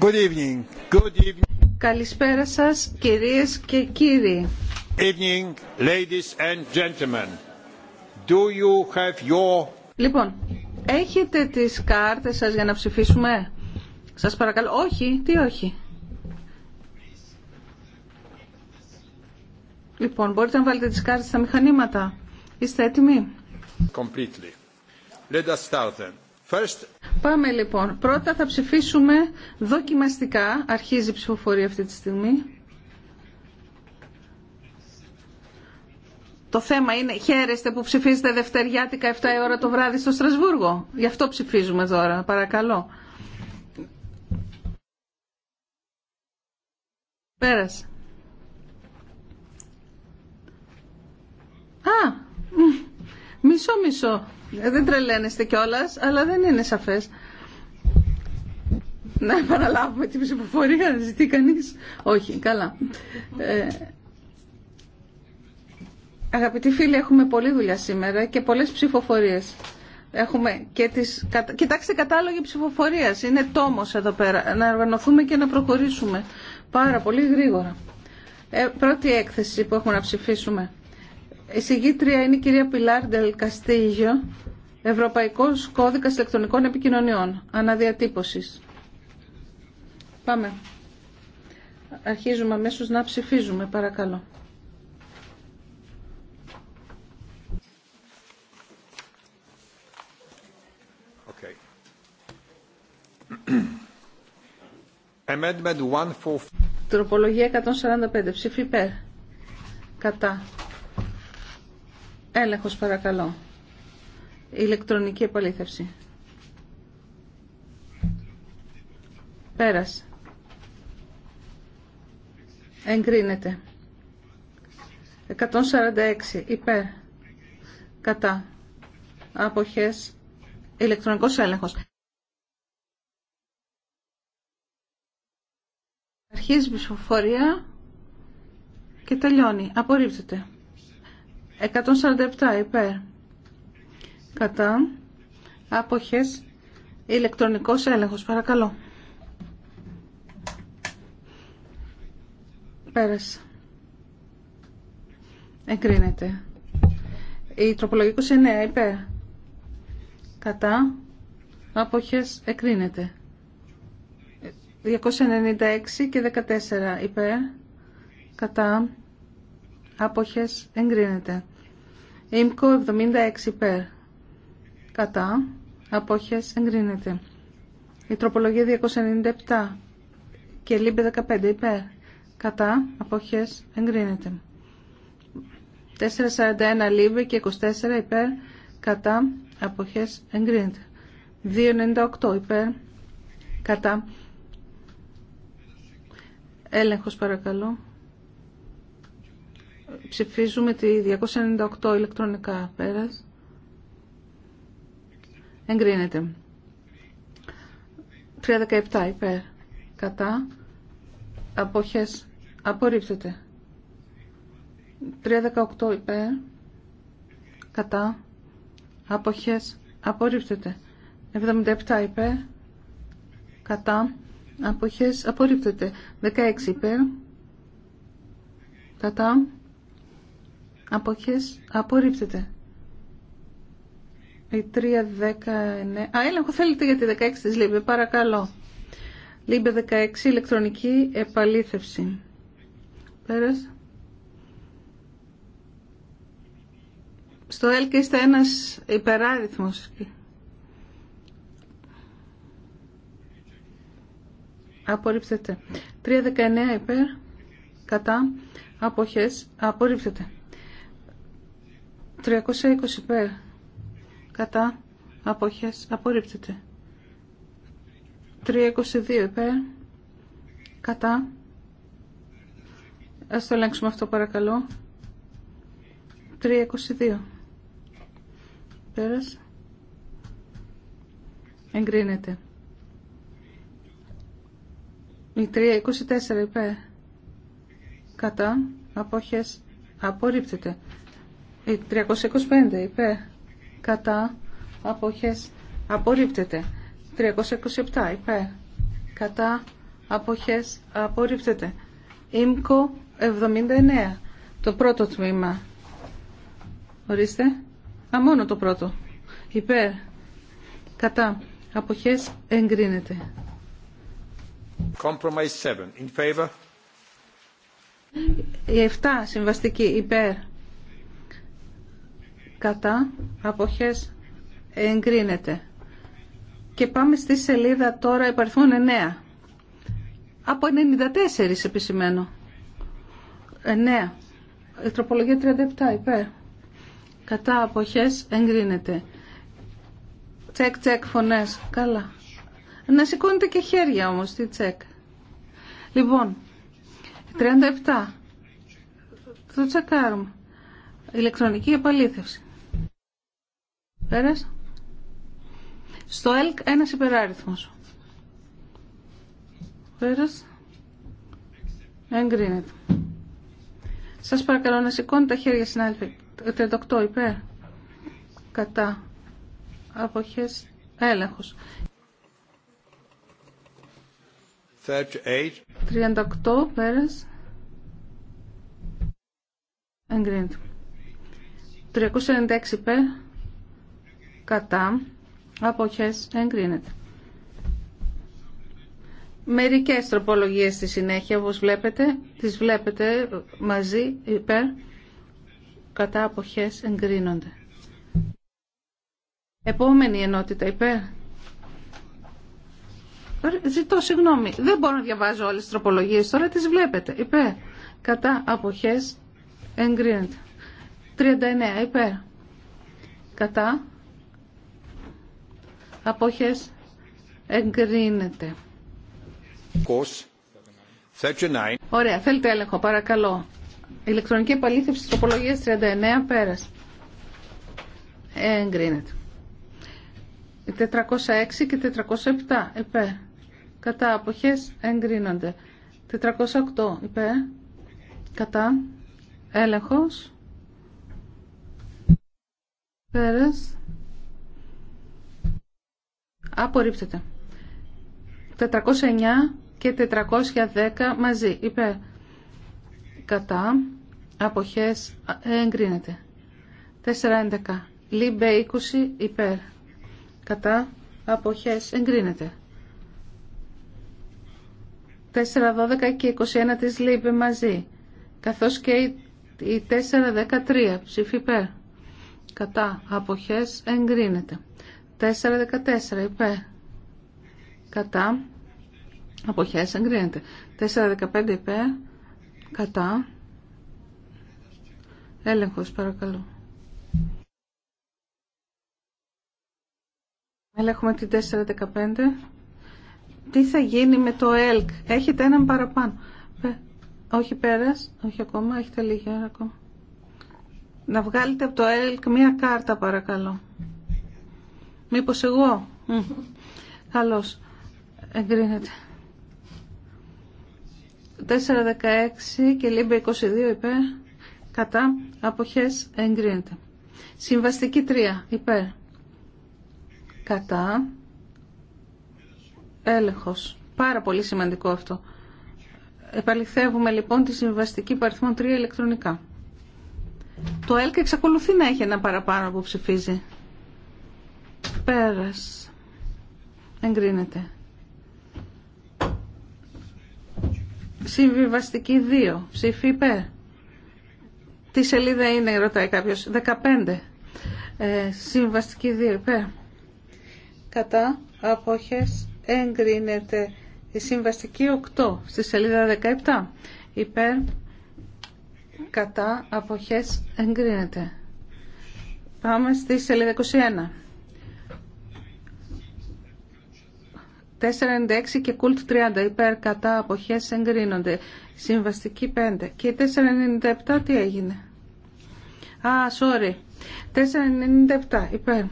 Good evening. Good evening. Καλησπέρα σας κυρίες και κύριοι. Evening, ladies and gentlemen. Do you have your... Λοιπόν, έχετε τις κάρτες σας για να ψηφίσουμε. Σας παρακαλώ. Όχι, τι όχι. Λοιπόν, μπορείτε να βάλετε τις κάρτες στα μηχανήματα. Είστε έτοιμοι. Completely. Let us start then. First, Πάμε λοιπόν. Πρώτα θα ψηφίσουμε δοκιμαστικά. Αρχίζει η ψηφοφορία αυτή τη στιγμή. Το θέμα είναι, χαίρεστε που ψηφίζετε Δευτεριάτικα 7 ώρα το βράδυ στο Στρασβούργο. Γι' αυτό ψηφίζουμε τώρα, παρακαλώ. Πέρασε. Α, Μισό-μισό. Ε, δεν τρελαίνεστε κιόλα, αλλά δεν είναι σαφέ. Να επαναλάβουμε την ψηφοφορία, να ζητεί κανεί. Όχι, καλά. Ε, αγαπητοί φίλοι, έχουμε πολλή δουλειά σήμερα και πολλέ ψηφοφορίε. Έχουμε και τις... Κοιτάξτε κατάλογοι ψηφοφορίας. Είναι τόμος εδώ πέρα. Να οργανωθούμε και να προχωρήσουμε πάρα πολύ γρήγορα. Ε, πρώτη έκθεση που έχουμε να ψηφίσουμε. Εισηγήτρια είναι η κυρία Πιλάρ Ντελ Καστίγιο, Ευρωπαϊκός Κώδικας Ελεκτρονικών Επικοινωνιών, αναδιατύπωσης. Πάμε. Αρχίζουμε αμέσως να ψηφίζουμε, παρακαλώ. Τροπολογία 145. Ψήφι υπέρ. Κατά. Έλεγχος παρακαλώ. Ηλεκτρονική επαλήθευση. Πέρασε. Εγκρίνεται. 146 υπέρ. Κατά. Αποχές. Ηλεκτρονικός έλεγχος. Αρχίζει η ψηφοφορία και τελειώνει. Απορρίπτεται. 147 υπέρ. Κατά. Άποχες. Ηλεκτρονικός έλεγχος. Παρακαλώ. Πέρασε. Εγκρίνεται. Η τροπολογικός είναι υπέρ. Κατά. Άποχες. Εγκρίνεται. 296 και 14 υπέρ. Κατά. Αποχές εγκρίνεται. Ήμκο 76 υπέρ. Κατά. Αποχές εγκρίνεται. Η τροπολογία 297 και λίμπε 15 υπέρ. Κατά. Αποχές εγκρίνεται. 441 λίμπε και 24 υπέρ. Κατά. Αποχές εγκρίνεται. 298 υπέρ. Κατά. Έλεγχος παρακαλώ. Ψηφίζουμε τη 298 ηλεκτρονικά πέρας. Εγκρίνεται. 317 υπέρ. Κατά. Αποχές. Απορρίπτεται. 318 υπέρ. Κατά. Αποχές. Απορρίπτεται. 77 υπέρ. Κατά. Αποχές. Απορρίπτεται. 16 υπέρ. Κατά. Αποχές. Απορρίπτεται. Η 3, Α, έλεγχο θέλετε για τη 16 της Λίμπε. Παρακαλώ. Λίμπε 16, ηλεκτρονική επαλήθευση. Πέρας. Στο ΕΛΚ είστε ένας υπεράριθμος. Απορρίπτεται. 3.19 υπέρ. Κατά. Αποχές. Απορρίπτεται. 320 υπέρ. Κατά. Αποχές. Απορρίπτεται. 322 υπέρ. Κατά. Ας το ελέγξουμε αυτό παρακαλώ. 322. Πέρας. Εγκρίνεται. Η 324 υπέρ. Κατά. Αποχές. Απορρίπτεται. 325 ε, υπέρ κατά αποχές απορρίπτεται 327 υπέρ κατά αποχές απορρίπτεται ΙΜΚΟ 79 το πρώτο τμήμα ορίστε α μόνο το πρώτο υπέρ κατά αποχές εγκρίνεται Compromise 7 in favor. Η 7 συμβαστική υπέρ κατά αποχές εγκρίνεται. Και πάμε στη σελίδα τώρα υπαριθμών 9. Από 94 επισημένο. 9. Η τροπολογία 37 υπέρ. Κατά αποχές εγκρίνεται. Τσεκ τσεκ φωνές. Καλά. Να σηκώνετε και χέρια όμως τι τσεκ. Λοιπόν, 37. Το τσεκάρουμε. Ηλεκτρονική επαλήθευση. Πέρας. Στο ΕΛΚ ένας υπεράριθμος. Πέρας. Εγκρίνεται. Σας παρακαλώ να σηκώνετε τα χέρια συνάδελφοι. 38 υπέρ. Κατά. Αποχές. Έλεγχος. 38. 38 πέρας. Εγκρίνεται. 396 υπέρ κατά, αποχές εγκρίνεται. Μερικές τροπολογίες στη συνέχεια, όπως βλέπετε, τις βλέπετε μαζί, υπέρ, κατά αποχές εγκρίνονται. Επόμενη ενότητα υπέρ. Ζητώ συγγνώμη, δεν μπορώ να διαβάζω όλες τις τροπολογίες, τώρα τις βλέπετε. Υπέρ, κατά αποχές εγκρίνεται. 39 υπέρ, κατά απόχες εγκρίνεται. Ωραία, θέλετε έλεγχο, παρακαλώ. Ηλεκτρονική επαλήθευση της τροπολογίας 39 πέρας. Εγκρίνεται. 406 και 407 επέ. Κατά αποχές εγκρίνονται. 408 επέ. Κατά. Έλεγχος. Πέρας. Απορρίπτεται. 409 και 410 μαζί. Υπέρ. Κατά. Αποχές. Εγκρίνεται. 411. Λίμπε 20 υπέρ. Κατά. Αποχές. Εγκρίνεται. 412 και 21 της Λίμπε μαζί. Καθώς και η 413 ψήφι υπέρ. Κατά. Αποχές. Εγκρίνεται. 4.14 υπέρ. Κατά. Αποχές εγκρίνεται. 4.15 υπέρ. Κατά. Έλεγχος παρακαλώ. Ελέγχουμε την 4.15. Τι θα γίνει με το ΕΛΚ. Έχετε έναν παραπάνω. Όχι πέρας. Όχι ακόμα. Έχετε λίγη ώρα ακόμα. Να βγάλετε από το ΕΛΚ μία κάρτα παρακαλώ. Μήπως εγώ. Καλώς. Εγκρίνεται. 416 και λίμπε 22 υπέρ. Κατά. Αποχές. Εγκρίνεται. Συμβαστική 3 υπέρ. Κατά. Έλεγχος. Πάρα πολύ σημαντικό αυτό. Επαληθεύουμε λοιπόν τη συμβαστική παριθμό 3 ηλεκτρονικά. Το ΕΛΚ εξακολουθεί να έχει ένα παραπάνω που ψηφίζει. Πέρας. Εγκρίνεται. Συμβιβαστική 2. Ψήφι υπέρ. Τι σελίδα είναι, ρωτάει κάποιος. 15. Ε, συμβαστική 2 υπέρ. Κατά απόχες εγκρίνεται η συμβαστική 8 στη σελίδα 17. Υπέρ κατά αποχές εγκρίνεται. Πάμε στη σελίδα 21. 496 και κουλτ 30 υπέρ κατά αποχές εγκρίνονται. Συμβαστική 5. Και 497 τι έγινε. Α, sorry. 497 υπέρ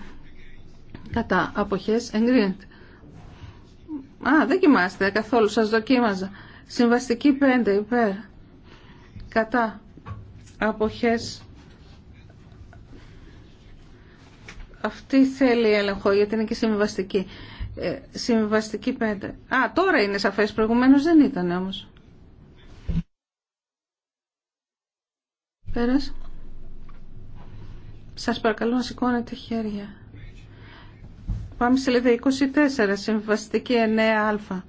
κατά αποχές εγκρίνονται. Α, δεν κοιμάστε καθόλου, σας δοκίμαζα. Συμβαστική 5 υπέρ κατά αποχές αυτή θέλει έλεγχο γιατί είναι και συμβαστική. Ε, συμβαστική 5. Α, τώρα είναι σαφές, προηγουμένως δεν ήταν όμως. Πέρας. Σας παρακαλώ να σηκώνετε χέρια. Πάμε σε λίδα 24, συμβαστική 9α.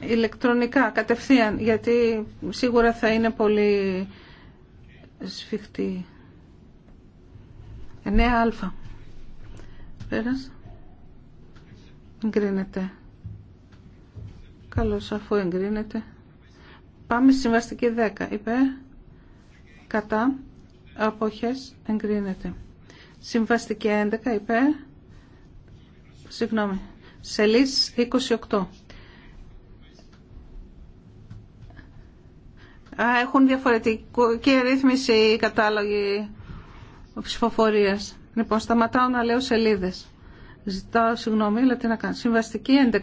Ηλεκτρονικά, κατευθείαν, γιατί σίγουρα θα είναι πολύ σφιχτή. 9α. Πέρας. Εγκρίνεται. Καλώς αφού εγκρίνεται. Πάμε στη συμβαστική 10. είπε. Κατά. Αποχές. Εγκρίνεται. Συμβαστική 11. είπε. Συγγνώμη. Σελής 28. Α, έχουν διαφορετική ρύθμιση οι κατάλογοι ψηφοφορίας. Λοιπόν, σταματάω να λέω σελίδες. Ζητάω συγγνώμη, αλλά τι να κάνω. Συμβαστική 11.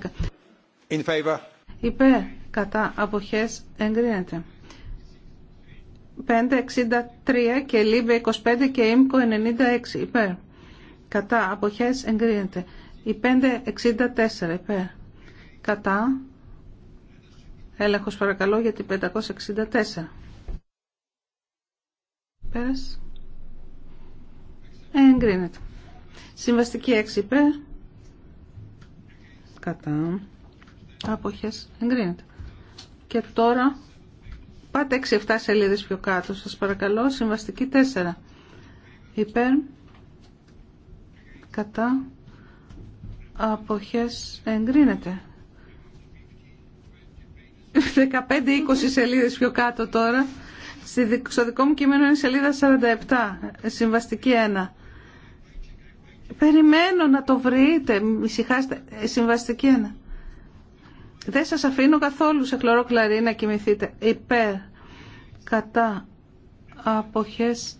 In favor. Υπέρ κατά αποχές εγκρίνεται. 563 και λίβε 25 και ΙΜΚΟ 96 υπέρ. Κατά αποχές εγκρίνεται. Η 564 υπέρ. Κατά. Έλεγχος παρακαλώ για την 564. Πέρας. Εγκρίνεται. Συμβαστική 6 υπέρ. Κατά. Αποχές. Εγκρίνεται. Και τώρα πάτε 6-7 σελίδες πιο κάτω. Σας παρακαλώ. Συμβαστική 4 υπέρ. Κατά. Αποχές. Εγκρίνεται. 15-20 σελίδες πιο κάτω τώρα. Στο δικό μου κείμενο είναι σελίδα 47, συμβαστική 1. Περιμένω να το βρείτε. Ε, Συμβαστική ένα. Δεν σας αφήνω καθόλου σε χλωρό κλαρί να κοιμηθείτε. Υπέρ. Κατά. Αποχές.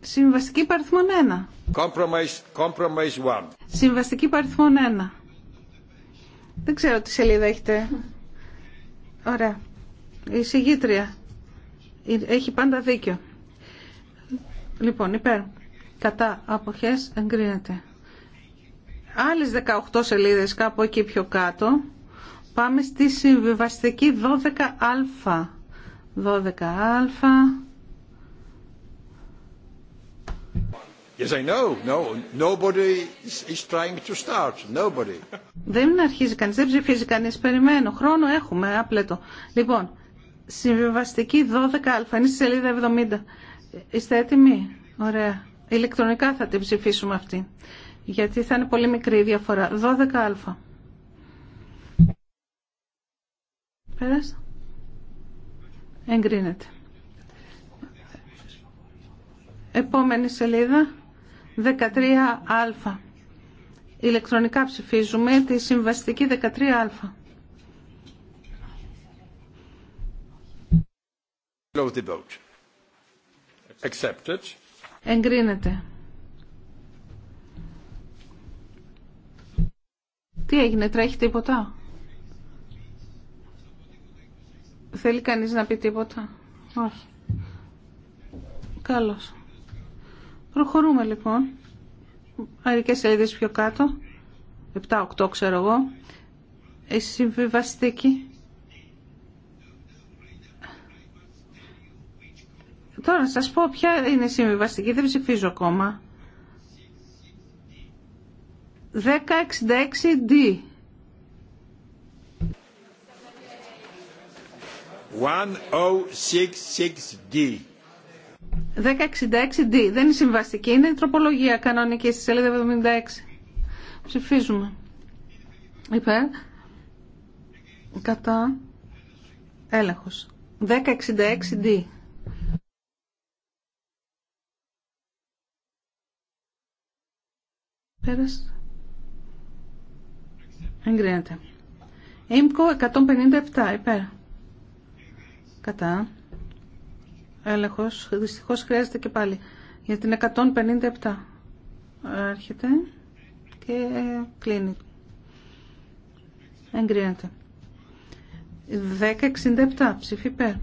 Συμβαστική παριθμόν 1. Compromise, compromise Συμβαστική παριθμόν 1. Δεν ξέρω τι σελίδα έχετε. Ωραία. Η συγγήτρια. Έχει πάντα δίκιο. Λοιπόν, υπέρ κατά αποχές εγκρίνεται. Άλλες 18 σελίδες κάπου εκεί πιο κάτω. Πάμε στη συμβιβαστική 12α. 12α. Yes, I Δεν αρχίζει κανείς, δεν ψηφίζει κανείς. Περιμένω. Χρόνο έχουμε, άπλετο. Λοιπόν, συμβιβαστική 12α, είναι στη σελίδα 70. Είστε έτοιμοι. Ωραία. Ηλεκτρονικά θα την ψηφίσουμε αυτή. Γιατί θα είναι πολύ μικρή η διαφορά. 12α. Πέρασα. Εγκρίνεται. Επόμενη σελίδα. 13α. Ηλεκτρονικά ψηφίζουμε τη συμβαστική 13α. Εγκρίνεται. Τι έγινε, τρέχει τίποτα. Θέλει κανείς να πει τίποτα. Όχι. Καλώς. Προχωρούμε λοιπόν. Αρικές σελίδες πιο κάτω. 7-8 ξέρω εγώ. Η ε, συμβιβαστική Τώρα να σας πω ποια είναι η συμβιβαστική, δεν ψηφίζω ακόμα. 1066D. d Δεν είναι συμβαστική, είναι η τροπολογία κανονική στη σελίδα 76. Ψηφίζουμε. Υπέρ. Κατά. Έλεγχος. 1066D. Πέρασε. Εγκρίνεται. Ήμκο 157 υπέρ. Κατά. Έλεγχος. Δυστυχώς χρειάζεται και πάλι. Για την 157. Άρχεται και κλείνει. Εγκρίνεται. 1067 ψήφι υπέρ.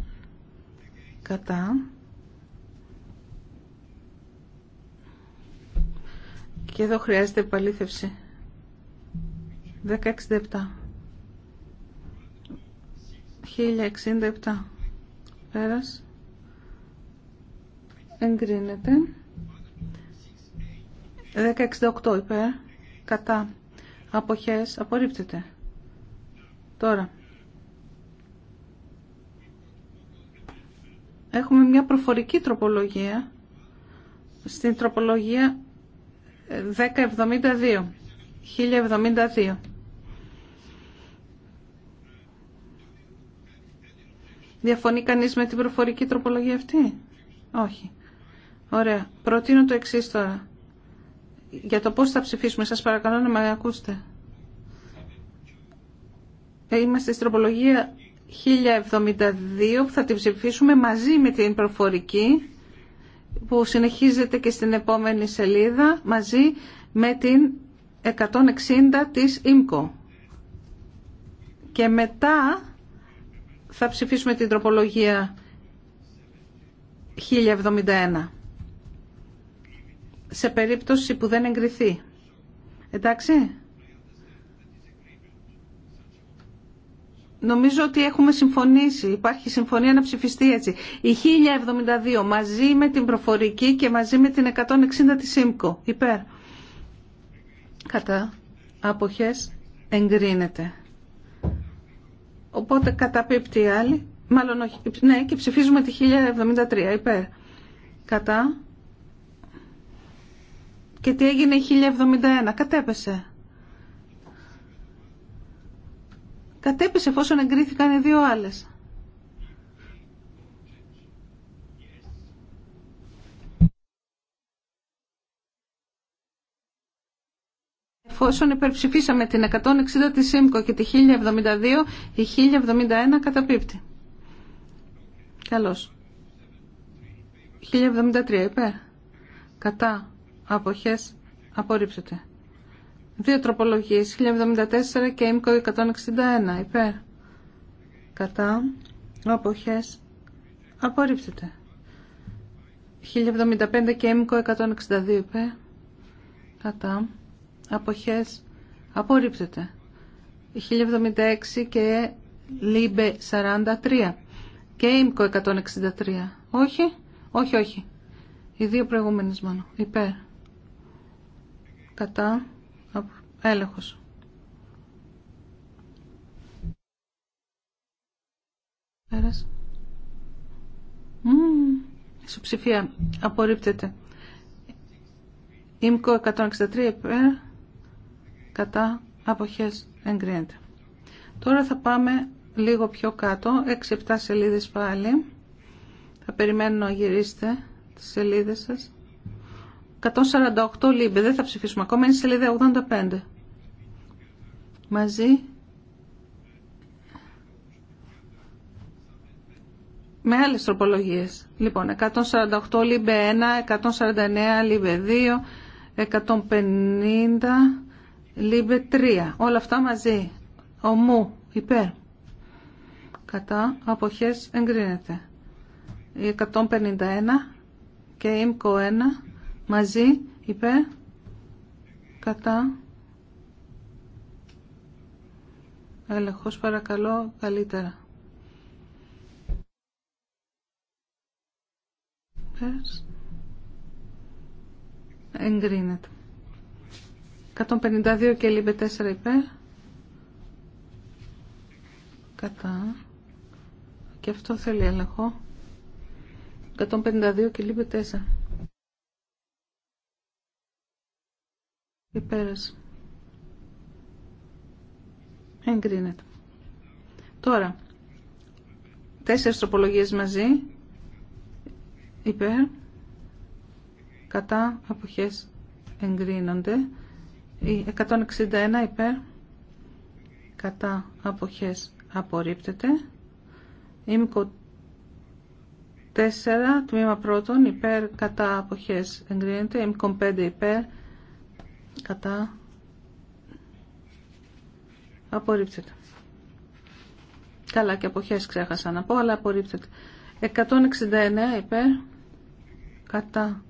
Κατά. Και εδώ χρειάζεται επαλήθευση. 16. 1067. Πέρας. Εγκρίνεται. 168 υπέρ. Κατά. Αποχές. Απορρίπτεται. Τώρα. Έχουμε μια προφορική τροπολογία. Στην τροπολογία 1072. 1072. Διαφωνεί κανείς με την προφορική τροπολογία αυτή. Όχι. Ωραία. Προτείνω το εξή τώρα. Για το πώς θα ψηφίσουμε. Σας παρακαλώ να με ακούσετε. Ε, είμαστε στην τροπολογία 1072 που θα την ψηφίσουμε μαζί με την προφορική που συνεχίζεται και στην επόμενη σελίδα μαζί με την 160 της ΙΜΚΟ. Και μετά θα ψηφίσουμε την τροπολογία 1071 σε περίπτωση που δεν εγκριθεί. Εντάξει. Νομίζω ότι έχουμε συμφωνήσει, υπάρχει συμφωνία να ψηφιστεί έτσι. Η 1072 μαζί με την προφορική και μαζί με την 160 της ΣΥΜΚΟ. Υπέρ. Κατά. Αποχές εγκρίνεται. Οπότε καταπίπτει η άλλη. Μάλλον όχι. Ναι, και ψηφίζουμε τη 1073. Υπέρ. Κατά. Και τι έγινε η 1071. Κατέπεσε. κατέπεσε εφόσον εγκρίθηκαν οι δύο άλλες. Εφόσον υπερψηφίσαμε την 160 της ΣΥΜΚΟ και τη 1072, η 1071 καταπίπτει. Καλώς. 1073 υπέρ. Κατά. Αποχές. Απορρίψετε. Δύο τροπολογίε 1074 και ΜΚΟ 161, υπέρ. Κατά, αποχές, απορρίπτεται. 1075 και ΕΜΚΟ 162 υπέρ. Κατά. Αποχές. Απορρίπτεται. 1076 και ΛΥΜΠΕ 43 και ΕΜΚΟ 163. Όχι. Όχι, όχι. Οι δύο προηγούμενε μόνο. Υπέρ. Κατά. Έλεγχος. ψηφία Ισοψηφία. Απορρίπτεται. Ήμκο 163 Κατά. Αποχές. Εγκρίνεται. Τώρα θα πάμε λίγο πιο κάτω. 6-7 σελίδες πάλι. Θα περιμένω να γυρίσετε τις σελίδες σας. 148 λίμπε. Δεν θα ψηφίσουμε ακόμα. Είναι σελίδα 85. Μαζί. Με άλλες τροπολογίες. Λοιπόν, 148 λίμπε 1, 149 λίμπε 2, 150 λίμπε 3. Όλα αυτά μαζί. Ομού, υπέρ. Κατά, αποχές εγκρίνεται. 151 και ΙΜΚΟ 1 μαζί είπε κατά έλεγχος παρακαλώ καλύτερα εγκρίνεται 152 και λίμπε 4 υπέρ κατά και αυτό θέλει έλεγχο 152 και λίμπε 4 πέρασε. Εγκρίνεται. Τώρα, τέσσερις τροπολογίες μαζί, υπέρ, κατά, αποχές, εγκρίνονται. Η 161 υπέρ, κατά, αποχές, απορρίπτεται. Ήμικο 4, τμήμα πρώτον, υπέρ, κατά, αποχές, εγκρίνεται. Ήμικο 5 υπέρ, κατά απορρίπτεται. Καλά και αποχές ξέχασα να πω, αλλά απορρίπτεται. 169 υπέρ κατά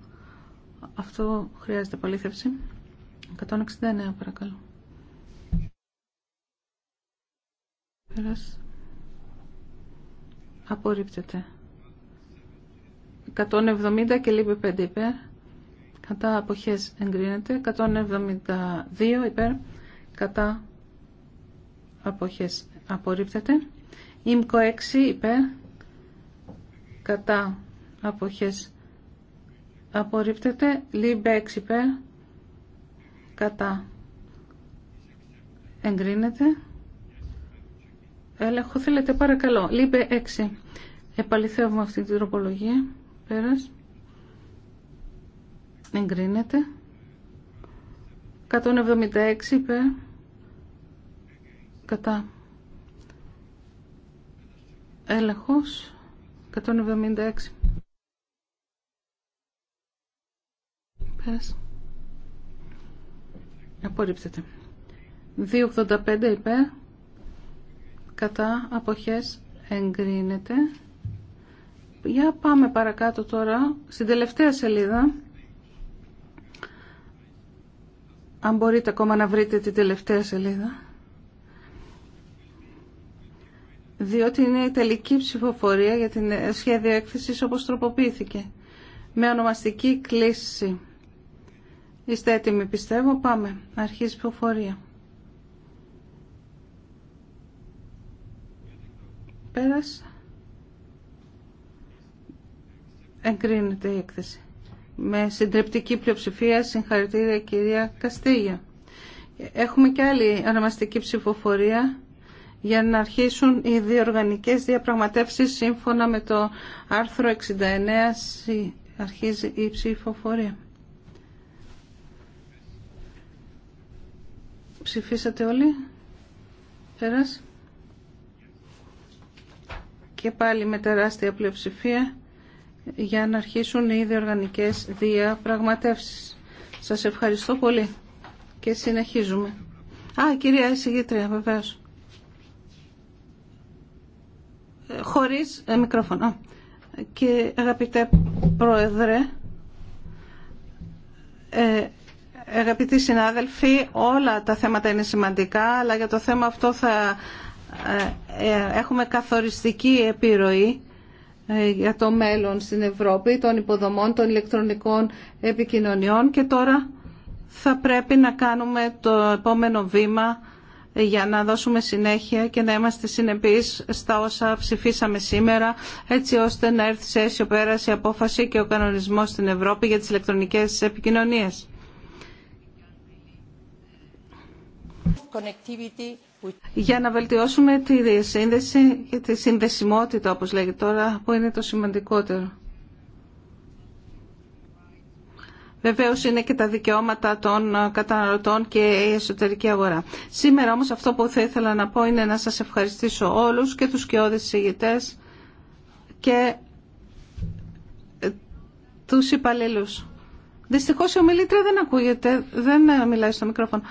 αυτό χρειάζεται απολύθευση. 169 παρακαλώ. Απορρίπτεται. 170 και λίγο 5 υπέρ κατά αποχές εγκρίνεται 172 υπέρ κατά αποχές απορρίπτεται ΙΜΚΟ 6 υπέρ κατά αποχές απορρίπτεται ΛΥΜΠΕ 6 υπέρ κατά εγκρίνεται έλεγχο θέλετε παρακαλώ ΛΥΜΠΕ 6 επαληθεύουμε αυτή την τροπολογία πέρας εγκρίνεται 176 υπέρ κατά έλεγχος 176 πέρασε απορρίπτεται 285 υπέρ κατά αποχές εγκρίνεται για πάμε παρακάτω τώρα στην τελευταία σελίδα Αν μπορείτε ακόμα να βρείτε την τελευταία σελίδα. Διότι είναι η τελική ψηφοφορία για την ε, σχέδιο έκθεσης όπως τροποποιήθηκε. Με ονομαστική κλίση. Είστε έτοιμοι πιστεύω. Πάμε. Αρχίζει η ψηφοφορία. Πέρασε. Εγκρίνεται η έκθεση με συντριπτική πλειοψηφία. Συγχαρητήρια κυρία Καστίγια. Έχουμε και άλλη ονομαστική ψηφοφορία για να αρχίσουν οι διοργανικές διαπραγματεύσεις σύμφωνα με το άρθρο 69 αρχίζει η ψηφοφορία. Ψηφίσατε όλοι. Πέρας. Και πάλι με τεράστια πλειοψηφία για να αρχίσουν οι διοργανικές διαπραγματεύσεις. Σας ευχαριστώ πολύ και συνεχίζουμε. Α, κυρία εισηγήτρια, βεβαίως. Ε, χωρίς ε, μικρόφωνο. Και αγαπητέ Πρόεδρε, ε, αγαπητοί συνάδελφοι, όλα τα θέματα είναι σημαντικά, αλλά για το θέμα αυτό θα ε, έχουμε καθοριστική επιρροή ε, για το μέλλον στην Ευρώπη, των υποδομών, των ηλεκτρονικών επικοινωνιών και τώρα θα πρέπει να κάνουμε το επόμενο βήμα για να δώσουμε συνέχεια και να είμαστε συνεπείς στα όσα ψηφίσαμε σήμερα, έτσι ώστε να έρθει σε αίσιο πέραση η απόφαση και ο κανονισμός στην Ευρώπη για τις ηλεκτρονικές επικοινωνίες για να βελτιώσουμε τη διασύνδεση και τη συνδεσιμότητα, όπως λέγεται τώρα, που είναι το σημαντικότερο. Βεβαίω είναι και τα δικαιώματα των καταναλωτών και η εσωτερική αγορά. Σήμερα όμως αυτό που θα ήθελα να πω είναι να σας ευχαριστήσω όλους και τους κοιόδες συγητές και τους υπαλλήλους. Δυστυχώς η ομιλήτρια δεν ακούγεται, δεν μιλάει στο μικρόφωνο.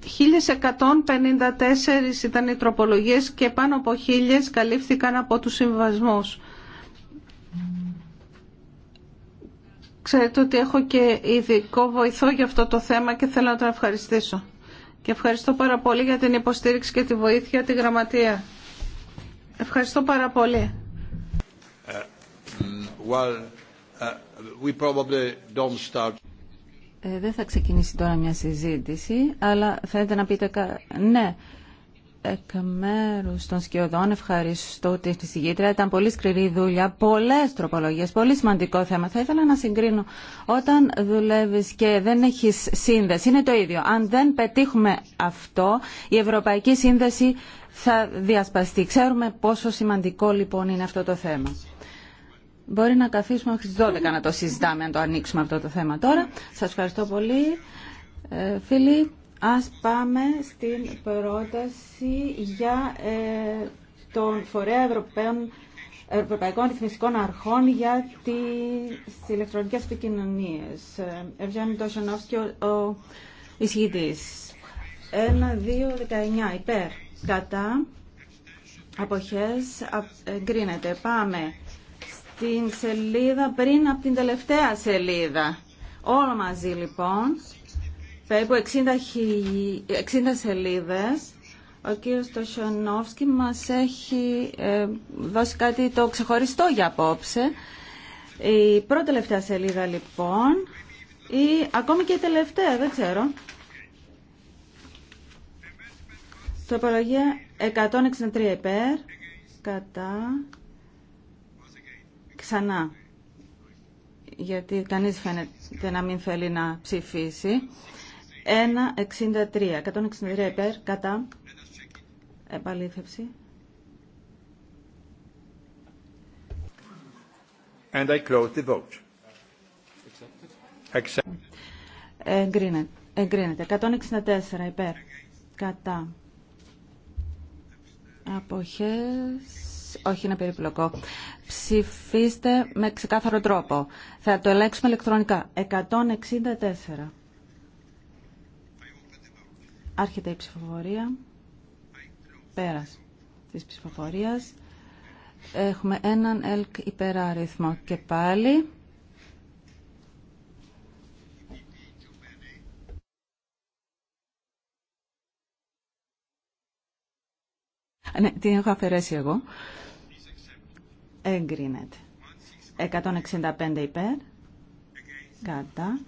1.154 ήταν οι τροπολογίες και πάνω από 1.000 καλύφθηκαν από τους συμβασμούς. Ξέρετε ότι έχω και ειδικό βοηθό για αυτό το θέμα και θέλω να τον ευχαριστήσω. Και ευχαριστώ πάρα πολύ για την υποστήριξη και τη βοήθεια τη γραμματεία. Ευχαριστώ πάρα πολύ. uh, we ε, δεν θα ξεκινήσει τώρα μια συζήτηση, αλλά θέλετε να πείτε ναι. Εκ μέρου των σκιωδών ευχαριστώ τη συγκίτρια. Ήταν πολύ σκληρή δουλειά, πολλέ τροπολογίε, πολύ σημαντικό θέμα. Θα ήθελα να συγκρίνω. Όταν δουλεύει και δεν έχει σύνδεση, είναι το ίδιο. Αν δεν πετύχουμε αυτό, η Ευρωπαϊκή Σύνδεση θα διασπαστεί. Ξέρουμε πόσο σημαντικό λοιπόν είναι αυτό το θέμα. Μπορεί να καθίσουμε μέχρι τι 12 να το συζητάμε, αν το ανοίξουμε αυτό το θέμα τώρα. Σα ευχαριστώ πολύ. Ε, φίλοι, ας πάμε στην πρόταση για ε, τον Φορέα Ευρωπαίων, Ευρωπαϊκών Ρυθμιστικών Αρχών για τι ηλεκτρονικές επικοινωνίε. Ε, Ευγέννη Τόσονόφσκι, ο, ο εισηγητη 1, 2, 19, υπέρ. Κατά. Αποχές εγκρίνεται. Πάμε την σελίδα πριν από την τελευταία σελίδα. Όλο μαζί λοιπόν, περίπου 60, 60 σελίδες, ο κύριος Τοσιονόφσκι μας έχει ε, δώσει κάτι το ξεχωριστό για απόψε. Η πρώτη τελευταία σελίδα λοιπόν, ή ακόμη και η τελευταία, δεν ξέρω. Τοπολογία 163 υπέρ, κατά, ξανά, γιατί κανείς φαίνεται να μην θέλει να ψηφίσει. 1,63. 163 υπέρ, κατά. Επαλήθευση. And I close the vote. Εγκρίνεται. Εγκρίνεται. 164 υπέρ. Κατά. Αποχές όχι να περίπλοκο. Ψηφίστε με ξεκάθαρο τρόπο. Θα το ελέγξουμε ηλεκτρονικά. 164. Άρχεται η ψηφοφορία. Πέρας της ψηφοφορίας. Έχουμε έναν ΕΛΚ υπεράριθμο. Και πάλι... Ναι, την έχω αφαιρέσει εγώ. Εγκρίνεται. 165 υπέρ. Κατά.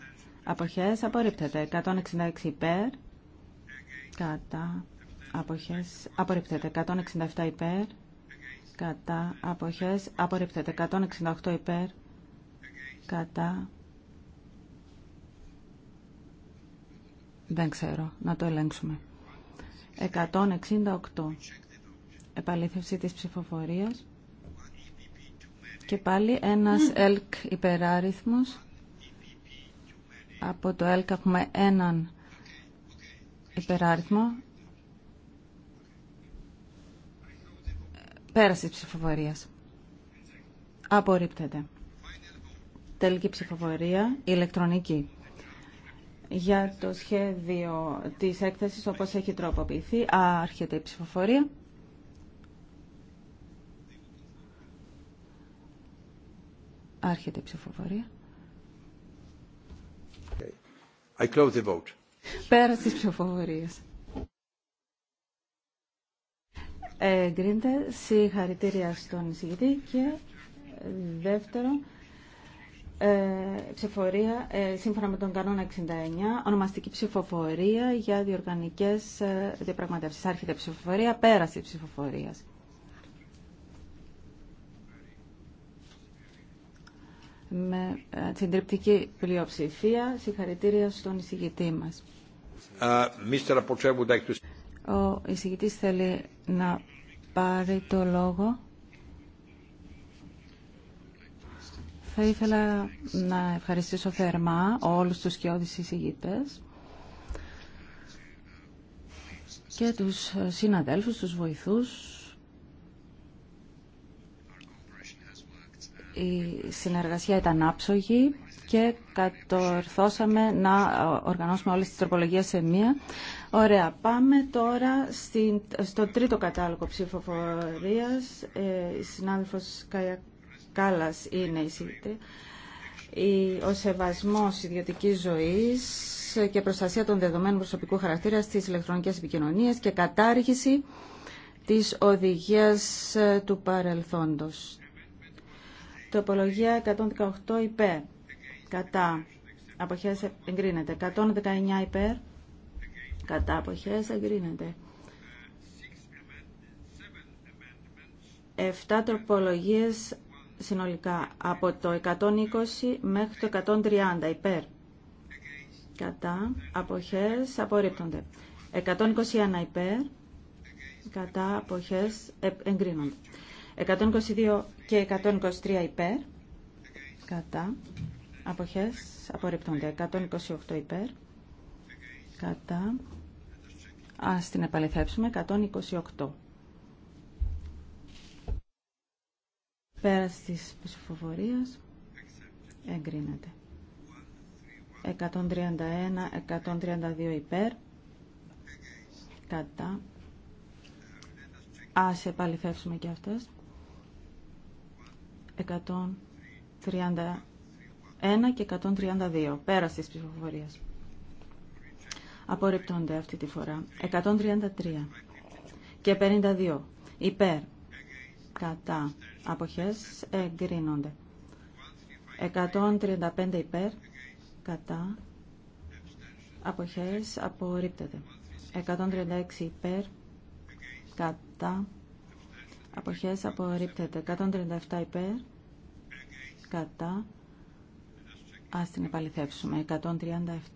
Αποχές απορρίπτεται. 166 υπέρ. Κατά. Αποχές απορρίπτεται. 167 υπέρ. Κατά. Αποχές απορρίπτεται. 168 υπέρ. Κατά. Δεν ξέρω. Να το ελέγξουμε. 168. Επαλήθευση της ψηφοφορίας. Και πάλι ένας ΕΛΚ υπεράριθμος. Από το ΕΛΚ έχουμε έναν υπεράριθμο. Πέραση ψηφοφορίας. Απορρίπτεται. Τελική ψηφοφορία, ηλεκτρονική. Για το σχέδιο της έκθεσης όπως έχει τροποποιηθεί, άρχεται η ψηφοφορία. Άρχεται η ψηφοφορία. I close the vote. Πέρα στις Εγκρίνεται συγχαρητήρια στον εισηγητή και ε, δεύτερο ε, ψηφοφορία ε, σύμφωνα με τον κανόνα 69 ονομαστική ψηφοφορία για διοργανικές ε, διαπραγματεύσεις. Άρχεται ψηφοφορία πέραση ψηφοφορίας. με συντριπτική ε, πλειοψηφία. Συγχαρητήρια στον εισηγητή μας. Ε, Ο εισηγητής θέλει να πάρει το λόγο. Θα ήθελα να ευχαριστήσω θερμά όλους τους σκιώδεις εισηγητές και τους συναδέλφους, τους βοηθούς, η συνεργασία ήταν άψογη και κατορθώσαμε να οργανώσουμε όλες τις τροπολογίες σε μία. Ωραία, πάμε τώρα στην, στο τρίτο κατάλογο ψηφοφορίας. Ε, η συνάδελφος Κάλλας είναι η σύγκριτη. Ο σεβασμός ιδιωτικής ζωής και προστασία των δεδομένων προσωπικού χαρακτήρα στις ηλεκτρονικές επικοινωνίες και κατάργηση της οδηγίας ε, του παρελθόντος Τροπολογία 118 υπέρ. Κατά. Αποχές εγκρίνεται. 119 υπέρ. Κατά αποχές εγκρίνεται. 7 τροπολογίες συνολικά από το 120 μέχρι το 130 υπέρ. Κατά αποχές απορρίπτονται. 121 υπέρ. Κατά αποχές ε, εγκρίνονται. 122 και 123 υπέρ. Κατά. Αποχές απορριπτονται. 128 υπέρ. Κατά. Ας την επαληθεύσουμε. 128. Πέρας της ψηφοφορίας εγκρίνεται. 131-132 υπέρ. Κατά. Ας επαληθεύσουμε και αυτές. 131 και 132. Πέρασε τη ψηφοφορία. Απορριπτώνται αυτή τη φορά. 133 και 52. Υπέρ. Κατά. Αποχές εγκρίνονται. 135 υπέρ. Κατά. Αποχές απορρίπτεται. 136 υπέρ. Κατά. Αποχές απορρίπτεται. 137 υπέρ. Κατά. Ας την επαληθεύσουμε.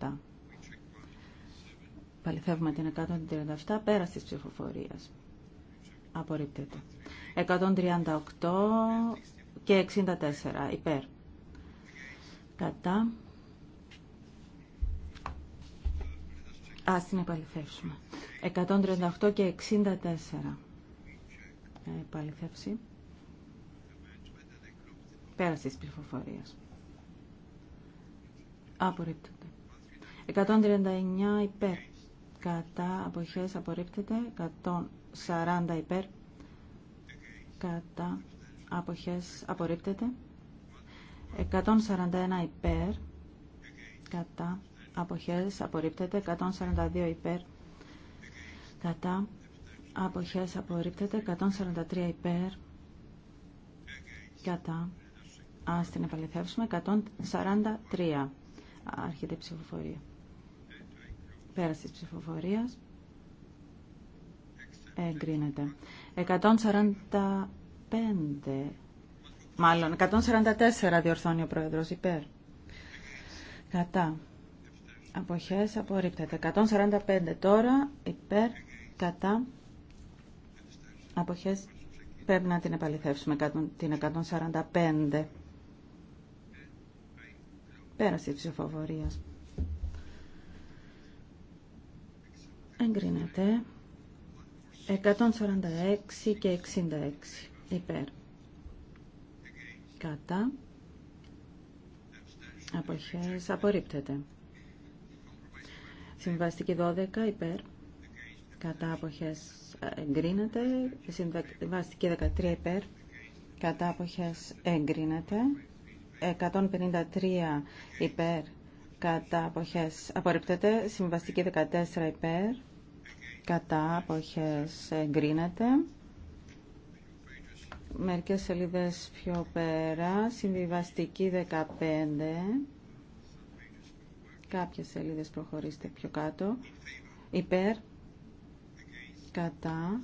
137. Παληθεύουμε την 137 πέρα της ψηφοφορίας. Απορρίπτεται. 138 και 64 υπέρ. Κατά. Ας την επαληθεύσουμε. 138 και 64 επαληθεύσει. Πέρασε της πληροφορία. Απορρίπτεται. 139 υπέρ. Κατά αποχές απορρίπτεται. 140 υπέρ. Κατά αποχές απορρίπτεται. 141 υπέρ. Κατά αποχές απορρίπτεται. 142 υπέρ. Κατά αποχές απορρίπτεται 143 υπέρ κατά ας την επαληθεύσουμε 143 άρχεται η ψηφοφορία Πέραση της ψηφοφορίας εγκρίνεται 145 μάλλον 144 διορθώνει ο πρόεδρος υπέρ κατά αποχές απορρίπτεται 145 τώρα υπέρ κατά Αποχές πρέπει να την επαληθεύσουμε την 145. Πέραση της ψηφοφορίας Εγκρίνεται. 146 και 66 υπέρ. Κατά. Αποχές απορρίπτεται. Συμβαστική 12 υπέρ. Κατά αποχές εγκρίνεται. Συμβαστική 13 υπέρ. Κατά αποχές εγκρίνεται. 153 υπέρ. Κατά αποχές απορριπτεται. Συμβαστική 14 υπέρ. Κατά αποχές εγκρίνεται. Μερικές σελίδες πιο πέρα. Συμβιβαστική 15. Κάποιες σελίδες προχωρήστε πιο κάτω. Υπέρ κατά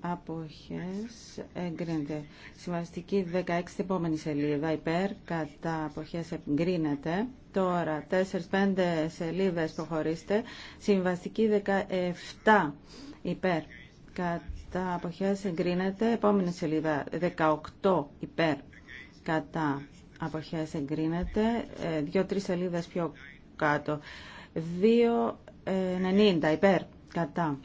αποχές εγκρίνεται. Συμβαστική 16 επόμενη σελίδα υπέρ κατά αποχές εγκρίνεται. Τώρα 4-5 σελίδες προχωρήστε. Συμβαστική 17 υπέρ κατά αποχές εγκρίνεται. Επόμενη σελίδα 18 υπέρ κατά αποχές εγκρίνεται. 2-3 ε, σελίδες πιο κάτω. 2-90 υπέρ Κατά.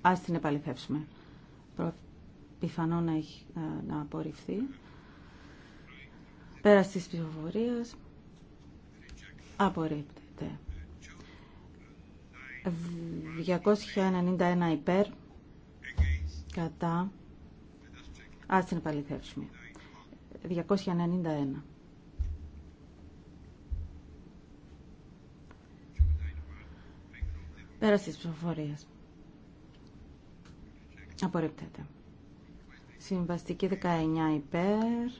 Ας την επαληθεύσουμε. Πιθανό να, έχει, ε, να απορριφθεί. Πέρα της ψηφοφορίας. Απορρίπτεται. 291 υπέρ. Κατά. Ας την επαληθεύσουμε. 291. Πέραση τη ψηφοφορία. Απορρίπτεται. Συμβαστική 19 υπέρ.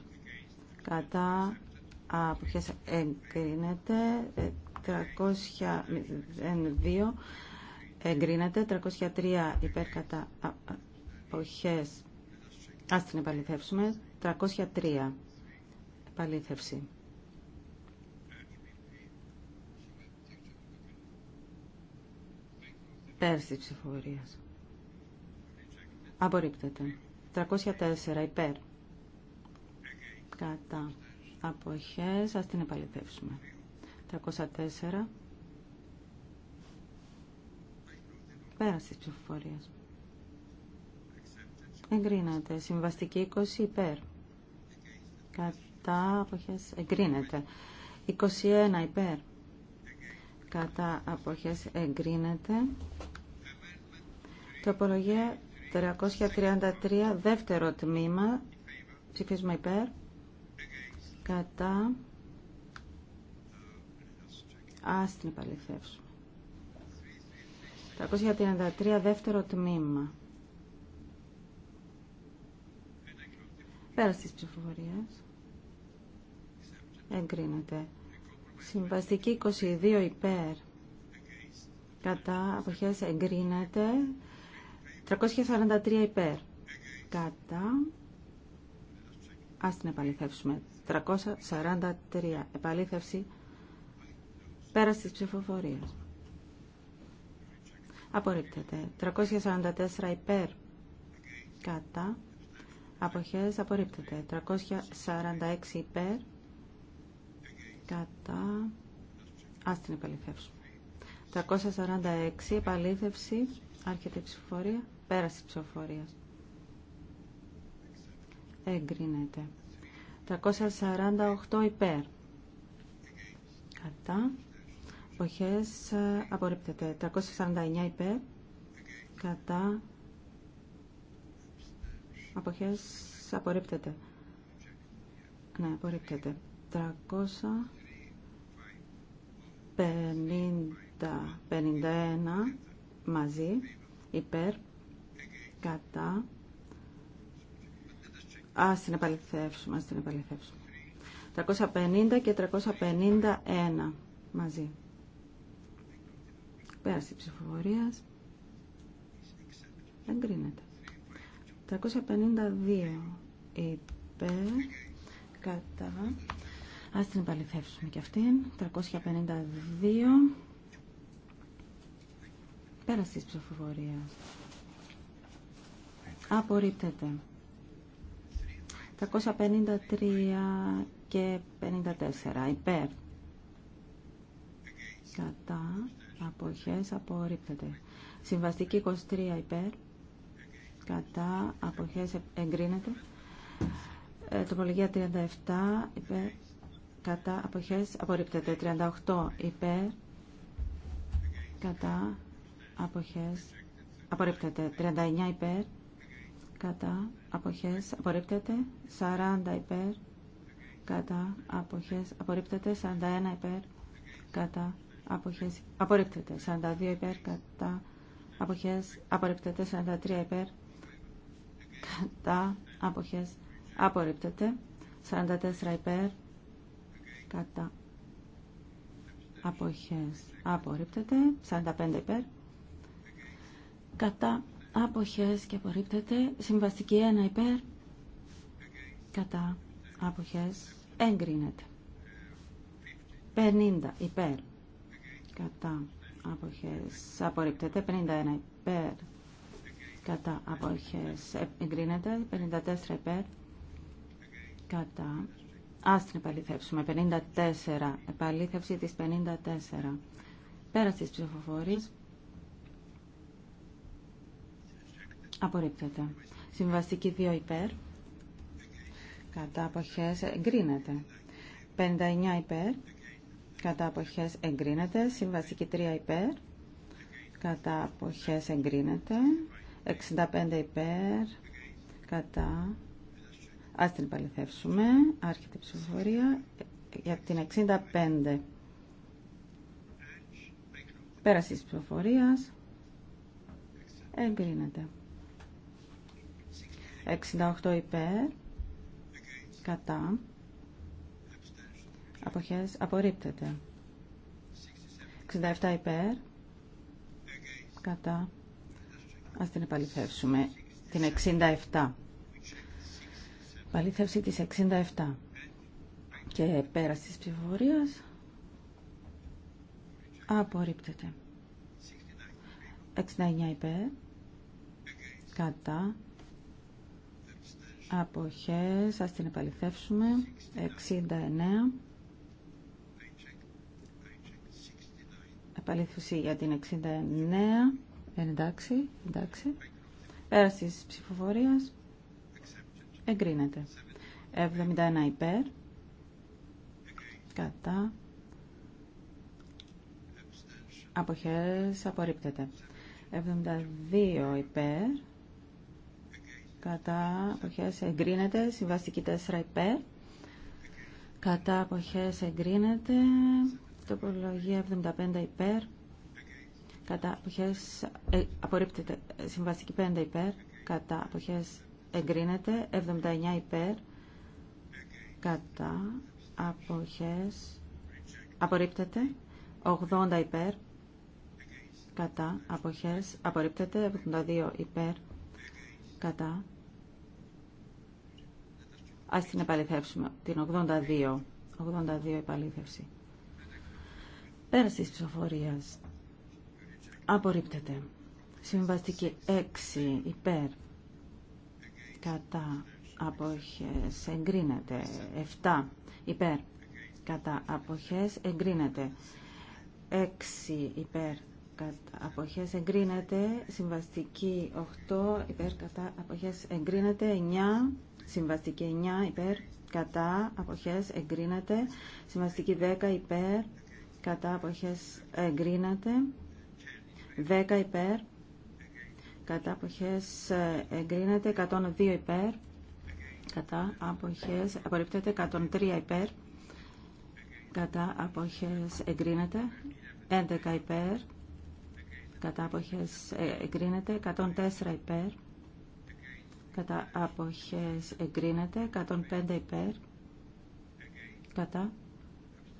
Κατά αποχές εγκρίνεται. 302 εγκρίνεται. 303 υπέρ κατά αποχές. Α την επαληθεύσουμε. 303 επαληθεύση. Πέρσι ψηφοφορία. Απορρίπτεται. 304 υπέρ. Κατά. Αποχέ. α την επαληθεύσουμε. 304. Πέραση τη ψηφοφορία. Εγκρίνεται. Συμβαστική 20 υπέρ. Κατά. Αποχέ. Εγκρίνεται. 21 υπέρ. Κατά. Αποχέ. Εγκρίνεται. Τροπολογία 333, δεύτερο τμήμα. ψηφίσμα υπέρ. Κατά. Ας την επαληθεύσουμε. 333, δεύτερο τμήμα. Πέρα της ψηφοφορίας. Εγκρίνεται. Συμβαστική 22 υπέρ. Κατά αποχές εγκρίνεται. 343 υπέρ. Κατά. Ας την επαληθεύσουμε. 343. Επαλήθευση πέρα της ψηφοφορίας. Απορρίπτεται. 344 υπέρ. Κατά. Αποχές απορρίπτεται. 346 υπέρ. Κατά. Ας την επαληθεύσουμε. 346 επαλήθευση. Άρχεται η ψηφοφορία. Πέραση ψηφοφορία. Εγκρίνεται. 348 υπέρ. Κατά. Εποχές ε, απορρίπτεται. 349 υπέρ. Κατά. Αποχές απορρίπτεται. Ναι, απορρίπτεται. 350, 51 μαζί, υπέρ, Κατά. Α, την επαληθεύσουμε, ας την επαληθεύσουμε. 350 και 351 μαζί. πέραση η ψηφοφορία. Εγκρίνεται. 352 είπε Κατά. Ας την επαληθεύσουμε και αυτήν. 352. Πέρασε η ψηφοφορία. Απορρίπτεται. 353 και 54. Υπέρ. Κατά. Αποχές. Απορρίπτεται. Συμβαστική 23 υπέρ. Κατά. Αποχές. Εγκρίνεται. Ε, τροπολογία 37 υπέρ. Κατά. Αποχές. Απορρίπτεται. 38 υπέρ. Κατά. Αποχές. Απορρίπτεται. 39 υπέρ κατά αποχές απορρίπτεται 40 υπέρ κατά αποχές απορρίπτεται 41 υπέρ κατά αποχές απορρίπτεται 42 υπέρ κατά αποχές απορρίπτεται 43 υπέρ κατά αποχές απορρίπτεται 44 υπέρ κατά αποχές απορρίπτεται 45 υπέρ κατά Αποχές και απορρίπτεται. Συμβαστική 1 υπέρ. Κατά. Αποχές. Εγκρίνεται. 50 υπέρ. Κατά. Αποχές. Απορρίπτεται. 51 υπέρ. Κατά. Αποχές. Εγκρίνεται. 54 υπέρ. Κατά. Ας την επαληθεύσουμε. 54. Επαλήθευση της 54. Πέρα στις ψηφοφορίες. Απορρίπτεται. Συμβαστική 2 υπέρ. Κατά αποχές εγκρίνεται. 59 υπέρ. Κατά αποχές εγκρίνεται. Συμβαστική 3 υπέρ. Κατά αποχές εγκρίνεται. 65 υπέρ. Κατά. Ας την παληθεύσουμε. Άρχεται η ψηφοφορία για την 65. Πέραση τη ψηφοφορίας. Εγκρίνεται. 68 υπέρ. Κατά. Αποχές. Απορρίπτεται. 67 υπέρ. Κατά. Ας την επαληθεύσουμε. Την 67. Επαληθεύση της 67. Και πέραση της ψηφοφορίας απορρίπτεται. 69 υπέρ. Κατά. Αποχές, ας την επαληθεύσουμε. 69. Επαλήθευση για την 69. Εντάξει, εντάξει. Πέρας της ψηφοφορίας. Εγκρίνεται. 71 υπέρ. Κατά. Αποχές απορρίπτεται. 72 υπέρ κατά αποχές εγκρίνεται. Συμβαστική 4 υπέρ. Κατά αποχές εγκρίνεται. Τοπολογία 75 υπέρ. Κατά αποχές ε, απορρίπτεται. Συμβαστική 5 υπέρ. Κατά αποχές εγκρίνεται. 79 υπέρ. Κατά αποχές απορρίπτεται. 80 υπέρ. Κατά αποχές απορρίπτεται. 72 υπέρ. Κατά Ας την επαληθεύσουμε. Την 82. 82 επαλήθευση. Πέρας της ψηφοφορίας. Απορρίπτεται. Συμβαστική 6 υπέρ. Κατά αποχές εγκρίνεται. 7 υπέρ. Κατά αποχές εγκρίνεται. 6 υπέρ κατά αποχές εγκρίνεται, συμβαστική 8 υπέρ κατά αποχές εγκρίνεται, 9 Συμβαστική 9 υπέρ κατά αποχές εγκρίνεται. Συμβαστική 10 υπέρ κατά αποχές εγκρίνεται. 10 υπέρ κατά αποχές εγκρίνεται. 102 υπέρ κατά αποχές απορριπτέται. 103 υπέρ κατά αποχές εγκρίνεται. 11 υπέρ κατά αποχές εγκρίνεται. 104 υπέρ κατά αποχές εγκρίνεται 105 υπέρ κατά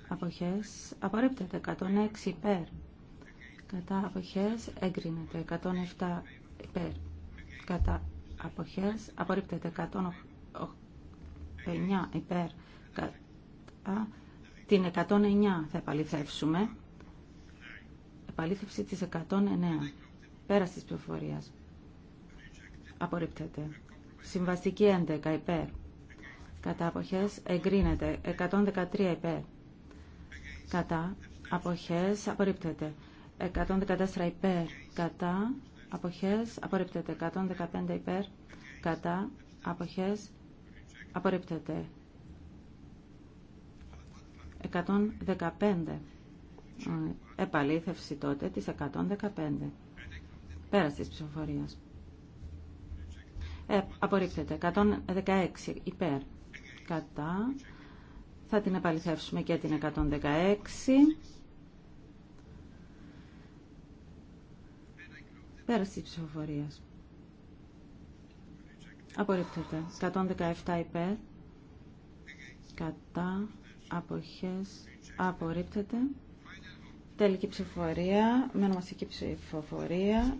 αποχές απορρίπτεται 106 υπέρ κατά αποχές εγκρίνεται 107 υπέρ κατά αποχές απορρίπτεται 109 υπέρ κατά την 109 θα επαληθεύσουμε επαλήθευση της 109 πέρας της πληροφορίας απορρίπτεται Συμβαστική 11 υπέρ. Κατά αποχές εγκρίνεται. 113 υπέρ. Κατά αποχές απορρίπτεται. 114 υπέρ. Κατά αποχές απορρίπτεται. 115 υπέρ. Κατά αποχές απορρίπτεται. 115. Ε, επαλήθευση τότε της 115. Πέρας της ψηφοφορίας. Ε, απορρίπτεται. 116 υπέρ κατά. Θα την επαληθεύσουμε και την 116. Πέραση της ψηφοφορίας. Απορρίπτεται. 117 υπέρ. Κατά. Αποχές. Απορρίπτεται. Τελική ψηφοφορία. Με ονομαστική ψηφοφορία.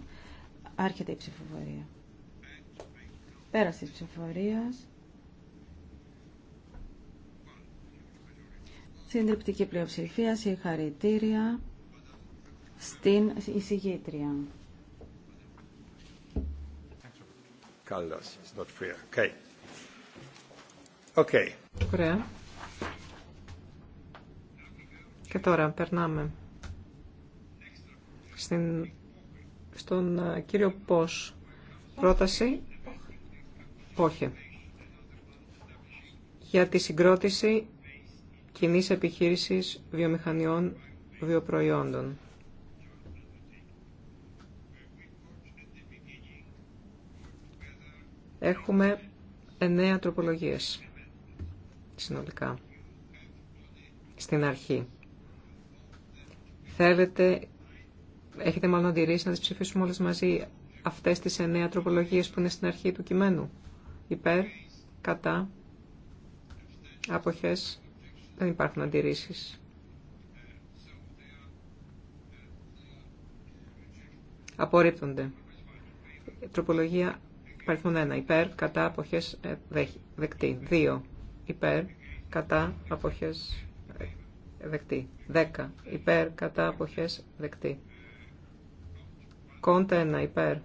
Άρχεται η ψηφοφορία. Πέραση τη ψηφοφορία. Συντριπτική πλειοψηφία, συγχαρητήρια στην εισηγήτρια. Καλώς, not fair. Okay. Okay. Ωραία. Και τώρα περνάμε στην, στον ε, κύριο Πώς πρόταση όχι. Για τη συγκρότηση κοινή επιχείρησης βιομηχανιών βιοπροϊόντων. Έχουμε εννέα τροπολογίες συνολικά στην αρχή. Θέλετε, έχετε μάλλον αντιρρήσει να τις ψηφίσουμε όλες μαζί αυτές τις εννέα τροπολογίες που είναι στην αρχή του κειμένου υπέρ, κατά, αποχές, δεν υπάρχουν αντιρρήσεις. Απορρίπτονται. Τροπολογία παριθμών 1. Ε, ε, υπέρ, κατά, αποχές, δεκτή. 2. Υπέρ, κατά, αποχές, δεκτή. 10. Υπέρ, κατά, αποχές, δεκτή. Κόντα 1. Υπέρ,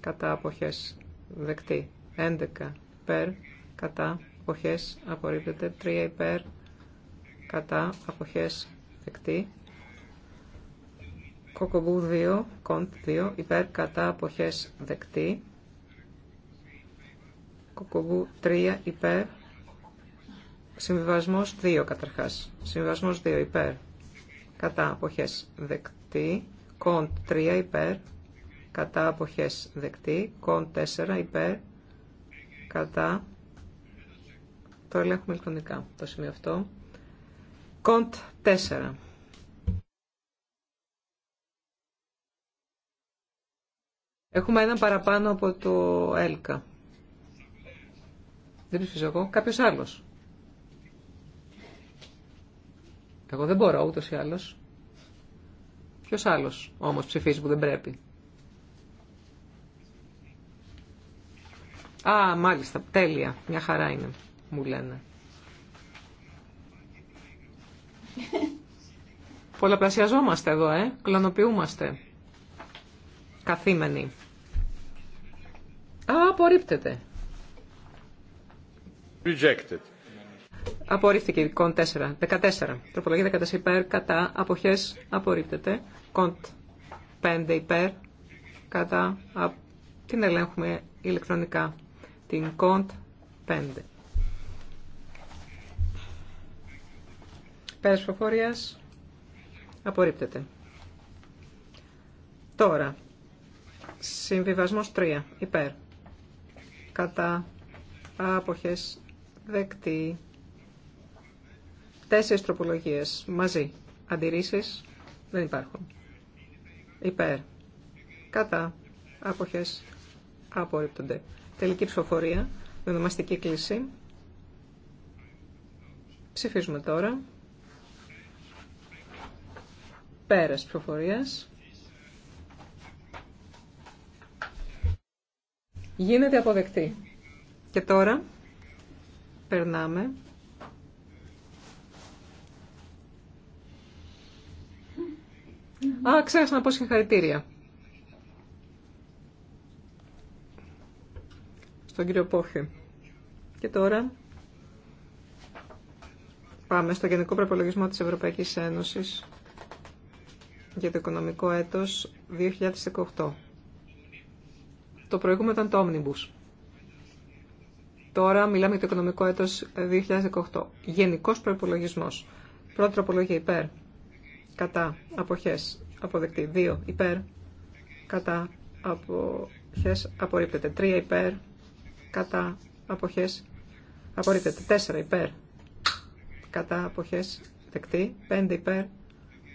κατά, αποχές, δεκτή. 11 υπέρ κατά αποχές απορρίπτεται 3 υπέρ κατά αποχές δεκτή κοκομπού 2 κοντ 2 υπέρ κατά αποχές δεκτή κοκομπού 3 υπέρ συμβιβασμός 2 καταρχάς συμβιβασμός 2 υπέρ κατά αποχές δεκτή κοντ 3 υπέρ κατά αποχές δεκτή κοντ 4 υπέρ κατά. Το ελέγχουμε ηλεκτρονικά το σημείο αυτό. Κοντ 4. Έχουμε έναν παραπάνω από το ΕΛΚΑ. Δεν ψηφίζω εγώ. Κάποιος άλλος. Εγώ δεν μπορώ ούτως ή άλλως. Ποιος άλλος όμως ψηφίζει που δεν πρέπει. Α, μάλιστα, τέλεια. Μια χαρά είναι, μου λένε. Πολλαπλασιαζόμαστε εδώ, ε. Κλανοποιούμαστε. Καθήμενοι. Α, απορρίπτεται. Rejected. Απορρίφθηκε η κοντ 4. 14. Τροπολογία 14 υπέρ, κατά, αποχές, απορρίπτεται. Κοντ 5 υπέρ, κατά, την ελέγχουμε ηλεκτρονικά την κοντ 5. Πέρας ΦΟΦΟΡΙΑΣ απορρίπτεται. Τώρα, συμβιβασμός 3, υπέρ. Κατά άποχες δεκτή. Τέσσερις τροπολογίες μαζί. Αντιρρήσεις δεν υπάρχουν. Υπέρ. Κατά άποχες απορρίπτονται. Τελική ψηφοφορία με ονομαστική κλίση. Ψηφίζουμε τώρα. Πέρας ψηφοφορίας. Γίνεται αποδεκτή. Και τώρα περνάμε Α, ξέχασα να πω συγχαρητήρια. στον κύριο Και τώρα πάμε στο Γενικό Προπολογισμό της Ευρωπαϊκής Ένωσης για το οικονομικό έτος 2018. Το προηγούμενο ήταν το Omnibus. Τώρα μιλάμε για το οικονομικό έτος 2018. Γενικός προϋπολογισμός. Πρώτη τροπολογία υπέρ. Κατά. Αποχές. Αποδεκτή. 2. Υπέρ. Κατά. Αποχές. Απορρίπτεται. 3. Υπέρ κατά αποχές απορρίπτεται 4 υπέρ κατά αποχές δεκτή 5 υπέρ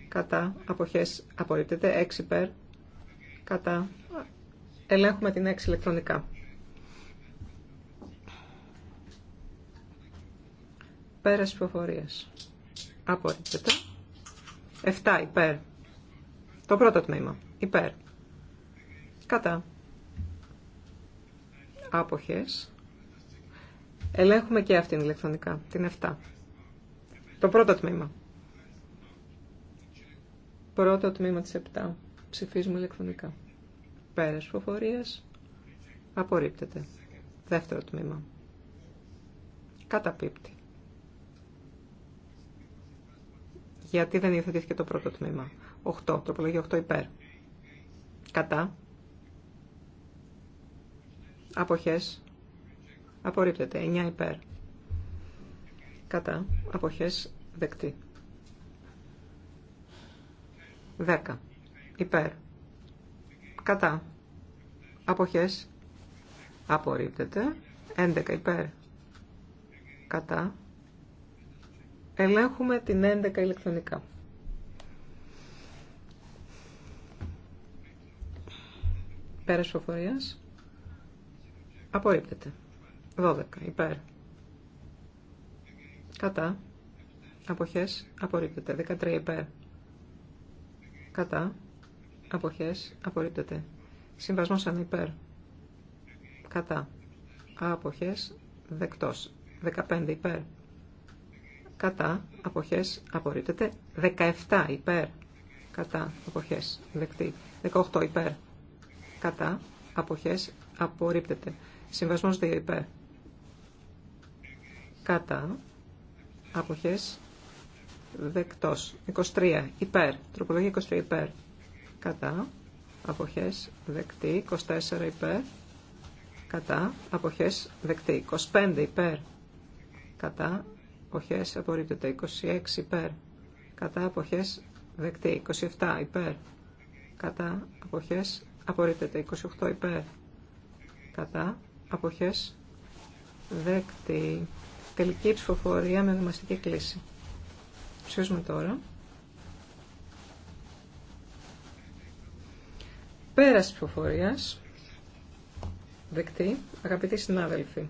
κατά αποχές απορρίπτεται 6 υπέρ κατά ελέγχουμε την 6 ηλεκτρονικά πέρας υποφορίας απορρίπτεται 7 υπέρ το πρώτο τμήμα υπέρ κατά άποχες. Ελέγχουμε και αυτήν ηλεκτρονικά, την 7. Το πρώτο τμήμα. Πρώτο τμήμα της 7. Ψηφίζουμε ηλεκτρονικά. Πέρας φοφορίας. Απορρίπτεται. Δεύτερο τμήμα. Καταπίπτει. Γιατί δεν υιοθετήθηκε το πρώτο τμήμα. 8. Τροπολογία 8 υπέρ. Κατά. Αποχές. Απορρίπτεται. 9 υπέρ. Κατά. Αποχές. Δεκτή. 10. Υπέρ. Κατά. Αποχές. Απορρίπτεται. 11 υπέρ. Κατά. Ελέγχουμε την 11 ηλεκτρονικά. Πέρας φοφορίας. Απορρίπτεται. 12. Υπέρ. Κατά. Αποχές. Απορρίπτεται. 13. Υπέρ. Κατά. Αποχές. Απορρίπτεται. Συμβασμός αν υπέρ. Κατά. Αποχές. Δεκτός. 15. Υπέρ. Κατά. Αποχές. Απορρίπτεται. 17. Υπέρ. Κατά. Αποχές. Δεκτή. 18. Υπέρ. Κατά. Αποχές. Απορρίπτεται. Συμβασμό 2 υπέρ. Κατά. Αποχές. Δεκτός. 23 υπέρ. Τροπολογία 23 υπέρ. Κατά. Αποχές. Δεκτή. 24 υπέρ. Κατά. Αποχές. Δεκτή. 25 υπέρ. Κατά. Αποχές. Απορρίπτεται. 26 υπέρ. Κατά. Αποχές. Δεκτή. 27 υπέρ. Κατά. Αποχές. Απορρίπτεται. 28 υπέρ. Κατά αποχές δέκτη τελική ψηφοφορία με δομαστική κλίση. Ψηφίζουμε τώρα. Πέρας ψηφοφορίας, δεκτή, αγαπητοί συνάδελφοι,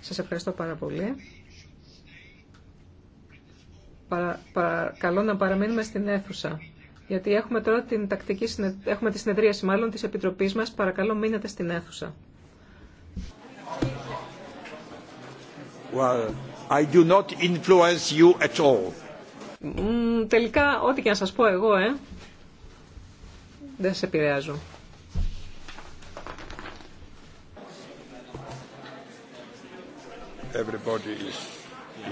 σας ευχαριστώ πάρα πολύ. Παρα, πολυ παρακαλω να παραμείνουμε στην αίθουσα, γιατί έχουμε τώρα την τακτική, έχουμε τη συνεδρίαση μάλλον της Επιτροπής μας, παρακαλώ μείνετε στην αίθουσα. Well, I do not influence you at all. Mm, τελικά, ό,τι και να σας πω εγώ, ε, δεν σε επηρεάζω. Everybody is,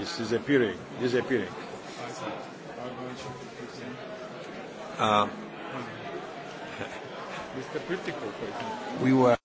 is disappearing, disappearing. Uh, Mr. Critical, we were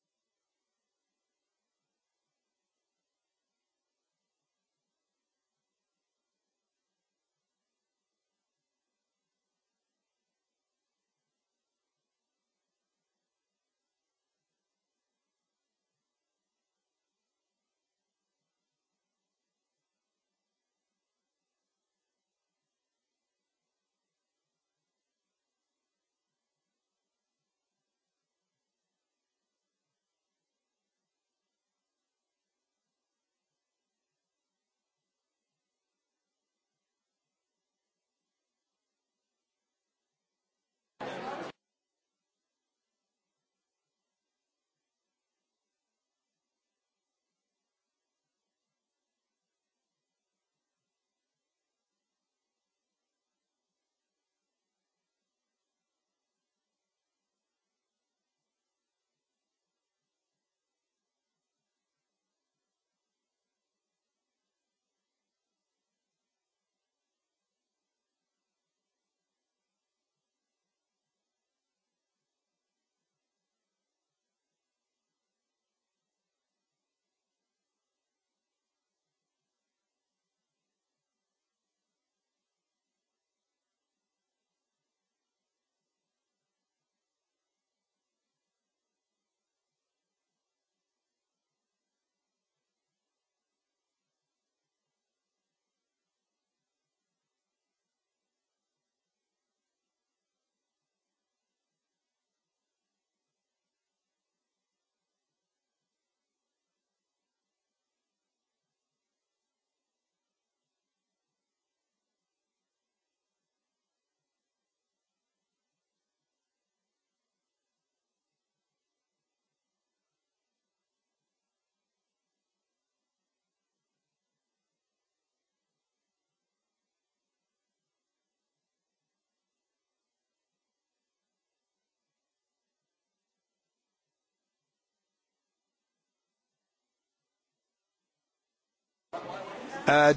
Uh,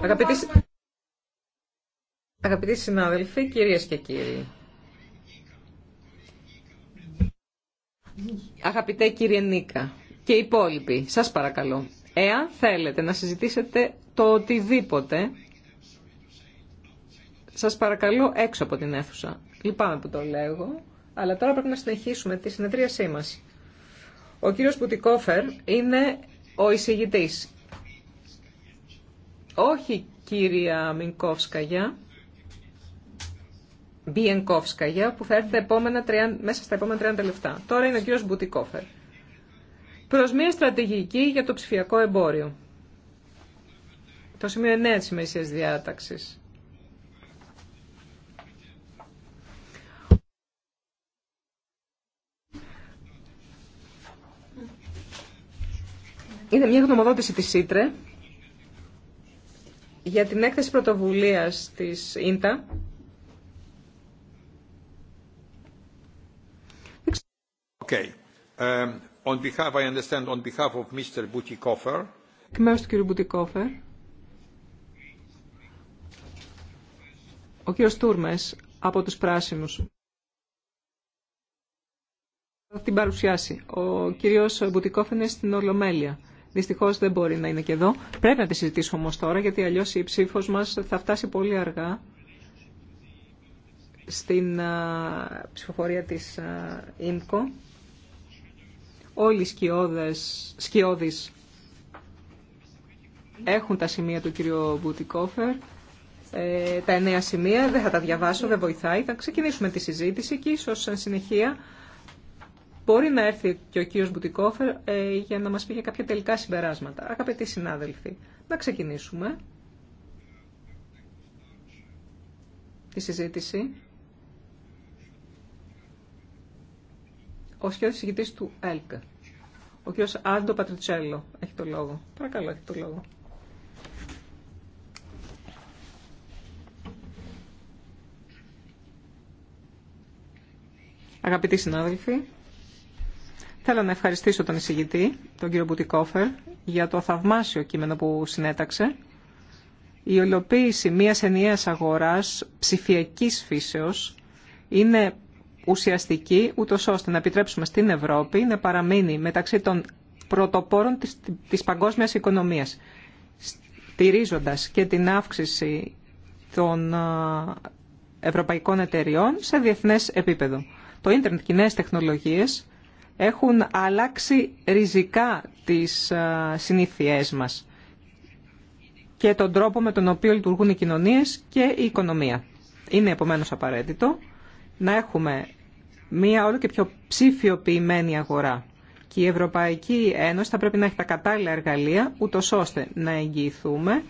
αγαπητοί... συνάδελφοι, κυρίες και κύριοι. Αγαπητέ κύριε Νίκα και υπόλοιποι, σας παρακαλώ, εάν θέλετε να συζητήσετε το οτιδήποτε, σας παρακαλώ έξω από την αίθουσα. Λυπάμαι που το λέγω, αλλά τώρα πρέπει να συνεχίσουμε τη συνεδρίασή μας. Ο κύριος Πουτικόφερ είναι ο εισηγητής. Όχι κυρία Μινκόφσκαγια, Μπιενκόφσκαγια, που θα έρθει επόμενα μέσα στα επόμενα 30 λεπτά. Τώρα είναι ο κύριος Μπουτικόφερ. Προς μια στρατηγική για το ψηφιακό εμπόριο. Το σημείο 9 της διάταξης. Είναι μια γνωμοδότηση της ΣΥΤΡΕ για την έκθεση πρωτοβουλίας της ΙΝΤΑ. Okay. Um, on behalf, I understand, on behalf of Mr. Εκ μέρους του κύριου Μπουτικόφερ. Ο κύριος Τούρμες από τους Πράσινους. Θα την παρουσιάσει. Ο κύριος Μπουτικόφερ είναι στην Ορλομέλεια. Δυστυχώ δεν μπορεί να είναι και εδώ. Πρέπει να τη συζητήσουμε όμω τώρα, γιατί αλλιώ η ψήφο μα θα φτάσει πολύ αργά στην ψηφοφορία της ΙΝΚΟ. Όλοι οι σκιώδες, έχουν τα σημεία του κύριο Μπουτικόφερ, ε, τα εννέα σημεία, δεν θα τα διαβάσω, δεν βοηθάει. Θα ξεκινήσουμε τη συζήτηση και ίσως συνεχεία Μπορεί να έρθει και ο κύριο Μπουτικόφερ ε, για να μας πει για κάποια τελικά συμπεράσματα. Αγαπητοί συνάδελφοι, να ξεκινήσουμε τη συζήτηση. Ο σχέδιο συγκεκριτή του ΕΛΚ, Ο κύριος Άντο Πατριτσέλο έχει το λόγο. Παρακαλώ, έχει το λόγο. Αγαπητοί συνάδελφοι, Θέλω να ευχαριστήσω τον εισηγητή, τον κύριο Μπουτικόφερ, για το θαυμάσιο κείμενο που συνέταξε. Η ολοποίηση μιας ενιαίας αγοράς ψηφιακής φύσεως είναι ουσιαστική, ούτω ώστε να επιτρέψουμε στην Ευρώπη να παραμείνει μεταξύ των πρωτοπόρων της, της παγκόσμιας οικονομίας, στηρίζοντας και την αύξηση των ευρωπαϊκών εταιριών σε διεθνές επίπεδο. Το ίντερνετ και νέες τεχνολογίες έχουν αλλάξει ριζικά τις συνήθειές μας και τον τρόπο με τον οποίο λειτουργούν οι κοινωνίες και η οικονομία. Είναι επομένως απαραίτητο να έχουμε μία όλο και πιο ψηφιοποιημένη αγορά. Και η Ευρωπαϊκή Ένωση θα πρέπει να έχει τα κατάλληλα εργαλεία, ούτω ώστε να εγγυηθούμε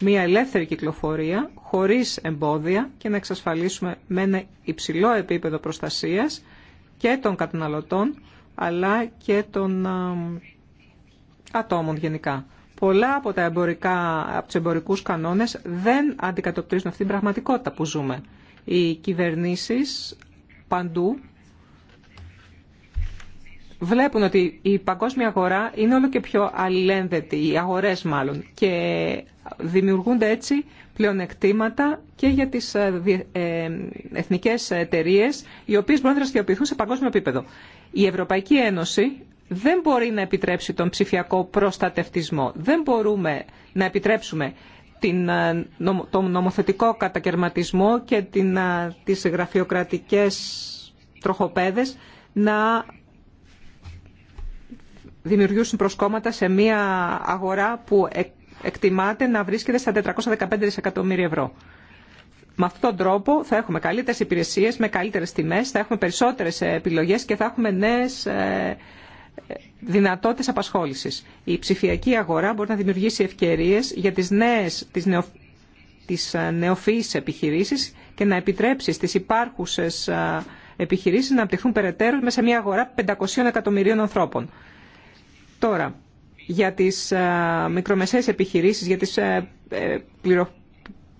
μία ελεύθερη κυκλοφορία χωρίς εμπόδια και να εξασφαλίσουμε με ένα υψηλό επίπεδο προστασίας και των καταναλωτών αλλά και των ατόμων γενικά. Πολλά από, τα εμπορικά, από τους εμπορικούς κανόνες δεν αντικατοπτρίζουν αυτή την πραγματικότητα που ζούμε. Οι κυβερνήσεις παντού βλέπουν ότι η παγκόσμια αγορά είναι όλο και πιο αλληλένδετη, οι αγορές μάλλον, και δημιουργούνται έτσι πλεονεκτήματα και για τις ε, ε, εθνικές εταιρείε, οι οποίες μπορούν να δραστηριοποιηθούν σε παγκόσμιο επίπεδο. Η Ευρωπαϊκή Ένωση δεν μπορεί να επιτρέψει τον ψηφιακό προστατευτισμό. Δεν μπορούμε να επιτρέψουμε ε, τον νομοθετικό κατακαιρματισμό και την, ε, τις γραφειοκρατικές τροχοπέδες να δημιουργήσουν προσκόμματα σε μια αγορά που εκτιμάται να βρίσκεται στα 415 δισεκατομμύρια ευρώ. Με αυτόν τον τρόπο θα έχουμε καλύτερε υπηρεσίε, με καλύτερε τιμέ, θα έχουμε περισσότερε επιλογέ και θα έχουμε νέε δυνατότητε απασχόληση. Η ψηφιακή αγορά μπορεί να δημιουργήσει ευκαιρίε για τι νέες, τι νεο, τις ε, και να επιτρέψει στις υπάρχουσες ε, επιχειρήσεις να απτυχθούν περαιτέρω μέσα σε μια αγορά 500 εκατομμυρίων ανθρώπων. Τώρα, για τις ε, μικρομεσαίες επιχειρήσεις, για τις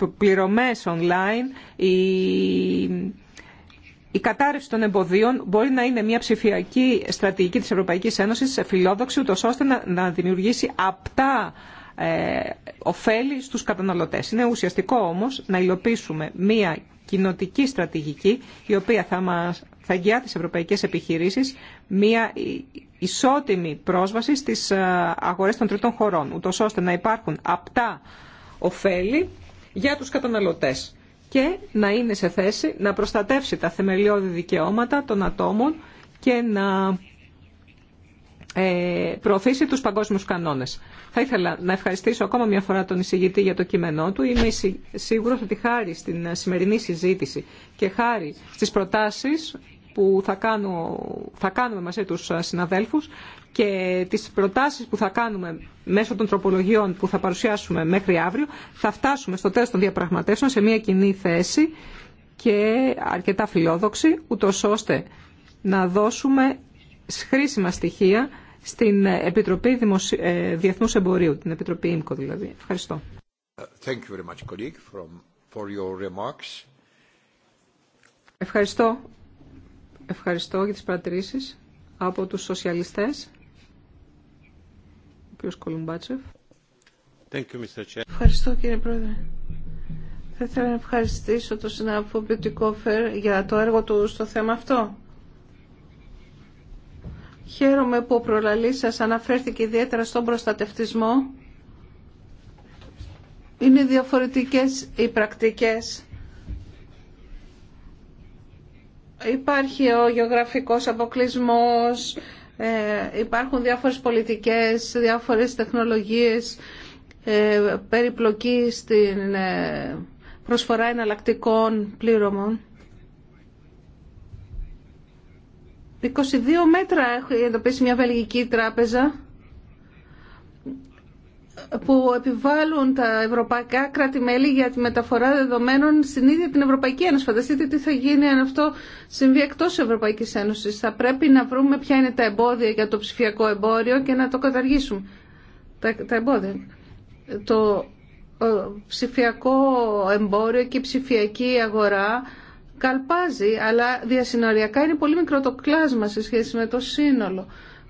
πληρωμές online, η, η κατάρρευση των εμποδίων μπορεί να είναι μια ψηφιακή στρατηγική της Ευρωπαϊκής Ένωσης φιλόδοξη, ούτως ώστε να, να δημιουργήσει απτά ε, ωφέλη στους καταναλωτές. Είναι ουσιαστικό όμως να υλοποιήσουμε μια κοινοτική στρατηγική η οποία θα μας θα εγγυά τις ευρωπαϊκές επιχειρήσεις μια ισότιμη πρόσβαση στις ε, αγορές των τρίτων χωρών, ούτως ώστε να υπάρχουν απτά ωφέλη για τους καταναλωτές και να είναι σε θέση να προστατεύσει τα θεμελιώδη δικαιώματα των ατόμων και να ε, προωθήσει τους παγκόσμιους κανόνες. Θα ήθελα να ευχαριστήσω ακόμα μια φορά τον εισηγητή για το κείμενό του. Είμαι σίγουρος ότι χάρη στην σημερινή συζήτηση και χάρη στις προτάσεις που θα, θα κάνουμε μαζί τους ε, συναδέλφους και τις προτάσεις που θα κάνουμε μέσω των τροπολογιών που θα παρουσιάσουμε μέχρι αύριο θα φτάσουμε στο τέλος των διαπραγματεύσεων σε μια κοινή θέση και αρκετά φιλόδοξη ούτω ώστε να δώσουμε χρήσιμα στοιχεία στην Επιτροπή Δημοσι... Ε, Διεθνούς Εμπορίου, την Επιτροπή ΙΜΚΟ δηλαδή. Ευχαριστώ. Thank you very much, colleague, for your remarks. Ευχαριστώ Ευχαριστώ για τις παρατηρήσεις από τους σοσιαλιστές. Ο οποίος Κολουμπάτσεφ. Ευχαριστώ κύριε Πρόεδρε. Θα ήθελα να ευχαριστήσω τον συνάδελφο Μπιουτικόφερ για το έργο του στο θέμα αυτό. Χαίρομαι που ο προλαλής σας αναφέρθηκε ιδιαίτερα στον προστατευτισμό. Είναι διαφορετικές οι πρακτικές Υπάρχει ο γεωγραφικός αποκλεισμός, ε, υπάρχουν διάφορες πολιτικές, διάφορες τεχνολογίες, ε, περιπλοκή στην ε, προσφορά εναλλακτικών πλήρωμων. 22 μέτρα έχει εντοπίσει μια βελγική τράπεζα που επιβάλλουν τα ευρωπαϊκά κράτη-μέλη για τη μεταφορά δεδομένων στην ίδια την Ευρωπαϊκή Ένωση. Φανταστείτε τι θα γίνει αν αυτό συμβεί εκτό Ευρωπαϊκή Ένωση. Θα πρέπει να βρούμε ποια είναι τα εμπόδια για το ψηφιακό εμπόριο και να το καταργήσουμε. Τα, τα εμπόδια. Το ε, ψηφιακό εμπόριο και η ψηφιακή αγορά καλπάζει, αλλά διασυνοριακά είναι πολύ μικρό το κλάσμα σε σχέση με το σύνολο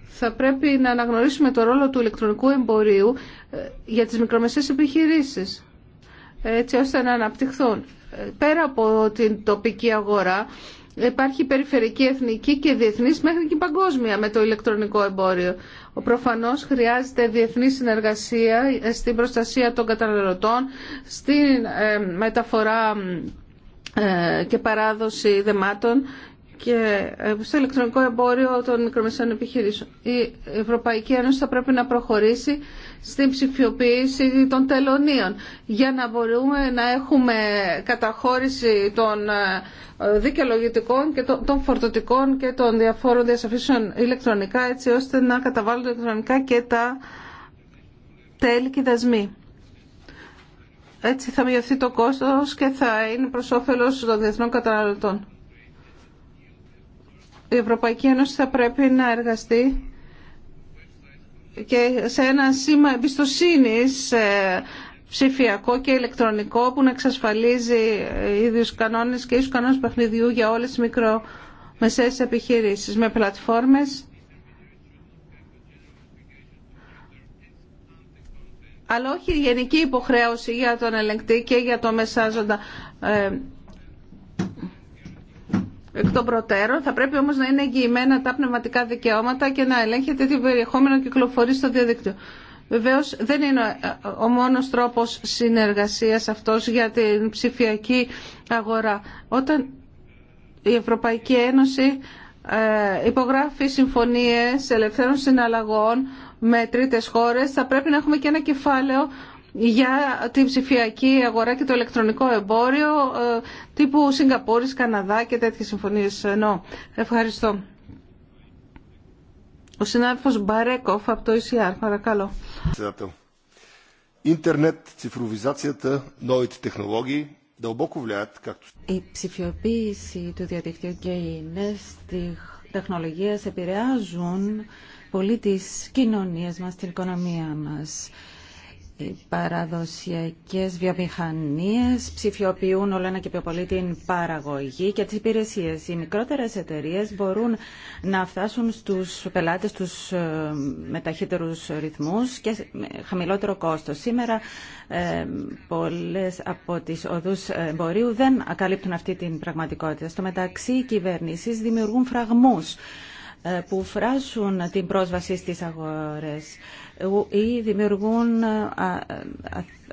θα πρέπει να αναγνωρίσουμε το ρόλο του ηλεκτρονικού εμπορίου ε, για τις μικρομεσαίες επιχειρήσεις, έτσι ώστε να αναπτυχθούν. Ε, πέρα από την τοπική αγορά, υπάρχει περιφερική, εθνική και διεθνής μέχρι και παγκόσμια με το ηλεκτρονικό εμπόριο. Προφανώς χρειάζεται διεθνή συνεργασία ε, στην προστασία των καταναλωτών, στην μεταφορά και παράδοση δεμάτων και ε, στο ηλεκτρονικό εμπόριο των μικρομεσαίων επιχειρήσεων. Η Ευρωπαϊκή Ένωση θα πρέπει να προχωρήσει στην ψηφιοποίηση των τελωνίων για να μπορούμε να έχουμε καταχώρηση των ε, δικαιολογητικών και των φορτωτικών και των διαφόρων διασαφήσεων ηλεκτρονικά έτσι ώστε να καταβάλουν ηλεκτρονικά και τα τέλη και δασμοί. Έτσι θα μειωθεί το κόστος και θα είναι προς όφελος των διεθνών καταναλωτών η Ευρωπαϊκή Ένωση θα πρέπει να εργαστεί και σε ένα σήμα εμπιστοσύνη ψηφιακό και ηλεκτρονικό που να εξασφαλίζει ίδιους κανόνες και ίσους κανόνες παιχνιδιού για όλες τις μικρομεσαίες επιχειρήσεις με πλατφόρμες αλλά όχι γενική υποχρέωση για τον ελεγκτή και για το μεσάζοντα ε, εκ των προτέρων. Θα πρέπει όμως να είναι εγγυημένα τα πνευματικά δικαιώματα και να ελέγχεται την περιεχόμενο κυκλοφορεί στο διαδίκτυο. Βεβαίως δεν είναι ο μόνος τρόπος συνεργασίας αυτός για την ψηφιακή αγορά. Όταν η Ευρωπαϊκή Ένωση ε, υπογράφει συμφωνίες ελευθέρων συναλλαγών με τρίτες χώρες, θα πρέπει να έχουμε και ένα κεφάλαιο για την ψηφιακή αγορά και το ηλεκτρονικό εμπόριο ε, τύπου Σιγκαπούρης, Καναδά και τέτοιες συμφωνίες. Ενώ, ευχαριστώ. Ο συνάδελφος Μπαρέκοφ από το ECR, παρακαλώ. Η ψηφιοποίηση του διαδικτύου και οι νέες τεχνολογίες επηρεάζουν πολύ τις κοινωνίες μας, την οικονομία μας. Οι παραδοσιακές βιομηχανίες ψηφιοποιούν όλο ένα και πιο πολύ την παραγωγή και τις υπηρεσίες. Οι μικρότερες εταιρείες μπορούν να φτάσουν στους πελάτες τους ε, με ταχύτερους ρυθμούς και χαμηλότερο κόστος. Σήμερα ε, πολλές από τις οδούς εμπορίου δεν ακαλύπτουν αυτή την πραγματικότητα. Στο μεταξύ οι κυβερνήσεις δημιουργούν φραγμούς ε, που φράσουν την πρόσβαση στις αγορές ε, ή δημιουργούν ε,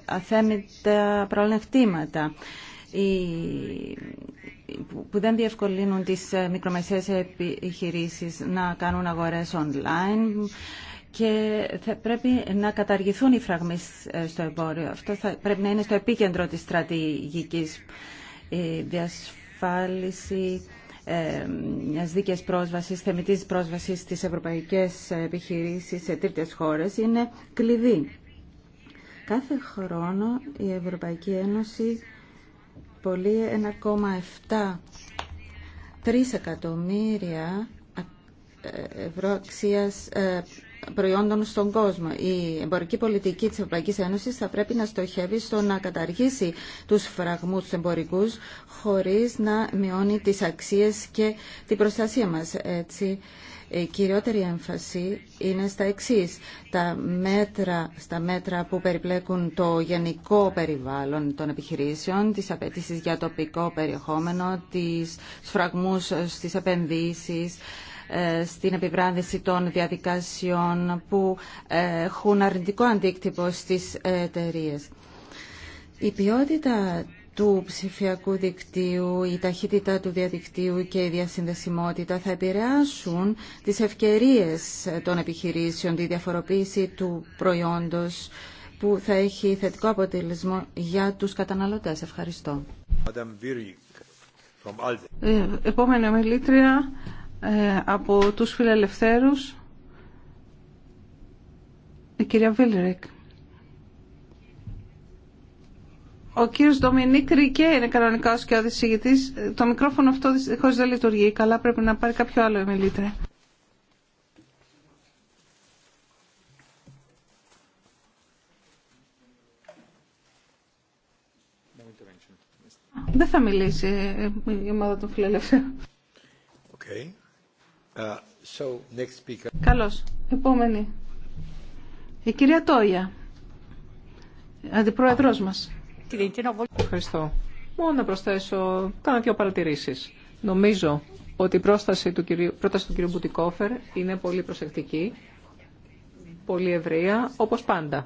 αθέμητα προλεκτήματα που δεν διευκολύνουν τις μικρομεσαίες επιχειρήσεις να κάνουν αγορές online και θα πρέπει να καταργηθούν οι φραγμοί στο εμπόριο. Αυτό θα πρέπει να είναι στο επίκεντρο της στρατηγικής διασφάλισης ε, μιας πρόσβαση πρόσβασης, θεμητής πρόσβασης στις ευρωπαϊκές επιχειρήσεις σε τρίτες χώρες είναι κλειδί. Κάθε χρόνο η Ευρωπαϊκή Ένωση πολύ 1,7 τρισεκατομμύρια εκατομμύρια ε, ευρώ αξίας ε, προϊόντων στον κόσμο. Η εμπορική πολιτική της Ευρωπαϊκής Ένωσης θα πρέπει να στοχεύει στο να καταργήσει τους φραγμούς εμπορικούς χωρίς να μειώνει τις αξίες και την προστασία μας. Έτσι, η κυριότερη έμφαση είναι στα εξής. Τα μέτρα, στα μέτρα που περιπλέκουν το γενικό περιβάλλον των επιχειρήσεων, τις απαιτήσει για τοπικό περιεχόμενο, τις φραγμούς στις επενδύσεις, ε, στην επιβράδυνση των διαδικασιών που ε, έχουν αρνητικό αντίκτυπο στις ε, εταιρείε. Η ποιότητα του ψηφιακού δικτύου, η ταχύτητα του διαδικτύου και η διασυνδεσιμότητα θα επηρεάσουν τις ευκαιρίες των επιχειρήσεων, τη διαφοροποίηση του προϊόντος που θα έχει θετικό αποτελεσμό για τους καταναλωτές. Ευχαριστώ. Ε, από τους φιλελευθέρους η κυρία Βίλρικ. Ο κύριος Ντομινίκ Ρικέ είναι κανονικά ο σκιώδης Το μικρόφωνο αυτό δυστυχώς δεν λειτουργεί. Καλά πρέπει να πάρει κάποιο άλλο εμιλήτρια. Δεν θα μιλήσει η ομάδα των φιλελευθέρων. Okay. Καλώς. Επόμενη. Η κυρία Τόια, αντιπρόεδρός μας. Ευχαριστώ. Μόνο να προσθέσω κάνα δύο παρατηρήσεις. Νομίζω ότι η πρόταση του κυρίου, πρόταση του κυρίου Μπουτικόφερ είναι πολύ προσεκτική, πολύ ευρεία, όπως πάντα.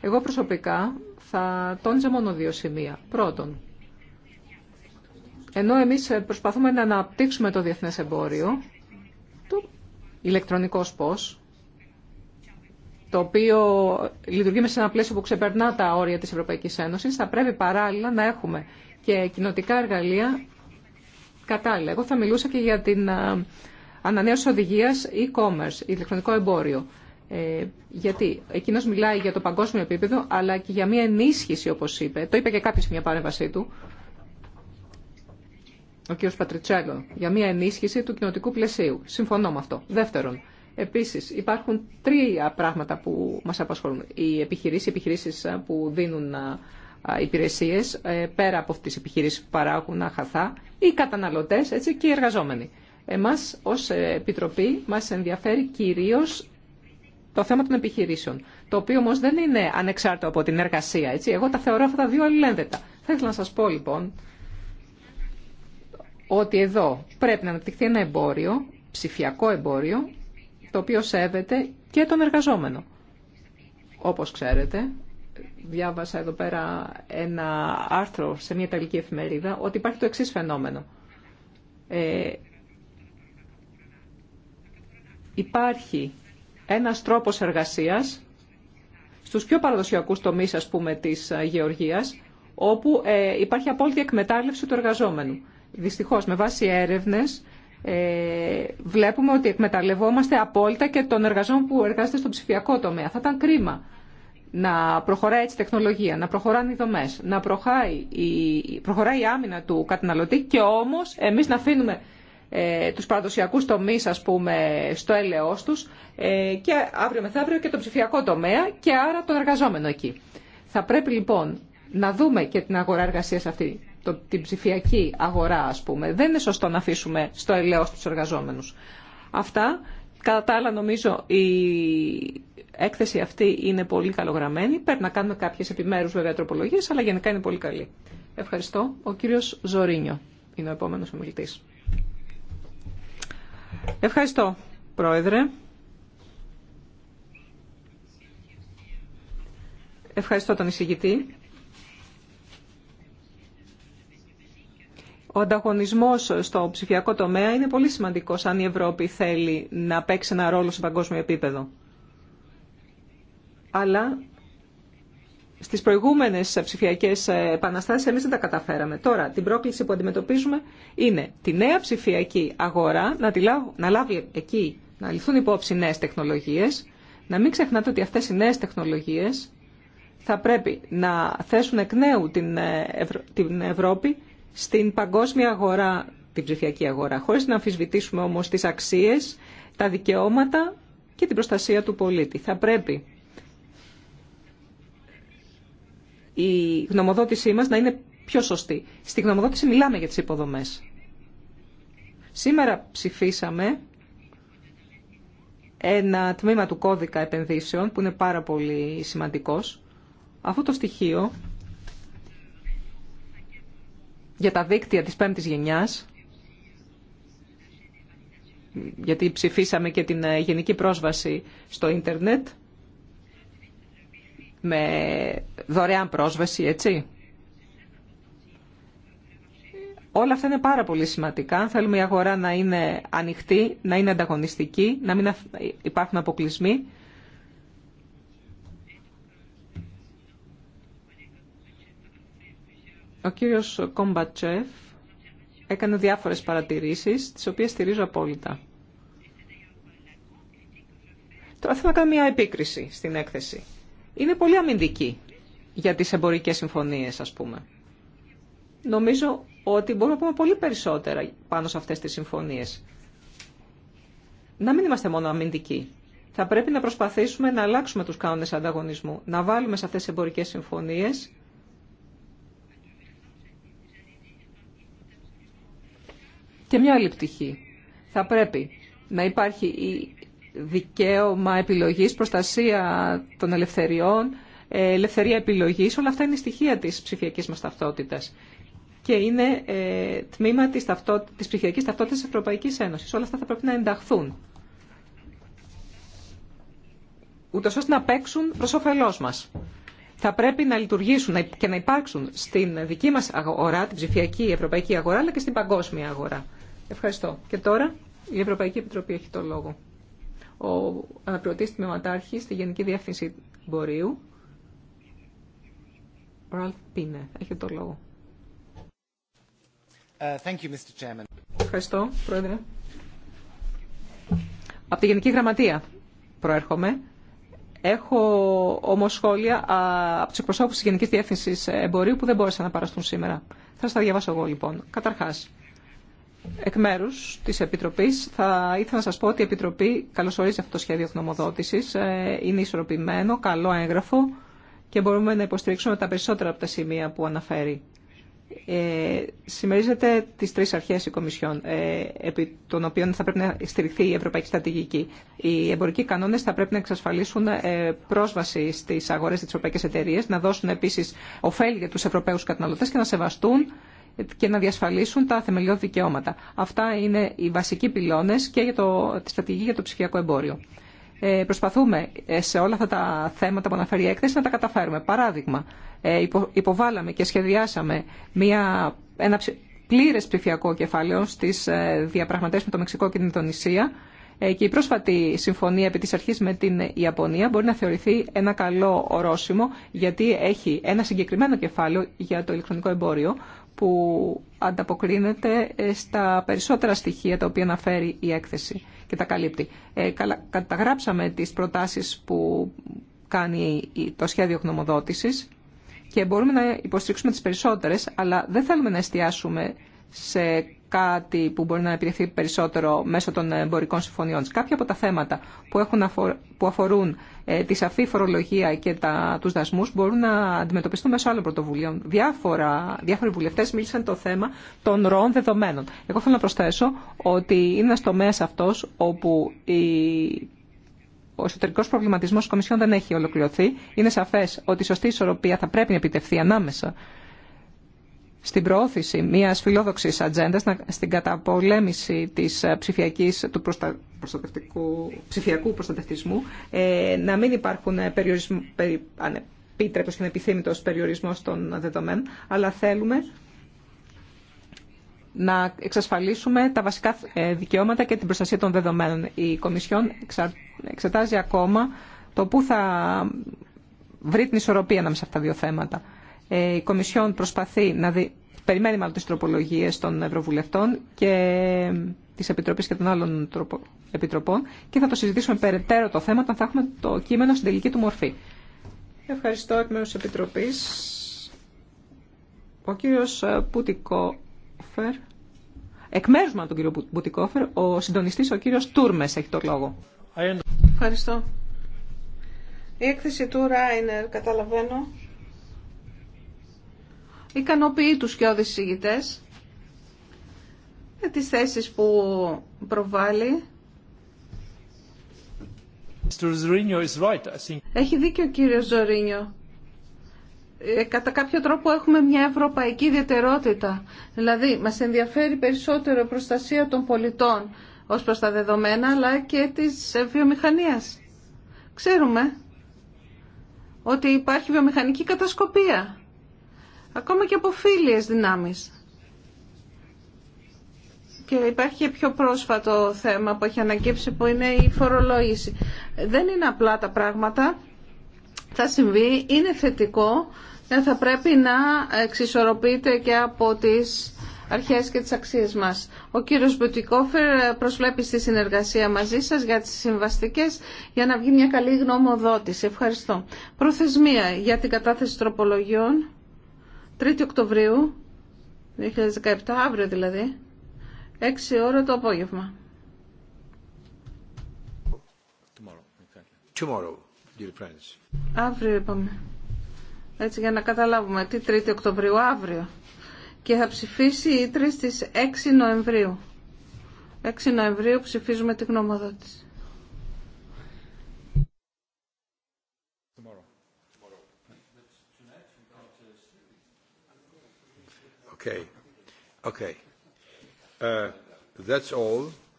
Εγώ προσωπικά θα τόνιζα μόνο δύο σημεία. Πρώτον, ενώ εμείς προσπαθούμε να αναπτύξουμε το διεθνές εμπόριο, το ηλεκτρονικό πώς, το οποίο λειτουργεί μέσα σε ένα πλαίσιο που ξεπερνά τα όρια της Ευρωπαϊκής Ένωσης, θα πρέπει παράλληλα να έχουμε και κοινοτικά εργαλεία κατάλληλα. Εγώ θα μιλούσα και για την ανανέωση οδηγίας e-commerce, ηλεκτρονικό εμπόριο. Ε, γιατί εκείνος μιλάει για το παγκόσμιο επίπεδο, αλλά και για μια ενίσχυση, όπως είπε. Το είπε και κάποιο σε μια παρέμβασή του, ο κ. Πατριτσέλο για μια ενίσχυση του κοινοτικού πλαισίου. Συμφωνώ με αυτό. Δεύτερον, επίση υπάρχουν τρία πράγματα που μα απασχολούν. Οι επιχειρήσει, οι επιχειρήσει ε, που δίνουν ε, υπηρεσίε, ε, πέρα από τι επιχειρήσει που παράγουν αχαθά, οι καταναλωτέ και οι εργαζόμενοι. Εμά ω Επιτροπή μα ενδιαφέρει κυρίω το θέμα των επιχειρήσεων, το οποίο όμω δεν είναι ανεξάρτητο από την εργασία. Έτσι. Εγώ τα θεωρώ αυτά τα δύο αλληλένδετα. Θα ήθελα να σα πω λοιπόν ότι εδώ πρέπει να αναπτυχθεί ένα εμπόριο, ψηφιακό εμπόριο, το οποίο σέβεται και τον εργαζόμενο. Όπως ξέρετε, διάβασα εδώ πέρα ένα άρθρο σε μια Ιταλική εφημερίδα, ότι υπάρχει το εξή φαινόμενο. Ε, υπάρχει ένας τρόπος εργασίας στους πιο παραδοσιακούς τομείς, ας πούμε, της ε, γεωργίας, όπου ε, υπάρχει απόλυτη εκμετάλλευση του εργαζόμενου. Δυστυχώς, με βάση έρευνες, ε, βλέπουμε ότι εκμεταλλευόμαστε απόλυτα και τον εργαζόμενο που εργάζεται στον ψηφιακό τομέα. Θα ήταν κρίμα να προχωράει έτσι η τεχνολογία, να προχωράνε οι δομές, να προχωράει η, προχωράει η άμυνα του καταναλωτή και όμως εμείς να αφήνουμε ε, τους παραδοσιακούς τομείς ας πούμε στο έλεος τους ε, και αύριο μεθαύριο και τον ψηφιακό τομέα και άρα τον εργαζόμενο εκεί. Θα πρέπει λοιπόν να δούμε και την αγορά εργασίας αυτή το, την ψηφιακή αγορά, ας πούμε. Δεν είναι σωστό να αφήσουμε στο ελαιό τους εργαζόμενους. Αυτά, κατά τα άλλα νομίζω η έκθεση αυτή είναι πολύ καλογραμμένη. Πρέπει να κάνουμε κάποιες επιμέρους βέβαια τροπολογίες, αλλά γενικά είναι πολύ καλή. Ευχαριστώ. Ο κύριος Ζωρίνιο είναι ο επόμενος ομιλητής. Ευχαριστώ, Πρόεδρε. Ευχαριστώ τον εισηγητή Ο ανταγωνισμό στο ψηφιακό τομέα είναι πολύ σημαντικός αν η Ευρώπη θέλει να παίξει ένα ρόλο σε παγκόσμιο επίπεδο. Αλλά στις προηγούμενες ψηφιακέ επαναστάσει, εμείς δεν τα καταφέραμε. Τώρα την πρόκληση που αντιμετωπίζουμε είναι τη νέα ψηφιακή αγορά να, τη να λάβει εκεί, να ληφθούν υπόψη νέε τεχνολογίε, Να μην ξεχνάτε ότι αυτέ οι νέε τεχνολογίε θα πρέπει να θέσουν εκ νέου την, ε, την Ευρώπη στην παγκόσμια αγορά, την ψηφιακή αγορά, χωρίς να αμφισβητήσουμε όμως τις αξίες, τα δικαιώματα και την προστασία του πολίτη. Θα πρέπει η γνωμοδότησή μας να είναι πιο σωστή. Στη γνωμοδότηση μιλάμε για τις υποδομές. Σήμερα ψηφίσαμε ένα τμήμα του κώδικα επενδύσεων που είναι πάρα πολύ σημαντικός. Αυτό το στοιχείο για τα δίκτυα της πέμπτης γενιάς, γιατί ψηφίσαμε και την ε, γενική πρόσβαση στο ίντερνετ, με δωρεάν πρόσβαση, έτσι. Όλα αυτά είναι πάρα πολύ σημαντικά. θέλουμε η αγορά να είναι ανοιχτή, να είναι ανταγωνιστική, να μην υπάρχουν αποκλεισμοί, Ο κύριος Κομπατσέφ έκανε διάφορες παρατηρήσεις, τις οποίες στηρίζω απόλυτα. Τώρα θέλω να κάνω μια επίκριση στην έκθεση. Είναι πολύ αμυντική για τις εμπορικές συμφωνίες, ας πούμε. Νομίζω ότι μπορούμε να πούμε πολύ περισσότερα πάνω σε αυτές τις συμφωνίες. Να μην είμαστε μόνο αμυντικοί. Θα πρέπει να προσπαθήσουμε να αλλάξουμε τους κανόνες ανταγωνισμού, να βάλουμε σε αυτές τις εμπορικές συμφωνίες Και μια άλλη πτυχή. Θα πρέπει να υπάρχει δικαίωμα επιλογής, προστασία των ελευθεριών, ε, ελευθερία επιλογής. Όλα αυτά είναι στοιχεία της ψηφιακής μας ταυτότητας και είναι ε, τμήμα της, ψηφιακή της ψηφιακής ταυτότητας της Ευρωπαϊκής Ένωσης. Όλα αυτά θα πρέπει να ενταχθούν, ούτως ώστε να παίξουν προς όφελός μας. Θα πρέπει να λειτουργήσουν και να υπάρξουν στην δική μας αγορά, την ψηφιακή ευρωπαϊκή αγορά, αλλά και στην παγκόσμια αγορά. Ευχαριστώ. Και τώρα η Ευρωπαϊκή Επιτροπή έχει το λόγο. Ο με τμήματάρχης στη Γενική Διεύθυνση Μπορείου, Ραλφ Πίνε, έχει το λόγο. Ε, Ευχαριστώ, Πρόεδρε. Από τη Γενική Γραμματεία προέρχομαι. Έχω όμως σχόλια από του εκπροσώπους τη Γενική Διεύθυνση Εμπορίου που δεν μπόρεσαν να παραστούν σήμερα. Θα σας τα διαβάσω εγώ λοιπόν. Καταρχάς, Εκ μέρου τη Επιτροπή, θα ήθελα να σα πω ότι η Επιτροπή καλωσορίζει αυτό το σχέδιο γνωμοδότηση. Ε, είναι ισορροπημένο, καλό έγγραφο και μπορούμε να υποστηρίξουμε τα περισσότερα από τα σημεία που αναφέρει. Ε, συμμερίζεται τις τρεις αρχές η Κομισιόν, ε, επί των οποίων θα πρέπει να στηριχθεί η Ευρωπαϊκή Στρατηγική. Οι εμπορικοί κανόνες θα πρέπει να εξασφαλίσουν ε, πρόσβαση στις αγορές της Ευρωπαϊκής Εταιρείας, να δώσουν επίσης ωφέλη για Ευρωπαίους καταναλωτές και να σεβαστούν και να διασφαλίσουν τα θεμελιώδη δικαιώματα. Αυτά είναι οι βασικοί πυλώνες και για το, τη στρατηγική για το ψηφιακό εμπόριο. Ε, προσπαθούμε ε, σε όλα αυτά τα θέματα που αναφέρει η έκθεση να τα καταφέρουμε. Παράδειγμα, ε, υποβάλαμε και σχεδιάσαμε μια, ένα πλήρε ψηφιακό κεφάλαιο στι ε, διαπραγματεύσει με το Μεξικό και την Ινδονησία. Ε, και η πρόσφατη συμφωνία επί τη αρχή με την Ιαπωνία μπορεί να θεωρηθεί ένα καλό ορόσημο γιατί έχει ένα συγκεκριμένο κεφάλαιο για το ηλεκτρονικό εμπόριο που ανταποκρίνεται ε, στα περισσότερα στοιχεία τα οποία αναφέρει η έκθεση και τα καλύπτει. Ε, καταγράψαμε τις προτάσεις που κάνει το σχέδιο γνωμοδότησης και μπορούμε να υποστηρίξουμε τις περισσότερες, αλλά δεν θέλουμε να εστιάσουμε σε κάτι που μπορεί να επιτευχθεί περισσότερο μέσω των εμπορικών συμφωνιών. Κάποια από τα θέματα που, έχουν που αφορούν ε, τη σαφή φορολογία και τα... τους δασμούς μπορούν να αντιμετωπιστούν μέσω άλλων πρωτοβουλίων. Διάφορα... Διάφοροι βουλευτές μίλησαν το θέμα των ροών δεδομένων. Εγώ θέλω να προσθέσω ότι είναι ένα τομέα αυτός όπου η... Ο εσωτερικό προβληματισμό τη Κομισιόν δεν έχει ολοκληρωθεί. Είναι σαφέ ότι η σωστή ισορροπία θα πρέπει να επιτευχθεί ανάμεσα στην προώθηση μιας φιλόδοξης ατζέντα στην καταπολέμηση της ε, ψηφιακής, του προστατευτικού... ψηφιακού προστατευτισμού, ε, να μην υπάρχουν ε, περιορισμού, περι... ανεπίτρεπτος και ανεπιθύμητο περιορισμό των δεδομένων, αλλά θέλουμε να εξασφαλίσουμε τα βασικά δικαιώματα και την προστασία των δεδομένων. Η Κομισιόν εξετάζει ακόμα το πού θα βρει την ισορροπία ανάμεσα αυτά τα δύο θέματα. Ε, η Κομισιόν προσπαθεί να δει, περιμένει μάλλον τις τροπολογίες των Ευρωβουλευτών και ε, της Επιτροπής και των άλλων Επιτροπών και θα το συζητήσουμε περαιτέρω το θέμα όταν θα έχουμε το κείμενο στην τελική του μορφή. Ευχαριστώ εκ μέρους Επιτροπής. Ο κύριος ε, Πουτικόφερ, εκ μέρους μάλλον τον κύριο Πουτικόφερ, ο συντονιστής ο κύριος Τούρμες έχει το λόγο. Ευχαριστώ. Η έκθεση του Ράινερ, καταλαβαίνω, ικανοποιεί τους και ηγητές με τις θέσεις που προβάλλει. Έχει δίκιο ο κύριος Ζωρίνιο. Ε, κατά κάποιο τρόπο έχουμε μια ευρωπαϊκή ιδιαιτερότητα. Δηλαδή, μας ενδιαφέρει περισσότερο η προστασία των πολιτών ως προς τα δεδομένα, αλλά και της ε, βιομηχανίας. Ξέρουμε ότι υπάρχει βιομηχανική κατασκοπία ακόμα και από φίλιες δυνάμεις. Και υπάρχει και πιο πρόσφατο θέμα που έχει ανακύψει που είναι η φορολόγηση. Δεν είναι απλά τα πράγματα. Θα συμβεί, είναι θετικό, ε, θα πρέπει να εξισορροπείται και από τις αρχές και τις αξίες μας. Ο κύριος Μπουτικόφερ προσβλέπει στη συνεργασία μαζί σας για τις συμβαστικές για να βγει μια καλή γνωμοδότηση. Ευχαριστώ. Προθεσμία για την κατάθεση τροπολογιών 3η Οκτωβρίου 2017, αύριο δηλαδή, 6 ώρα το απόγευμα. Tomorrow, dear friends. Αύριο είπαμε. Έτσι για να καταλάβουμε τι 3η Οκτωβρίου, αύριο. Και θα ψηφίσει η Ήτρη στις 6 Νοεμβρίου. 6 Νοεμβρίου ψηφίζουμε τη γνωμοδότηση. Uh,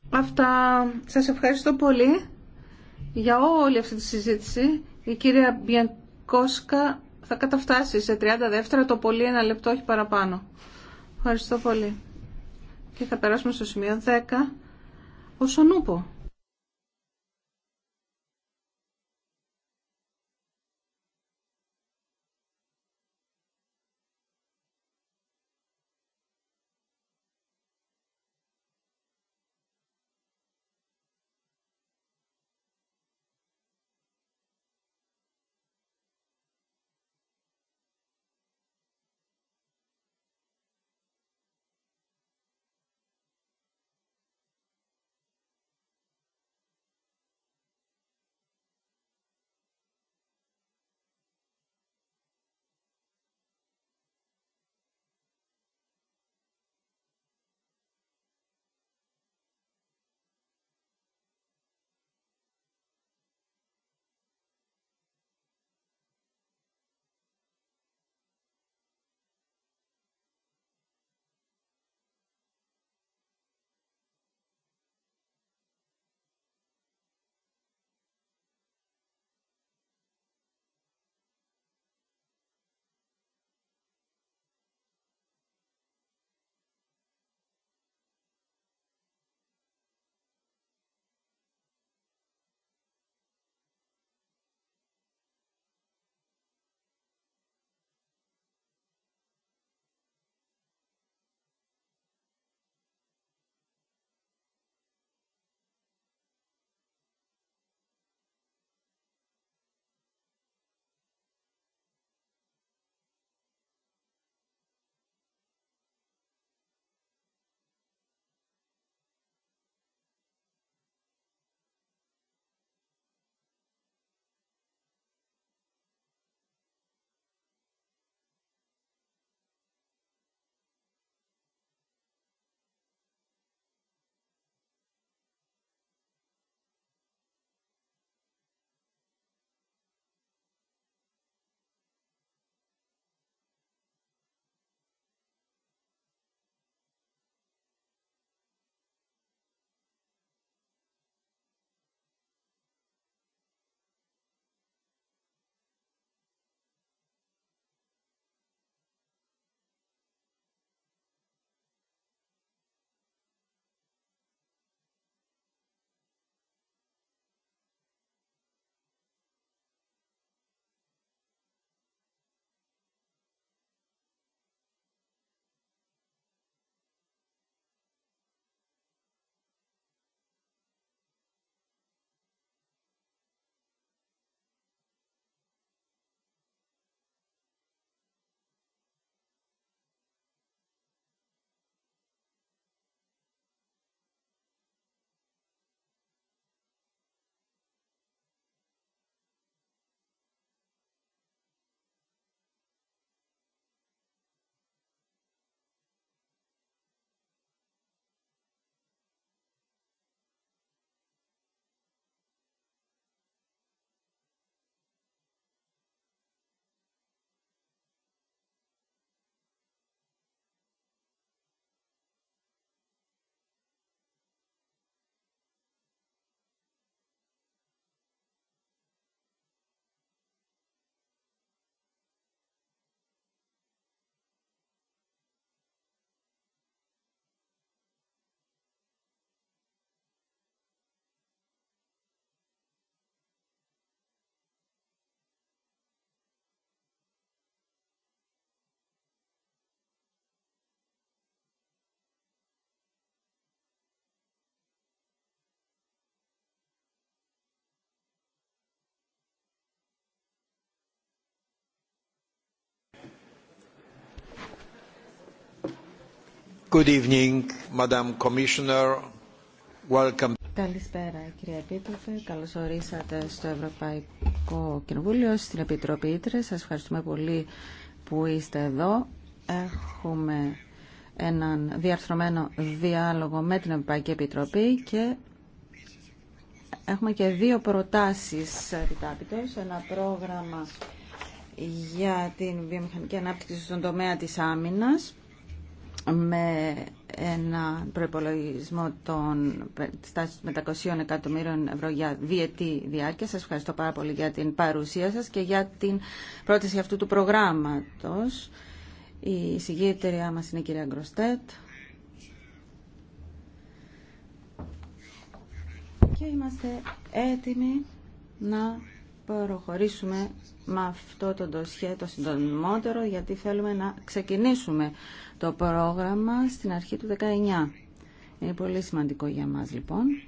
Αυτά. Σας ευχαριστώ πολύ για όλη αυτή τη συζήτηση. Η κυρία Μπιανκόσκα θα καταφτάσει σε 30 δεύτερα, το πολύ ένα λεπτό, όχι παραπάνω. Ευχαριστώ πολύ. Και θα περάσουμε στο σημείο 10. Ο Σονούπο. Καλησπέρα κύριε Επίτροπε, καλώς ορίσατε στο Ευρωπαϊκό Κοινοβούλιο, στην Επιτροπή Ήτρε. Σας ευχαριστούμε πολύ που είστε εδώ. Έχουμε έναν διαρθρωμένο διάλογο με την Ευρωπαϊκή Επιτροπή και έχουμε και δύο προτάσεις επιτάπητος, ένα πρόγραμμα για την βιομηχανική ανάπτυξη στον τομέα της άμυνας με ένα προπολογισμό των τάξης μετακοσίων εκατομμύριων ευρώ για διετή διάρκεια. Σας ευχαριστώ πάρα πολύ για την παρουσία σας και για την πρόταση αυτού του προγράμματος. Η εταιρεία μας είναι η κυρία Γκροστέτ. Και είμαστε έτοιμοι να προχωρήσουμε με αυτό το ντοσιέ το γιατί θέλουμε να ξεκινήσουμε το πρόγραμμα στην αρχή του 19. Είναι πολύ σημαντικό για μας λοιπόν.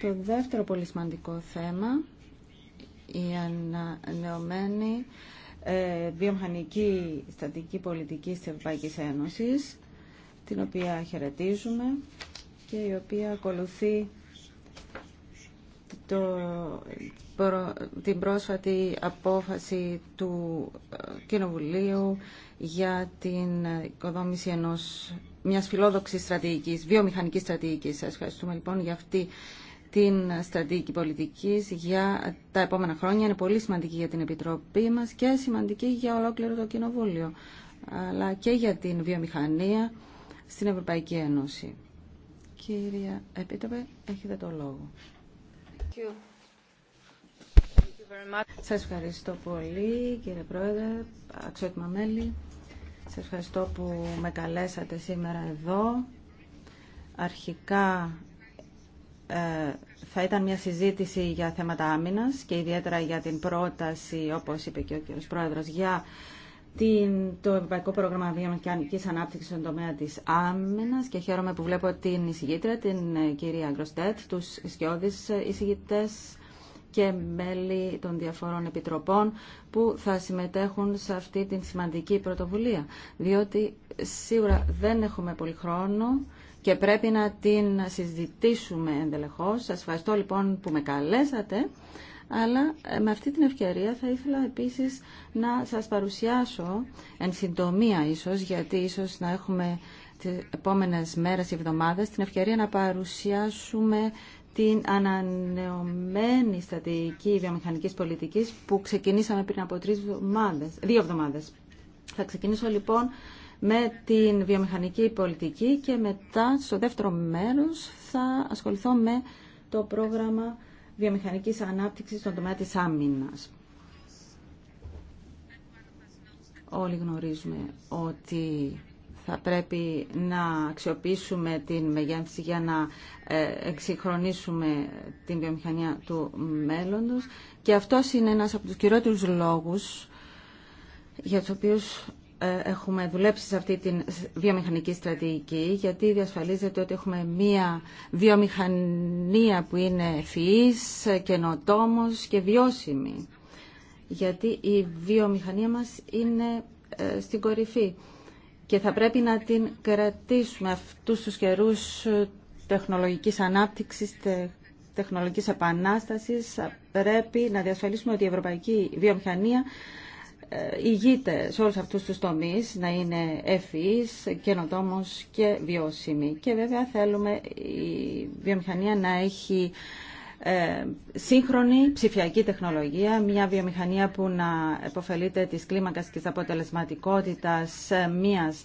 Το δεύτερο πολύ σημαντικό θέμα, η ανανεωμένη ε, βιομηχανική στατική πολιτική της Ευρωπαϊκής Ένωσης, την οποία χαιρετίζουμε και η οποία ακολουθεί το, την πρόσφατη απόφαση του ε, Κοινοβουλίου για την οικοδόμηση ενός, μιας φιλόδοξης στρατηγικής, βιομηχανικής στρατηγικής. Σας ευχαριστούμε λοιπόν για αυτή την στρατηγική πολιτική για τα επόμενα χρόνια. Είναι πολύ σημαντική για την Επιτροπή μας και σημαντική για ολόκληρο το Κοινοβούλιο, αλλά και για την βιομηχανία στην Ευρωπαϊκή Ένωση. Κύρια Επίτροπε, έχετε το λόγο. Σας ευχαριστώ πολύ κύριε Πρόεδρε, αξιότιμα μέλη. Σας ευχαριστώ που με καλέσατε σήμερα εδώ. Αρχικά ε, θα ήταν μια συζήτηση για θέματα άμυνας και ιδιαίτερα για την πρόταση, όπως είπε και ο κύριος Πρόεδρος, για το Ευρωπαϊκό Πρόγραμμα Βιομηχανική Ανάπτυξη στον τομέα τη άμυνα και χαίρομαι που βλέπω την εισηγήτρια, την ε, κυρία Γκροστέτ, του ισχυώδει ε, εισηγητέ και μέλη των διαφορών επιτροπών που θα συμμετέχουν σε αυτή την σημαντική πρωτοβουλία. Διότι σίγουρα δεν έχουμε πολύ χρόνο και πρέπει να την συζητήσουμε εντελεχώς. Σας ευχαριστώ λοιπόν που με καλέσατε αλλά ε, με αυτή την ευκαιρία θα ήθελα επίσης να σας παρουσιάσω εν συντομία ίσως, γιατί ίσως να έχουμε τις επόμενες μέρες ή εβδομάδες την ευκαιρία να παρουσιάσουμε την ανανεωμένη στρατηγική βιομηχανικής πολιτικής που ξεκινήσαμε πριν από τρεις εβδομάδες, δύο εβδομάδες. Θα ξεκινήσω λοιπόν με την βιομηχανική πολιτική και μετά στο δεύτερο μέρος θα ασχοληθώ με το πρόγραμμα βιομηχανικής ανάπτυξης στον τομέα της άμυνας. Όλοι γνωρίζουμε ότι θα πρέπει να αξιοποιήσουμε την μεγέθυνση για να ε, εξυγχρονίσουμε την βιομηχανία του μέλλοντος και αυτός είναι ένας από τους κυριότερους λόγους για τους οποίους ε, έχουμε δουλέψει σε αυτή τη βιομηχανική στρατηγική, γιατί διασφαλίζεται ότι έχουμε μία βιομηχανία που είναι ευφυής, καινοτόμος και βιώσιμη. Γιατί η βιομηχανία μας είναι ε, στην κορυφή και θα πρέπει να την κρατήσουμε αυτούς τους καιρούς ε, τεχνολογικής ανάπτυξης, τεχνολογικής επανάστασης. Πρέπει να διασφαλίσουμε ότι η ευρωπαϊκή βιομηχανία ηγείται σε όλους αυτούς τους τομείς να είναι ευφυής, καινοτόμος και βιώσιμη. Και βέβαια θέλουμε η βιομηχανία να έχει ε, σύγχρονη ψηφιακή τεχνολογία, μια βιομηχανία που να επωφελείται της κλίμακας και της αποτελεσματικότητας ε, μιας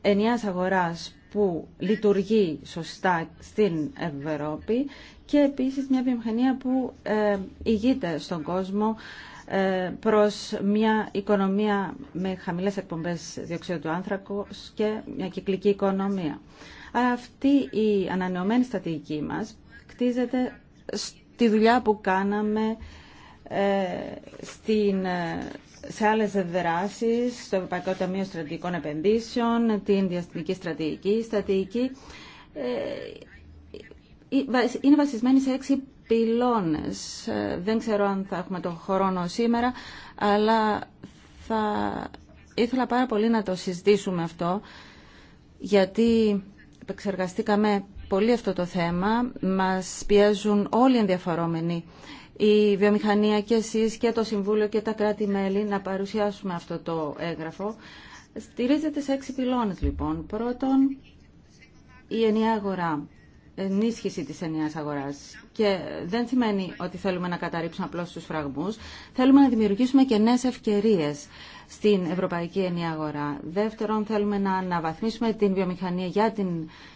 ενιαίας αγοράς που λειτουργεί σωστά στην Ευρώπη και επίσης μια βιομηχανία που ε, ηγείται στον κόσμο προς μια οικονομία με χαμηλές εκπομπές διοξείδου του άνθρακου και μια κυκλική οικονομία. Αυτή η ανανεωμένη στρατηγική μας κτίζεται στη δουλειά που κάναμε στην, σε άλλες δράσει, στο Ευρωπαϊκό Ταμείο Στρατηγικών Επενδύσεων, την διαστημική στρατηγική. Η στρατηγική είναι βασισμένη σε έξι πυλώνες. Ε, δεν ξέρω αν θα έχουμε τον χρόνο σήμερα, αλλά θα ήθελα πάρα πολύ να το συζητήσουμε αυτό, γιατί επεξεργαστήκαμε πολύ αυτό το θέμα. Μας πιέζουν όλοι οι ενδιαφερόμενοι, η βιομηχανία και εσείς και το Συμβούλιο και τα κράτη-μέλη, να παρουσιάσουμε αυτό το έγγραφο. Στηρίζεται σε έξι πυλώνες, λοιπόν. Πρώτον, η ενιαία αγορά ενίσχυση της ενιαίας αγοράς. Και δεν σημαίνει ότι θέλουμε να καταρρύψουμε απλώς τους φραγμούς. Θέλουμε να δημιουργήσουμε και νέες ευκαιρίες στην Ευρωπαϊκή Ενιαία Αγορά. Δεύτερον, θέλουμε να αναβαθμίσουμε την βιομηχανία για την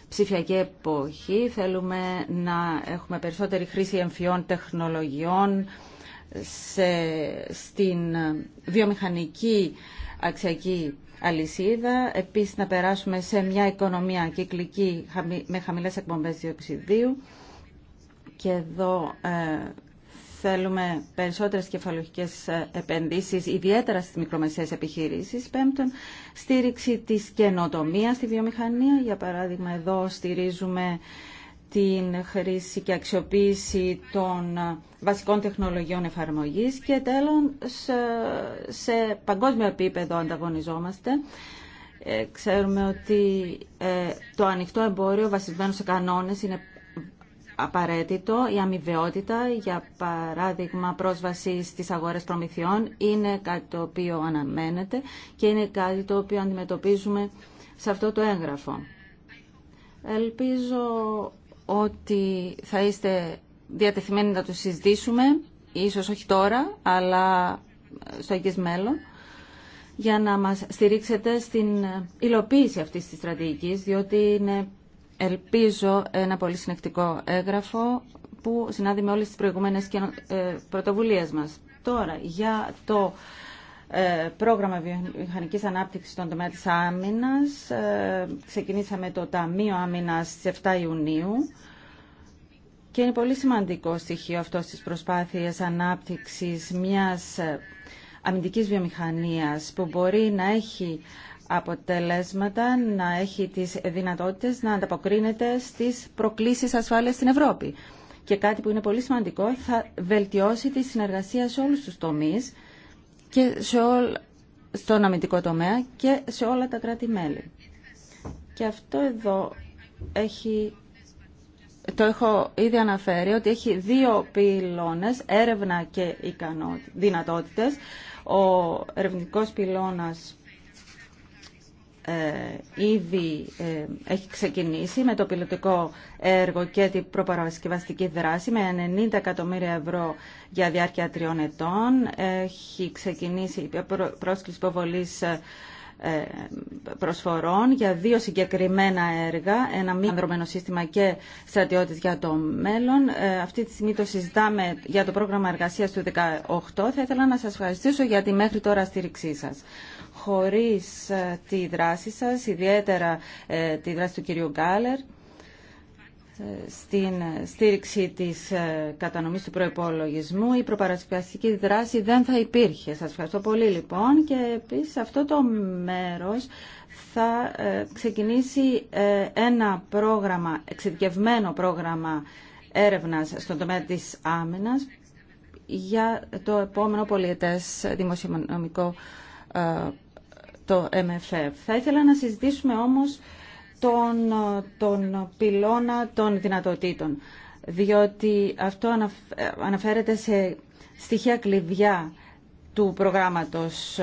ψηφιακή εποχή. Θέλουμε να έχουμε περισσότερη χρήση εμφυών τεχνολογιών σε, στην βιομηχανική αξιακή αλυσίδα, επίσης να περάσουμε σε μια οικονομία κυκλική με χαμηλές εκπομπές διοξιδίου και εδώ ε, θέλουμε περισσότερες κεφαλογικές ε, επενδύσεις, ιδιαίτερα στις μικρομεσαίες επιχειρήσεις. Πέμπτον, στήριξη της καινοτομίας στη βιομηχανία. Για παράδειγμα, εδώ στηρίζουμε την χρήση και αξιοποίηση των ε, βασικών τεχνολογιών εφαρμογής και τέλος σε παγκόσμιο επίπεδο ανταγωνιζόμαστε. Ε, ξέρουμε ότι ε, το ανοιχτό εμπόριο βασισμένο σε κανόνες είναι απαραίτητο. Η αμοιβαιότητα, για παράδειγμα πρόσβαση στις αγορές προμηθειών, είναι κάτι το οποίο αναμένεται και είναι κάτι το οποίο αντιμετωπίζουμε σε αυτό το έγγραφο. Ελπίζω ότι θα είστε διατεθειμένοι να το συζητήσουμε, ίσως όχι τώρα, αλλά ε, στο εγγύς μέλλον, για να μας στηρίξετε στην υλοποίηση αυτής της στρατηγικής, διότι είναι, ελπίζω, ένα πολύ συνεκτικό έγγραφο που συνάδει με όλες τις προηγούμενες ε, πρωτοβουλίες μας. Τώρα, για το ε, πρόγραμμα βιομηχανικής ανάπτυξης στον τομέα της άμυνας. Ε, ξεκινήσαμε το Ταμείο Άμυνας στις 7 Ιουνίου. Και είναι πολύ σημαντικό στοιχείο αυτό στις προσπάθειες ανάπτυξης μιας ε, αμυντικής βιομηχανίας που μπορεί να έχει αποτελέσματα, να έχει τις δυνατότητες να ανταποκρίνεται στις προκλήσεις ασφάλειας στην Ευρώπη. Και κάτι που είναι πολύ σημαντικό, θα βελτιώσει τη συνεργασία σε όλους τους τομείς και σε ό, στον αμυντικό τομέα και σε όλα τα κράτη-μέλη. Και αυτό εδώ έχει, το έχω ήδη αναφέρει ότι έχει δύο πυλώνες, έρευνα και ικανότητες, δυνατότητες. Ο ερευνητικός πυλώνας ε, ήδη ε, έχει ξεκινήσει με το πιλωτικό έργο και την προπαρασκευαστική δράση με 90 εκατομμύρια ευρώ για διάρκεια τριών ετών. Έχει ξεκινήσει η πρόσκληση υποβολή ε, προσφορών για δύο συγκεκριμένα έργα, ένα μη ανδρομένο σύστημα και στρατιώτες για το μέλλον. Αυτή τη στιγμή το συζητάμε για το πρόγραμμα εργασίας του 2018. Θα ήθελα να σας ευχαριστήσω για τη μέχρι τώρα στήριξή σας χωρίς ε, τη δράση σας, ιδιαίτερα ε, τη δράση του κυρίου Γκάλερ, ε, στην στήριξη της κατανομής του προϋπολογισμού η προπαρασκευαστική δράση δεν θα υπήρχε. Σας ευχαριστώ πολύ λοιπόν και επίσης αυτό το μέρος θα ξεκινήσει ένα πρόγραμμα, εξειδικευμένο πρόγραμμα έρευνας στον τομέα της άμυνας για το επόμενο πολιετές δημοσιονομικό το MFF. Θα ήθελα να συζητήσουμε όμως τον, τον πυλώνα των δυνατοτήτων, διότι αυτό αναφέρεται σε στοιχεία κλειδιά του προγράμματος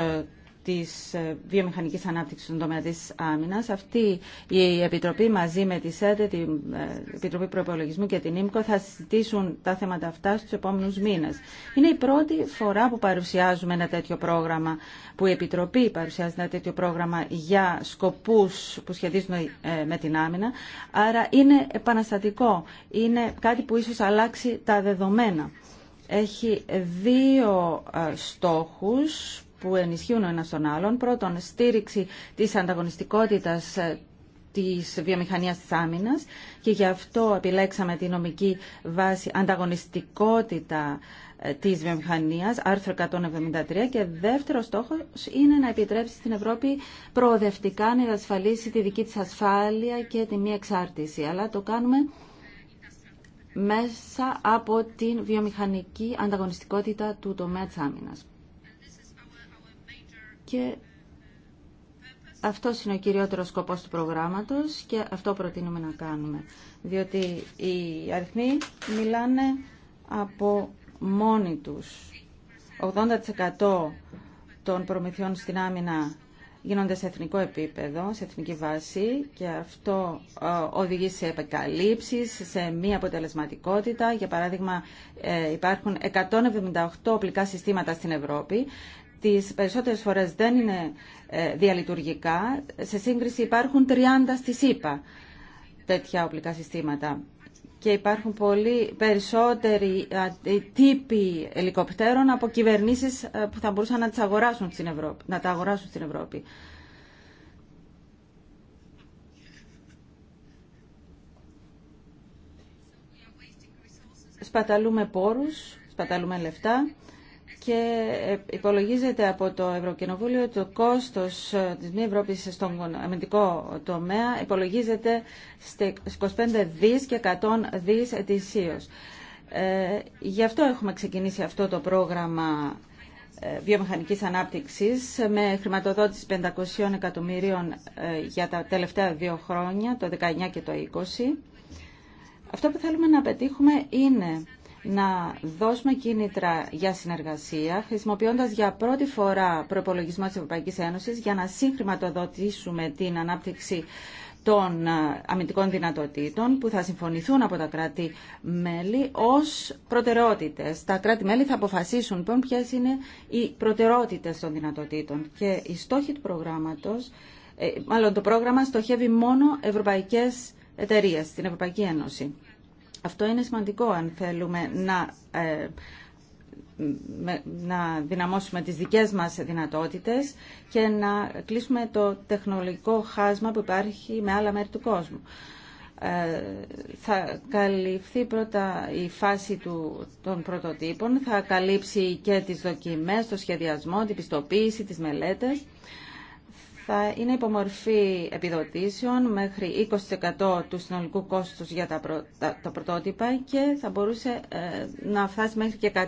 της ε, βιομηχανικής ανάπτυξης στον τομέα της άμυνας. Αυτή η Επιτροπή μαζί με τη ΣΕΤΕ, την ε, Επιτροπή Προεπολογισμού και την ΙΜΚΟ θα συζητήσουν τα θέματα αυτά στους επόμενους μήνες. Είναι η πρώτη φορά που παρουσιάζουμε ένα τέτοιο πρόγραμμα, που η Επιτροπή παρουσιάζει ένα τέτοιο πρόγραμμα για σκοπούς που σχετίζονται ε, με την άμυνα. Άρα είναι επαναστατικό, είναι κάτι που ίσως αλλάξει τα δεδομένα. Έχει δύο στόχους που ενισχύουν ο ένας τον άλλον. Πρώτον, στήριξη της ανταγωνιστικότητας ε, της βιομηχανίας της άμυνας και γι' αυτό επιλέξαμε τη νομική βάση ανταγωνιστικότητα ε, της βιομηχανίας, άρθρο 173 και δεύτερο στόχος είναι να επιτρέψει στην Ευρώπη προοδευτικά να ασφαλίσει τη δική της ασφάλεια και τη μη εξάρτηση. Αλλά το κάνουμε μέσα από την βιομηχανική ανταγωνιστικότητα του τομέα της άμυνας. Και αυτό είναι ο κυριότερος σκοπό του προγράμματος και αυτό προτείνουμε να κάνουμε. Διότι οι αριθμοί μιλάνε από μόνοι τους. 80% των προμηθειών στην άμυνα γίνονται σε εθνικό επίπεδο, σε εθνική βάση και αυτό ε, οδηγεί σε επεκαλύψεις, σε μη αποτελεσματικότητα. Για παράδειγμα ε, υπάρχουν 178 οπλικά συστήματα στην Ευρώπη τις περισσότερες φορές δεν είναι ε, διαλειτουργικά. Σε σύγκριση υπάρχουν 30 στη ΣΥΠΑ τέτοια οπλικά συστήματα. Και υπάρχουν πολύ περισσότεροι τύποι ελικοπτέρων από κυβερνήσεις ε, που θα μπορούσαν να, αγοράσουν στην Ευρώπη, να τα αγοράσουν στην Ευρώπη. Σπαταλούμε πόρους, σπαταλούμε λεφτά και ε, υπολογίζεται από το Ευρωκοινοβούλιο το κόστος ε, της μη Ευρώπης στον αμυντικό τομέα υπολογίζεται στις 25 δις και 100 δις ετησίως. Ε, γι' αυτό έχουμε ξεκινήσει αυτό το πρόγραμμα ε, βιομηχανικής ανάπτυξης με χρηματοδότηση 500 εκατομμυρίων για τα τελευταία δύο χρόνια, το 19 και το 20. Αυτό που θέλουμε να πετύχουμε είναι να δώσουμε κίνητρα για συνεργασία, χρησιμοποιώντας για πρώτη φορά προπολογισμό της Ευρωπαϊκής Ένωσης για να συγχρηματοδοτήσουμε την ανάπτυξη των ε, αμυντικών δυνατοτήτων που θα συμφωνηθούν από τα κράτη-μέλη ως προτεραιότητες. Τα κράτη-μέλη θα αποφασίσουν πόν, λοιπόν ποιες είναι οι προτεραιότητες των δυνατοτήτων και η στόχη του προγράμματος, ε, μάλλον το πρόγραμμα στοχεύει μόνο ευρωπαϊκές εταιρείες στην Ευρωπαϊκή Ένωση. Αυτό είναι σημαντικό αν θέλουμε να, ε, να δυναμώσουμε τις δικές μας δυνατότητες και να κλείσουμε το τεχνολογικό χάσμα που υπάρχει με άλλα μέρη του κόσμου. Ε, θα καλυφθεί πρώτα η φάση του, των πρωτοτύπων, θα καλύψει και τις δοκιμές, το σχεδιασμό, την πιστοποίηση, τις μελέτες θα είναι υπομορφή επιδοτήσεων μέχρι 20% του συνολικού κόστους για τα, τα, πρωτότυπα και θα μπορούσε ε, να φτάσει μέχρι και 100%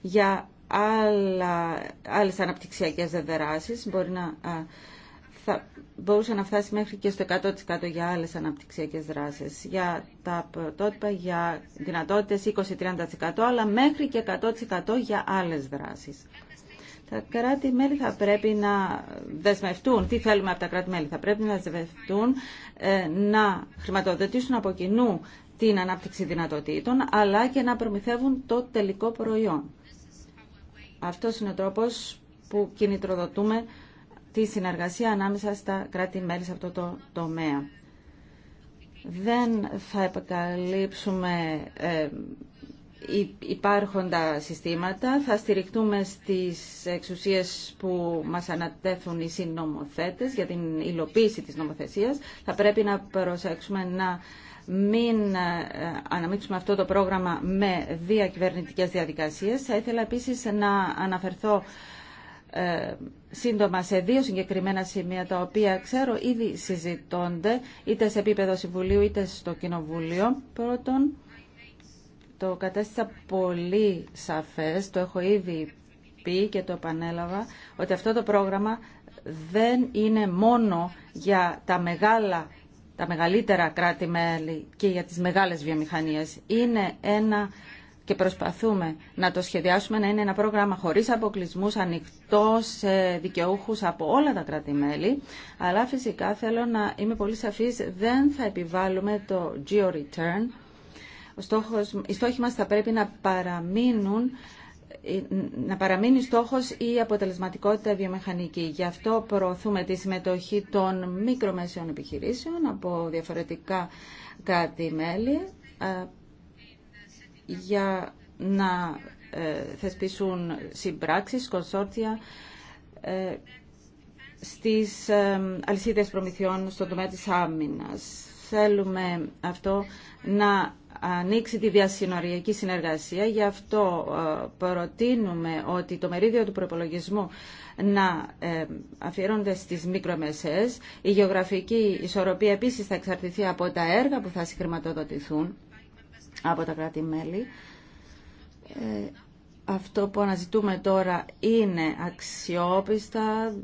για άλλα, άλλες αναπτυξιακές δεδράσεις. Μπορεί να, ε, θα μπορούσε να φτάσει μέχρι και στο 100% για άλλες αναπτυξιακές δράσεις. Για τα πρωτότυπα, για δυνατότητες 20-30%, αλλά μέχρι και 100% για άλλες δράσεις. Τα κράτη-μέλη θα πρέπει να δεσμευτούν. Τι θέλουμε από τα κράτη-μέλη. Θα πρέπει να δεσμευτούν ε, να χρηματοδοτήσουν από κοινού την ανάπτυξη δυνατοτήτων, αλλά και να προμηθεύουν το τελικό προϊόν. Αυτό είναι ο τρόπος που κινητροδοτούμε τη συνεργασία ανάμεσα στα κράτη-μέλη σε αυτό το τομέα. Δεν θα επικαλύψουμε ε, υπάρχοντα συστήματα, θα στηριχτούμε στις εξουσίες που μας ανατέθουν οι συνομοθέτες για την υλοποίηση της νομοθεσίας. Θα πρέπει να προσέξουμε να μην ε, αναμίξουμε αυτό το πρόγραμμα με διακυβερνητικές διαδικασίες. Θα ήθελα επίσης να αναφερθώ ε, σύντομα σε δύο συγκεκριμένα σημεία τα οποία ξέρω ήδη συζητώνται είτε σε επίπεδο Συμβουλίου είτε στο Κοινοβούλιο. Πρώτον, το κατέστησα πολύ σαφές, το έχω ήδη πει και το επανέλαβα, ότι αυτό το πρόγραμμα δεν είναι μόνο για τα μεγάλα τα μεγαλύτερα κράτη-μέλη και για τις μεγάλες βιομηχανίες. Είναι ένα και προσπαθούμε να το σχεδιάσουμε να είναι ένα πρόγραμμα χωρίς αποκλεισμούς, ανοιχτό σε δικαιούχους από όλα τα κράτη-μέλη. Αλλά φυσικά θέλω να είμαι πολύ σαφής, δεν θα επιβάλλουμε το geo-return ο στόχος, οι μας θα πρέπει να παραμείνουν ε, να παραμείνει στόχος η αποτελεσματικότητα βιομηχανική. Γι' αυτό προωθούμε τη συμμετοχή των μικρομεσαίων επιχειρήσεων από διαφορετικά κράτη-μέλη ε, για να ε, θεσπίσουν συμπράξεις, κονσόρτια στις αλυσίδες προμηθειών στον τομέα της άμυνας. Θέλουμε αυτό να ανοίξει τη διασυνοριακή συνεργασία. Γι' αυτό ε, προτείνουμε ότι το μερίδιο του προπολογισμού να ε, αφιερώνεται στις μικρομεσαίες. Η γεωγραφική ισορροπία επίσης θα εξαρτηθεί από τα έργα που θα συγχρηματοδοτηθούν από τα κράτη-μέλη. Ε, αυτό που αναζητούμε τώρα είναι αξιόπιστα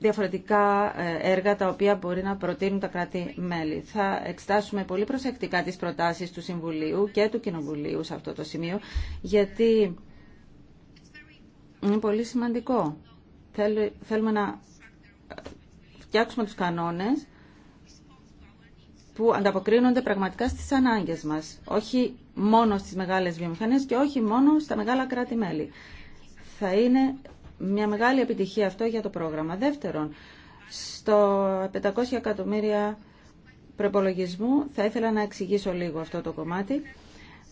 διαφορετικά ε, έργα τα οποία μπορεί να προτείνουν τα κράτη-μέλη. Θα εξτάσουμε πολύ προσεκτικά τις προτάσεις του Συμβουλίου και του Κοινοβουλίου σε αυτό το σημείο, γιατί είναι πολύ σημαντικό. Θέλουμε να φτιάξουμε τους κανόνες που ανταποκρίνονται πραγματικά στις ανάγκες μας, όχι μόνο στις μεγάλες βιομηχανίες και όχι μόνο στα μεγάλα κράτη-μέλη. Θα μια μεγάλη επιτυχία αυτό για το πρόγραμμα. Δεύτερον, στο 500 εκατομμύρια προπολογισμού θα ήθελα να εξηγήσω λίγο αυτό το κομμάτι.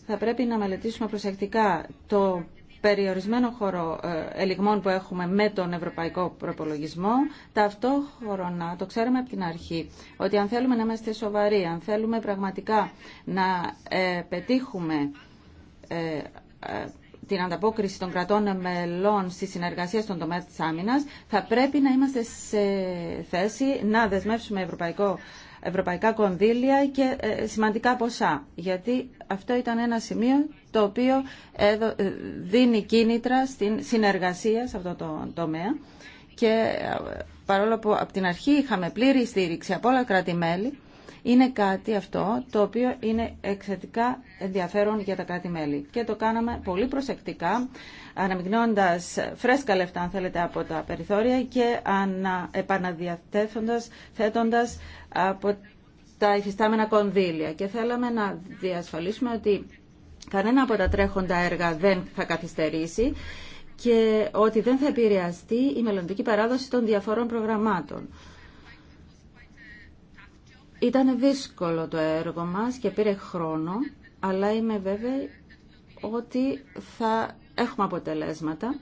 Θα πρέπει να μελετήσουμε προσεκτικά το περιορισμένο χώρο ε, ελιγμών που έχουμε με τον ευρωπαϊκό προπολογισμό, ταυτόχρονα το ξέρουμε από την αρχή ότι αν θέλουμε να είμαστε σοβαροί, αν θέλουμε πραγματικά να ε, πετύχουμε ε, την ανταπόκριση των κρατών μελών στη συνεργασία στον τομέα της άμυνας, θα πρέπει να είμαστε σε θέση να δεσμεύσουμε ευρωπαϊκό, ευρωπαϊκά κονδύλια και ε, σημαντικά ποσά. Γιατί αυτό ήταν ένα σημείο το οποίο ε, δίνει κίνητρα στην συνεργασία σε αυτό το τομέα. Και ε, παρόλο που από την αρχή είχαμε πλήρη στήριξη από όλα κράτη-μέλη, είναι κάτι αυτό το οποίο είναι εξαιρετικά ενδιαφέρον για τα κράτη-μέλη. Και το κάναμε πολύ προσεκτικά, αναμειγνώντας φρέσκα λεφτά, αν θέλετε, από τα περιθώρια και ανα, επαναδιαθέτοντας, θέτοντας από τα υφιστάμενα κονδύλια. Και θέλαμε να διασφαλίσουμε ότι κανένα από τα τρέχοντα έργα δεν θα καθυστερήσει και ότι δεν θα επηρεαστεί η μελλοντική παράδοση των διαφόρων προγραμμάτων. Ήταν δύσκολο το έργο μας και πήρε χρόνο, αλλά είμαι βέβαιη ότι θα έχουμε αποτελέσματα.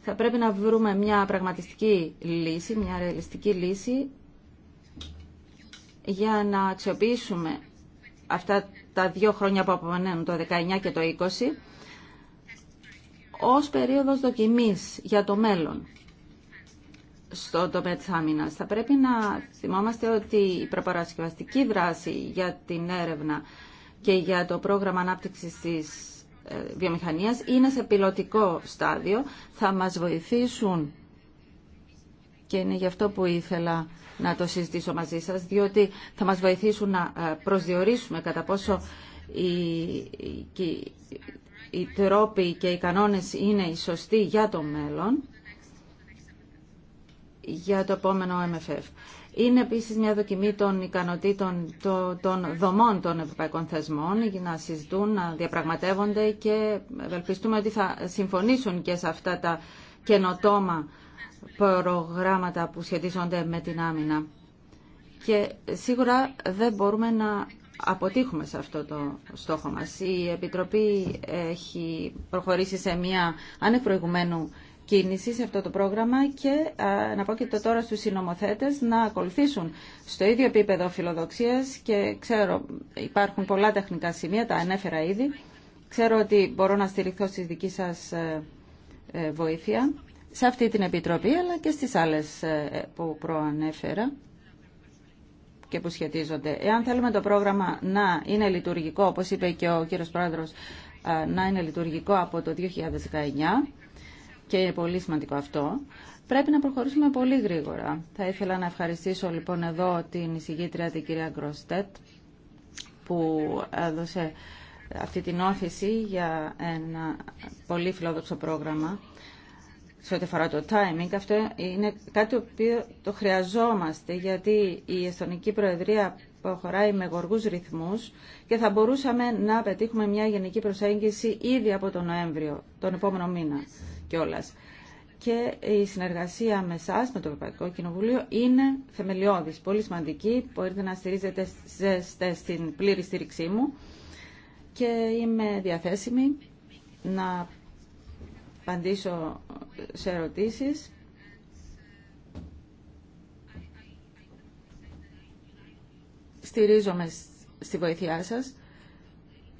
Θα πρέπει να βρούμε μια πραγματιστική λύση, μια ρεαλιστική λύση για να αξιοποιήσουμε αυτά τα δύο χρόνια που απομένουν το 19 και το 20 ως περίοδος δοκιμής για το μέλλον στο τομέα της άμυνας. Θα πρέπει να θυμόμαστε ότι η προπαρασκευαστική δράση για την έρευνα και για το πρόγραμμα ανάπτυξης της ε, βιομηχανίας είναι σε πιλωτικό στάδιο. Θα μας βοηθήσουν και είναι γι' αυτό που ήθελα να το συζητήσω μαζί σας, διότι θα μας βοηθήσουν να ε, προσδιορίσουμε κατά πόσο οι, τρόποι και οι κανόνες είναι οι σωστοί για το μέλλον για το επόμενο MFF. Είναι επίσης μια δοκιμή των ικανοτήτων των δομών των ευρωπαϊκών θεσμών για να συζητούν, να διαπραγματεύονται και ευελπιστούμε ότι θα συμφωνήσουν και σε αυτά τα καινοτόμα προγράμματα που σχετίζονται με την άμυνα. Και σίγουρα δεν μπορούμε να αποτύχουμε σε αυτό το στόχο μας. Η Επιτροπή έχει προχωρήσει σε μια ανεπροηγουμένου σε αυτό το πρόγραμμα και να πω και το τώρα στους συνομοθέτες να ακολουθήσουν στο ίδιο επίπεδο φιλοδοξίας και ξέρω υπάρχουν πολλά τεχνικά σημεία, τα ανέφερα ήδη. Ξέρω ότι μπορώ να στηριχθώ στη δική σας ε, ε, βοήθεια σε αυτή την Επιτροπή αλλά και στις άλλες ε, που προανέφερα και που σχετίζονται. Εάν θέλουμε το πρόγραμμα να είναι λειτουργικό, όπως είπε και ο κύριος Πρόεδρος, να είναι λειτουργικό από το 2019, και είναι πολύ σημαντικό αυτό, πρέπει να προχωρήσουμε πολύ γρήγορα. Θα ήθελα να ευχαριστήσω λοιπόν εδώ την εισηγήτρια την κυρία Γκροστέτ που έδωσε αυτή την όθηση για ένα πολύ φιλόδοξο πρόγραμμα σε ό,τι αφορά το timing. Αυτό είναι κάτι το οποίο το χρειαζόμαστε γιατί η Εστονική Προεδρία προχωράει με γοργούς ρυθμούς και θα μπορούσαμε να πετύχουμε μια γενική προσέγγιση ήδη από τον Νοέμβριο, τον επόμενο μήνα. Και η συνεργασία με εσά, με το Ευρωπαϊκό Κοινοβούλιο, είναι θεμελιώδης, πολύ σημαντική. Μπορείτε να στηρίζετε στην πλήρη στήριξή μου και είμαι διαθέσιμη να απαντήσω σε ερωτήσεις. Στηρίζομαι στη βοήθειά σας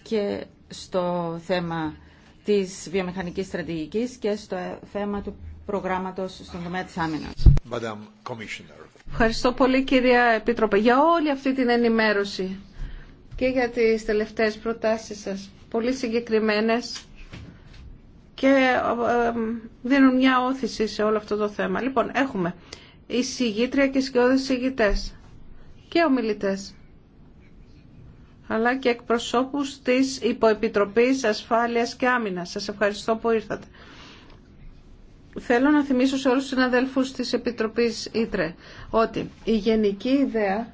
και στο θέμα της βιομηχανικής στρατηγικής και στο θέμα του προγράμματος στον τομέα της άμυνας. Ευχαριστώ πολύ κυρία Επίτροπε για όλη αυτή την ενημέρωση και για τις τελευταίες προτάσεις σας. Πολύ συγκεκριμένες και ε, ε, δίνουν μια όθηση σε όλο αυτό το θέμα. Λοιπόν, έχουμε εισηγήτρια και σκιώδες εισηγητές και ομιλητές αλλά και εκπροσώπους της Υποεπιτροπής Ασφάλειας και Άμυνας. Σας ευχαριστώ που ήρθατε. Θέλω να θυμίσω σε όλους τους συναδέλφους της Επιτροπής Ήτρε ότι η γενική ιδέα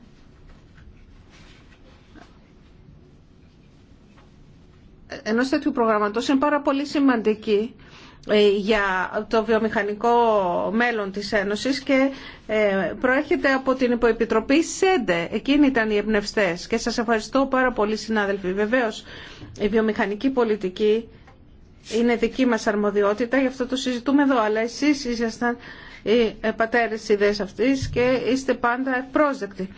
ενός τέτοιου προγραμματός είναι πάρα πολύ σημαντική ε, για το βιομηχανικό μέλλον της Ένωσης και ε, προέρχεται από την υποεπιτροπή ΣΕΝΤΕ. Εκείνοι ήταν οι εμπνευστέ. και σας ευχαριστώ πάρα πολύ συνάδελφοι. Βεβαίως η βιομηχανική πολιτική είναι δική μας αρμοδιότητα, γι' αυτό το συζητούμε εδώ, αλλά εσείς ήσασταν οι ε, πατέρες της ιδέας αυτής και είστε πάντα πρόσδεκτοι.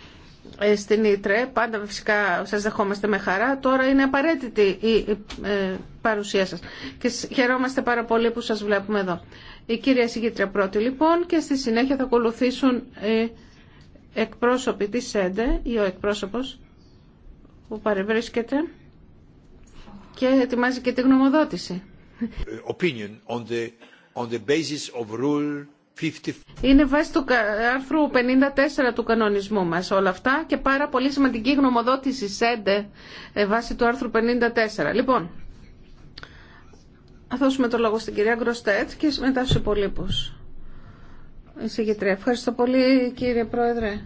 Ε, στην Ήτρε. Πάντα φυσικά σας δεχόμαστε με χαρά. Τώρα είναι απαραίτητη η ε, παρουσία σας. Και χαιρόμαστε πάρα πολύ που σας βλέπουμε εδώ. Η κυρία Σιγήτρια πρώτη λοιπόν και στη συνέχεια θα ακολουθήσουν οι ε, εκπρόσωποι της ΣΕΝΤΕ ή ο εκπρόσωπος που παρευρίσκεται και ετοιμάζει και τη γνωμοδότηση. Opinion on the, on the basis of rule είναι βάση του άρθρου 54 του κανονισμού μας όλα αυτά και πάρα πολύ σημαντική γνωμοδότηση ΣΕΝΤΕ ε, βάση του άρθρου 54. Λοιπόν, θα δώσουμε το λόγο στην κυρία Γκροστέτ και μετά στους υπολείπους. Ευχαριστώ πολύ κύριε Πρόεδρε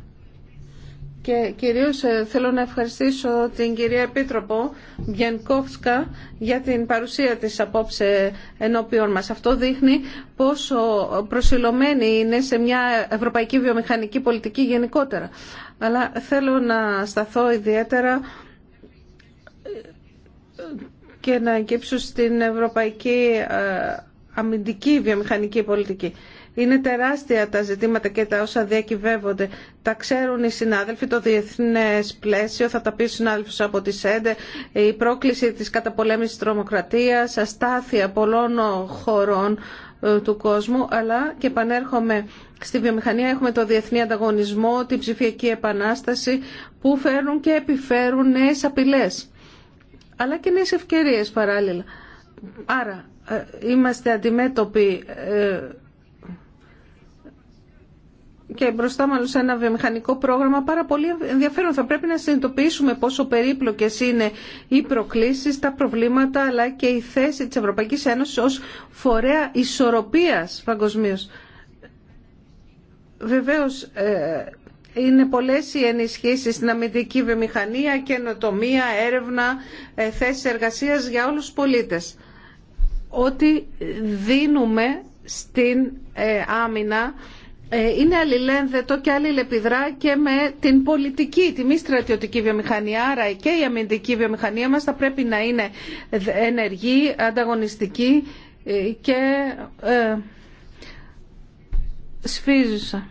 και κυρίως ε, θέλω να ευχαριστήσω την κυρία Επίτροπο Μπιενκόφσκα για την παρουσία της απόψε ενώπιον μας. Αυτό δείχνει πόσο προσιλωμένη είναι σε μια ευρωπαϊκή βιομηχανική πολιτική γενικότερα. Αλλά θέλω να σταθώ ιδιαίτερα ε, και να εγκύψω στην ευρωπαϊκή ε, αμυντική βιομηχανική πολιτική. Είναι τεράστια τα ζητήματα και τα όσα διακυβεύονται. Τα ξέρουν οι συνάδελφοι, το διεθνέ πλαίσιο, θα τα πει συνάδελφου από τη ΣΕΝΤΕ, η πρόκληση τη καταπολέμηση τρομοκρατία, αστάθεια πολλών χωρών ε, του κόσμου, αλλά και επανέρχομαι στη βιομηχανία, έχουμε το διεθνή ανταγωνισμό, την ψηφιακή επανάσταση, που φέρνουν και επιφέρουν νέε απειλέ, αλλά και νέε ευκαιρίε παράλληλα. Άρα, ε, είμαστε αντιμέτωποι ε, και μπροστά μάλλον σε ένα βιομηχανικό πρόγραμμα πάρα πολύ ενδιαφέρον. Θα πρέπει να συνειδητοποιήσουμε πόσο περίπλοκες είναι οι προκλήσεις, τα προβλήματα αλλά και η θέση της Ευρωπαϊκής Ένωσης ως φορέα ισορροπίας παγκοσμίω. Βεβαίως ε, είναι πολλές οι ενισχύσεις στην αμυντική βιομηχανία, καινοτομία, έρευνα, ε, θέσεις εργασίας για όλους τους πολίτες. Ό,τι δίνουμε στην ε, άμυνα ε, είναι αλληλένδετο και αλληλεπιδρά και με την πολιτική, τη μη στρατιωτική βιομηχανία. Άρα και η αμυντική βιομηχανία μας θα πρέπει να είναι ενεργή, ανταγωνιστική ε, και ε, σφίζουσα.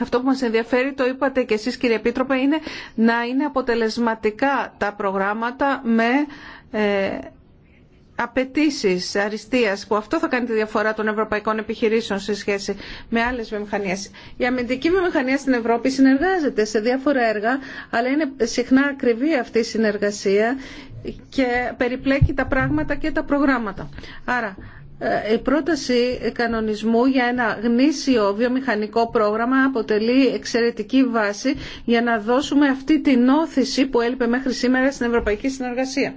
Αυτό που μας ενδιαφέρει, το είπατε και εσείς κύριε Επίτροπε, είναι να είναι αποτελεσματικά τα προγράμματα με ε, απαιτήσει αριστεία που αυτό θα κάνει τη διαφορά των ευρωπαϊκών επιχειρήσεων σε σχέση με άλλε βιομηχανίε. Η αμυντική βιομηχανία στην Ευρώπη συνεργάζεται σε διάφορα έργα, αλλά είναι συχνά ακριβή αυτή η συνεργασία και περιπλέκει τα πράγματα και τα προγράμματα. Άρα, ε, η πρόταση κανονισμού για ένα γνήσιο βιομηχανικό πρόγραμμα αποτελεί εξαιρετική βάση για να δώσουμε αυτή την όθηση που έλειπε μέχρι σήμερα στην ευρωπαϊκή συνεργασία.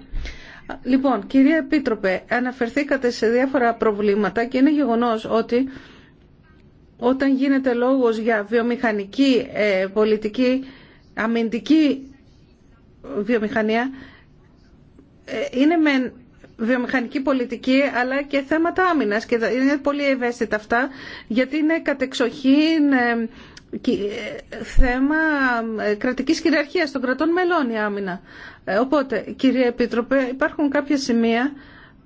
Λοιπόν, κυρία Επίτροπε, αναφερθήκατε σε διάφορα προβλήματα και είναι γεγονός ότι όταν γίνεται λόγος για βιομηχανική, ε, πολιτική, αμυντική βιομηχανία, ε, είναι με βιομηχανική πολιτική αλλά και θέματα άμυνας και είναι πολύ ευαίσθητα αυτά γιατί είναι κατεξοχήν ε, ε, θέμα ε, κρατικής κυριαρχίας των κρατών μελών η άμυνα. Ε, οπότε, κύριε Επίτροπε, υπάρχουν κάποια σημεία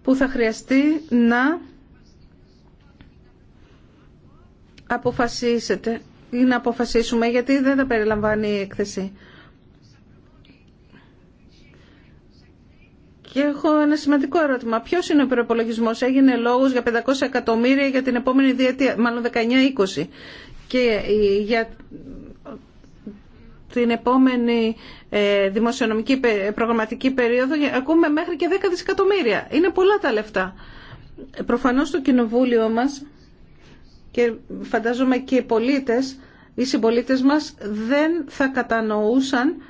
που θα χρειαστεί να αποφασίσετε ή να αποφασίσουμε, γιατί δεν τα περιλαμβάνει η έκθεση. Και έχω ένα σημαντικό ερώτημα. Ποιο είναι ο προπολογισμό, έγινε λόγο για 500 εκατομμύρια για την επόμενη διετία, μάλλον 19-20 και για την επόμενη ε, δημοσιονομική προγραμματική περίοδο ακούμε μέχρι και 10 δισεκατομμύρια. Είναι πολλά τα λεφτά. Προφανώς το κοινοβούλιο μας και φαντάζομαι και οι πολίτες, οι συμπολίτες μας δεν θα κατανοούσαν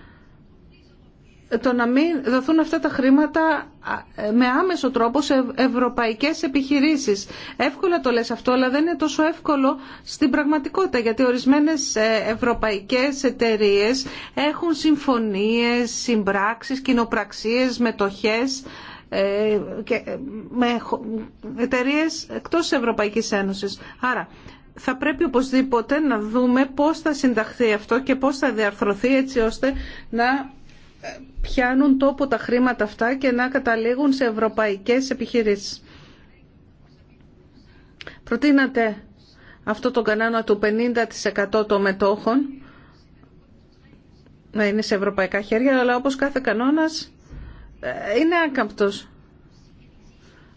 το να μην δοθούν αυτά τα χρήματα ε, με άμεσο τρόπο σε ευρωπαϊκές επιχειρήσεις. Εύκολα το λες αυτό, αλλά δεν είναι τόσο εύκολο στην πραγματικότητα, γιατί ορισμένες ε, ευρωπαϊκές εταιρείες έχουν συμφωνίες, συμπράξεις, κοινοπραξίες, μετοχές ε, και με εταιρείες εκτός της Ευρωπαϊκής Ένωσης. Άρα, θα πρέπει οπωσδήποτε να δούμε πώς θα συνταχθεί αυτό και πώς θα διαρθρωθεί έτσι ώστε να πιάνουν τόπο τα χρήματα αυτά και να καταλήγουν σε ευρωπαϊκές επιχειρήσεις. Προτείνατε αυτό το κανόνα του 50% των μετόχων να είναι σε ευρωπαϊκά χέρια, αλλά όπως κάθε κανόνας ε, είναι άκαμπτος.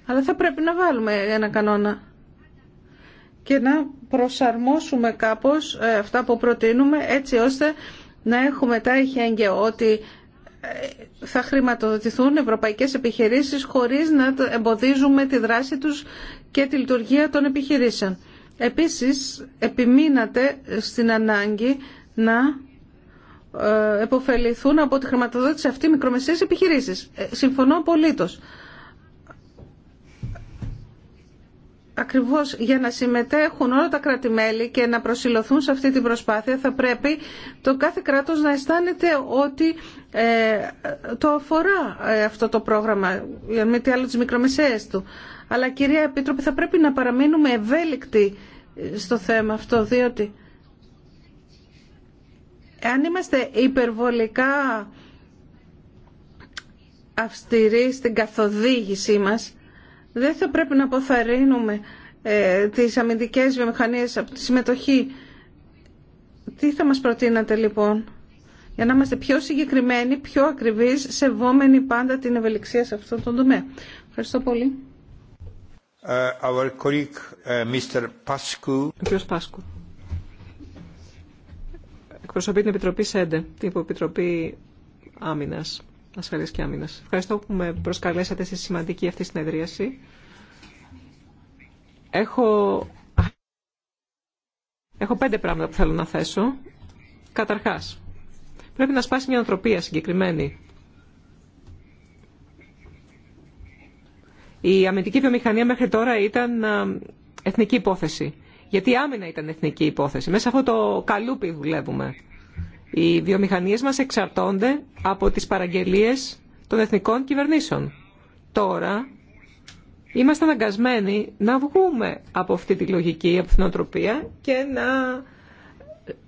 Αλλά θα πρέπει να βάλουμε ένα κανόνα και να προσαρμόσουμε κάπως ε, αυτά που προτείνουμε έτσι ώστε να έχουμε τα έγκαιο ότι θα χρηματοδοτηθούν ευρωπαϊκές επιχειρήσεις χωρίς να εμποδίζουμε τη δράση τους και τη λειτουργία των επιχειρήσεων. Επίσης, επιμείνατε στην ανάγκη να ε, εποφεληθούν από τη χρηματοδότηση αυτή μικρομεσαίες επιχειρήσεις. Ε, συμφωνώ απολύτως. ακριβώς για να συμμετέχουν όλα τα κρατη και να προσιλωθούν σε αυτή την προσπάθεια θα πρέπει το κάθε κράτος να αισθάνεται ότι ε, το αφορά ε, αυτό το πρόγραμμα, με τι άλλο τις μικρομεσαίες του. Αλλά κυρία Επίτροπε θα πρέπει να παραμείνουμε ευέλικτοι ε, στο θέμα αυτό, διότι αν είμαστε υπερβολικά αυστηροί στην καθοδήγησή μας, δεν θα πρέπει να αποθαρρύνουμε ε, τις αμυντικές βιομηχανίες από τη συμμετοχή. Τι θα μας προτείνατε λοιπόν για να είμαστε πιο συγκεκριμένοι, πιο ακριβείς, σεβόμενοι πάντα την ευελιξία σε αυτόν τον τομέα. Ευχαριστώ πολύ. Ε, our colleague, ε, Mr. Pascu. Ο κ. Πάσκου. Εκπροσωπεί την Επιτροπή ΣΕΝΤΕ, την Άμυνας ασφαλείας και άμυνας. Ευχαριστώ που με προσκαλέσατε στη σημαντική αυτή συνεδρίαση. Έχω... Έχω πέντε πράγματα που θέλω να θέσω. Καταρχάς, πρέπει να σπάσει μια ανθρωπία συγκεκριμένη. Η αμυντική βιομηχανία μέχρι τώρα ήταν εθνική υπόθεση. Γιατί η άμυνα ήταν εθνική υπόθεση. Μέσα σε αυτό το καλούπι δουλεύουμε. Οι βιομηχανίες μας εξαρτώνται από τις παραγγελίες των εθνικών κυβερνήσεων. Τώρα είμαστε αναγκασμένοι να βγούμε από αυτή τη λογική, από την οτροπία και να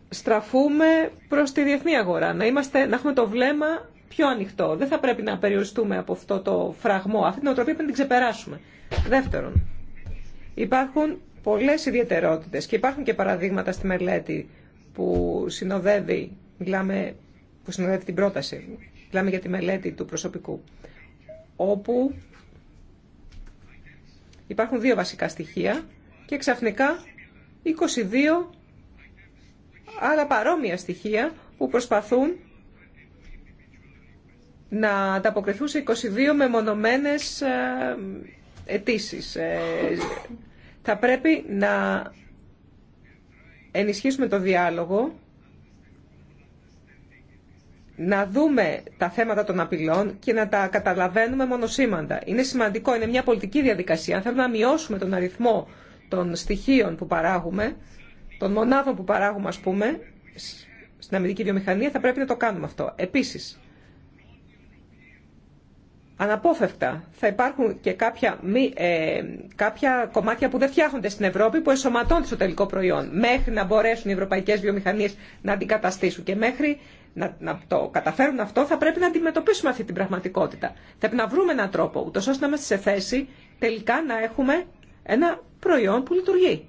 στραφούμε προς τη διεθνή αγορά, να, είμαστε, να έχουμε το βλέμμα πιο ανοιχτό. Δεν θα πρέπει να περιοριστούμε από αυτό το φραγμό, αυτή την οτροπία πρέπει να την ξεπεράσουμε. Δεύτερον, υπάρχουν πολλές ιδιαιτερότητες και υπάρχουν και παραδείγματα στη μελέτη που συνοδεύει μιλάμε, που συνοδεύει την πρόταση, μιλάμε για τη μελέτη του προσωπικού, όπου υπάρχουν δύο βασικά στοιχεία και ξαφνικά 22 άλλα παρόμοια στοιχεία που προσπαθούν να ανταποκριθούν σε 22 μεμονωμένες ε, αιτήσει. Ε, θα πρέπει να ενισχύσουμε το διάλογο να δούμε τα θέματα των απειλών και να τα καταλαβαίνουμε μονοσήμαντα. Είναι σημαντικό, είναι μια πολιτική διαδικασία. Αν θέλουμε να μειώσουμε τον αριθμό των στοιχείων που παράγουμε, των μονάδων που παράγουμε, ας πούμε, στην αμυντική βιομηχανία, θα πρέπει να το κάνουμε αυτό. Επίσης, αναπόφευκτα θα υπάρχουν και κάποια, μη, ε, κομμάτια που δεν φτιάχνονται στην Ευρώπη που εσωματώνται στο τελικό προϊόν μέχρι να μπορέσουν οι ευρωπαϊκές βιομηχανίες να αντικαταστήσουν και μέχρι να, να το καταφέρουν αυτό, θα πρέπει να αντιμετωπίσουμε αυτή την πραγματικότητα. Θα πρέπει να βρούμε έναν τρόπο, ούτω ώστε να είμαστε σε θέση τελικά να έχουμε ένα προϊόν που λειτουργεί.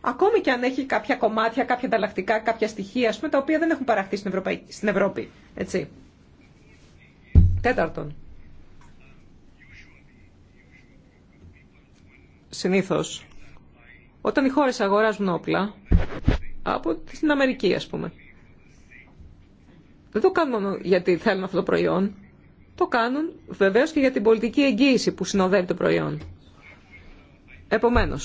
Ακόμη και αν έχει κάποια κομμάτια, κάποια ανταλλακτικά, κάποια στοιχεία, πούμε, τα οποία δεν έχουν παραχθεί στην, στην Ευρώπη. Έτσι. Τέταρτον. Συνήθω. όταν οι χώρε αγοράζουν όπλα, από την Αμερική, α πούμε, δεν το κάνουν μόνο γιατί θέλουν αυτό το προϊόν. Το κάνουν βεβαίω και για την πολιτική εγγύηση που συνοδεύει το προϊόν. Επομένω,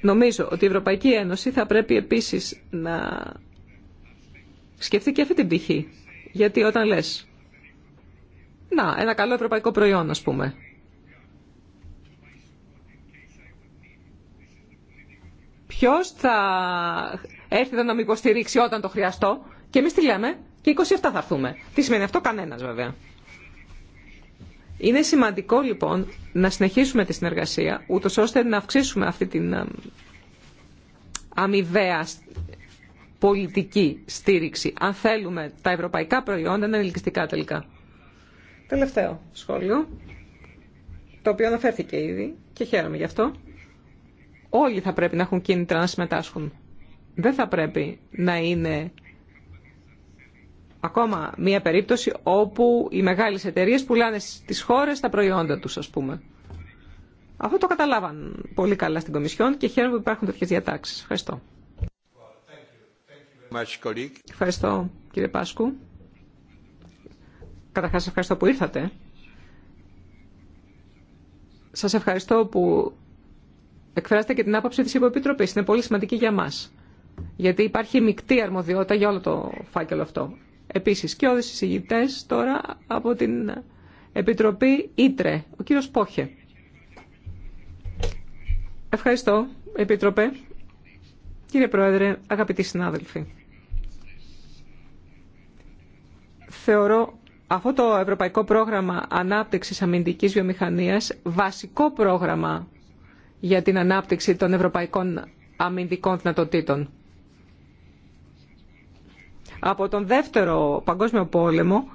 νομίζω ότι η Ευρωπαϊκή Ένωση θα πρέπει επίση να σκεφτεί και αυτή την πτυχή. Γιατί όταν λε, να, ένα καλό ευρωπαϊκό προϊόν, α πούμε. Ποιο θα έρθει να με υποστηρίξει όταν το χρειαστώ. Και εμεί τι λέμε, και 27 θα έρθουμε. Τι σημαίνει αυτό, κανένα βέβαια. Είναι σημαντικό λοιπόν να συνεχίσουμε τη συνεργασία, ούτω ώστε να αυξήσουμε αυτή την αμοιβαία πολιτική στήριξη, αν θέλουμε τα ευρωπαϊκά προϊόντα να είναι ελκυστικά τελικά. Τελευταίο σχόλιο, το οποίο αναφέρθηκε ήδη και χαίρομαι γι' αυτό. Όλοι θα πρέπει να έχουν κίνητρα να συμμετάσχουν. Δεν θα πρέπει να είναι ακόμα μία περίπτωση όπου οι μεγάλε εταιρείε πουλάνε στι χώρε τα προϊόντα του, α πούμε. Αυτό το καταλάβαν πολύ καλά στην Κομισιόν και χαίρομαι που υπάρχουν τέτοιε διατάξει. Ευχαριστώ. Ευχαριστώ κύριε Πάσκου. σα ευχαριστώ που ήρθατε. Σα ευχαριστώ που εκφράσετε και την άποψη τη Υποεπιτροπή. Είναι πολύ σημαντική για μα. Γιατί υπάρχει μεικτή αρμοδιότητα για όλο το φάκελο αυτό. Επίσης, και όλες οι συγητές τώρα από την Επιτροπή Ήτρε, ο κύριος Πόχε. Ευχαριστώ, Επίτροπε. Κύριε Πρόεδρε, αγαπητοί συνάδελφοι. Θεωρώ αυτό το Ευρωπαϊκό Πρόγραμμα Ανάπτυξης Αμυντικής Βιομηχανίας βασικό πρόγραμμα για την ανάπτυξη των ευρωπαϊκών αμυντικών δυνατοτήτων από τον δεύτερο παγκόσμιο πόλεμο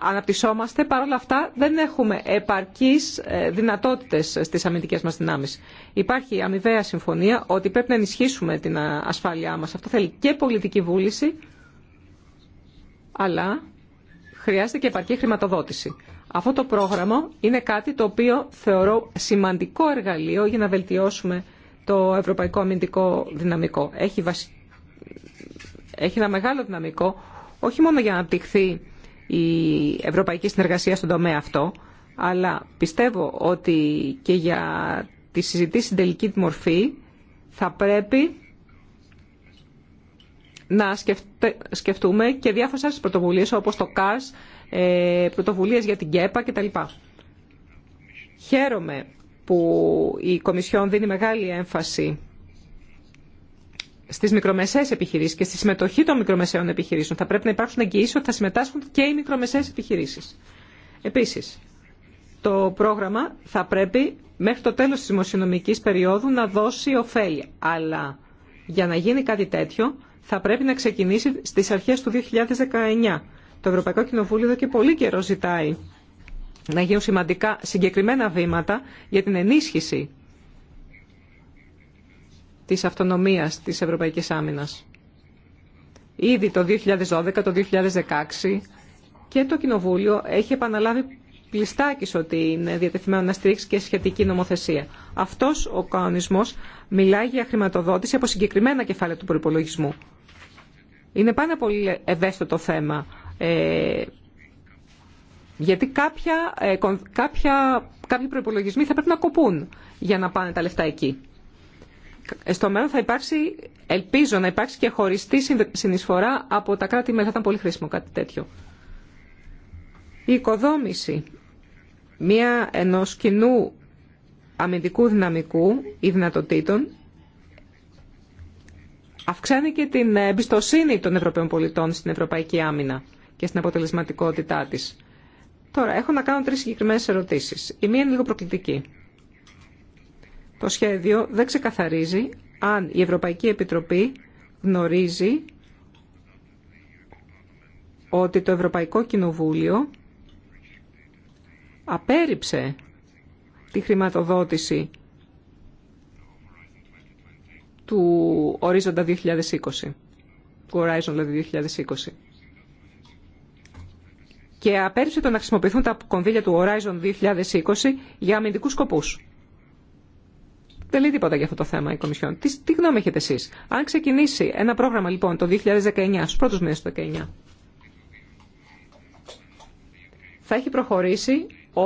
αναπτυσσόμαστε, παρόλα αυτά δεν έχουμε επαρκείς ε, δυνατότητες στις αμυντικές μας δυνάμεις. Υπάρχει αμοιβαία συμφωνία ότι πρέπει να ενισχύσουμε την ασφάλειά μας. Αυτό θέλει και πολιτική βούληση, αλλά χρειάζεται και επαρκή χρηματοδότηση. Αυτό το πρόγραμμα είναι κάτι το οποίο θεωρώ σημαντικό εργαλείο για να βελτιώσουμε το ευρωπαϊκό αμυντικό δυναμικό. Έχει έχει ένα μεγάλο δυναμικό, όχι μόνο για να αναπτυχθεί η ευρωπαϊκή συνεργασία στον τομέα αυτό, αλλά πιστεύω ότι και για τη συζητήση στην τελική τη μορφή θα πρέπει να σκεφτούμε και διάφορες άλλες πρωτοβουλίες όπως το ΚΑΣ, ε, πρωτοβουλίες για την ΚΕΠΑ κτλ. Χαίρομαι που η Κομισιόν δίνει μεγάλη έμφαση στις μικρομεσαίες επιχειρήσεις και στη συμμετοχή των μικρομεσαίων επιχειρήσεων. Θα πρέπει να υπάρξουν εγγυήσεις ότι θα συμμετάσχουν και οι μικρομεσαίες επιχειρήσεις. Επίσης, το πρόγραμμα θα πρέπει μέχρι το τέλος της δημοσιονομικής περίοδου να δώσει ωφέλη. Αλλά για να γίνει κάτι τέτοιο θα πρέπει να ξεκινήσει στις αρχές του 2019. Το Ευρωπαϊκό Κοινοβούλιο εδώ και πολύ καιρό ζητάει να γίνουν σημαντικά συγκεκριμένα βήματα για την ενίσχυση της αυτονομίας της Ευρωπαϊκής Άμυνας. Ήδη το 2012, το 2016 και το Κοινοβούλιο έχει επαναλάβει πλιστάκης ότι είναι διατεθειμένο να στηρίξει και σχετική νομοθεσία. Αυτός ο κανονισμός μιλάει για χρηματοδότηση από συγκεκριμένα κεφάλαια του προπολογισμού. Είναι πάρα πολύ ευαίσθητο θέμα. Ε, γιατί ε, κάποιοι προπολογισμοί θα πρέπει να κοπούν για να πάνε τα λεφτά εκεί στο μέλλον θα υπάρξει, ελπίζω να υπάρξει και χωριστή συνεισφορά από τα κράτη-μέλη. Θα ήταν πολύ χρήσιμο κάτι τέτοιο. Η οικοδόμηση μια ενό κοινού αμυντικού δυναμικού ή δυνατοτήτων αυξάνει και την εμπιστοσύνη των Ευρωπαίων πολιτών στην Ευρωπαϊκή Άμυνα και στην αποτελεσματικότητά της. Τώρα, έχω να κάνω τρεις συγκεκριμένες ερωτήσεις. Η μία είναι λίγο προκλητική. Το σχέδιο δεν ξεκαθαρίζει αν η Ευρωπαϊκή Επιτροπή γνωρίζει ότι το Ευρωπαϊκό Κοινοβούλιο απέρριψε τη χρηματοδότηση του ορίζοντα 2020, Horizon 2020. Δηλαδή Και απέρριψε το να χρησιμοποιηθούν τα κονδύλια του Horizon 2020 για αμυντικούς σκοπούς. Δεν λέει τίποτα για αυτό το θέμα η Κομισιόν. Τι, τι γνώμη έχετε εσεί. Αν ξεκινήσει ένα πρόγραμμα λοιπόν το 2019, στου πρώτου μήνε του 2019, θα έχει προχωρήσει ο...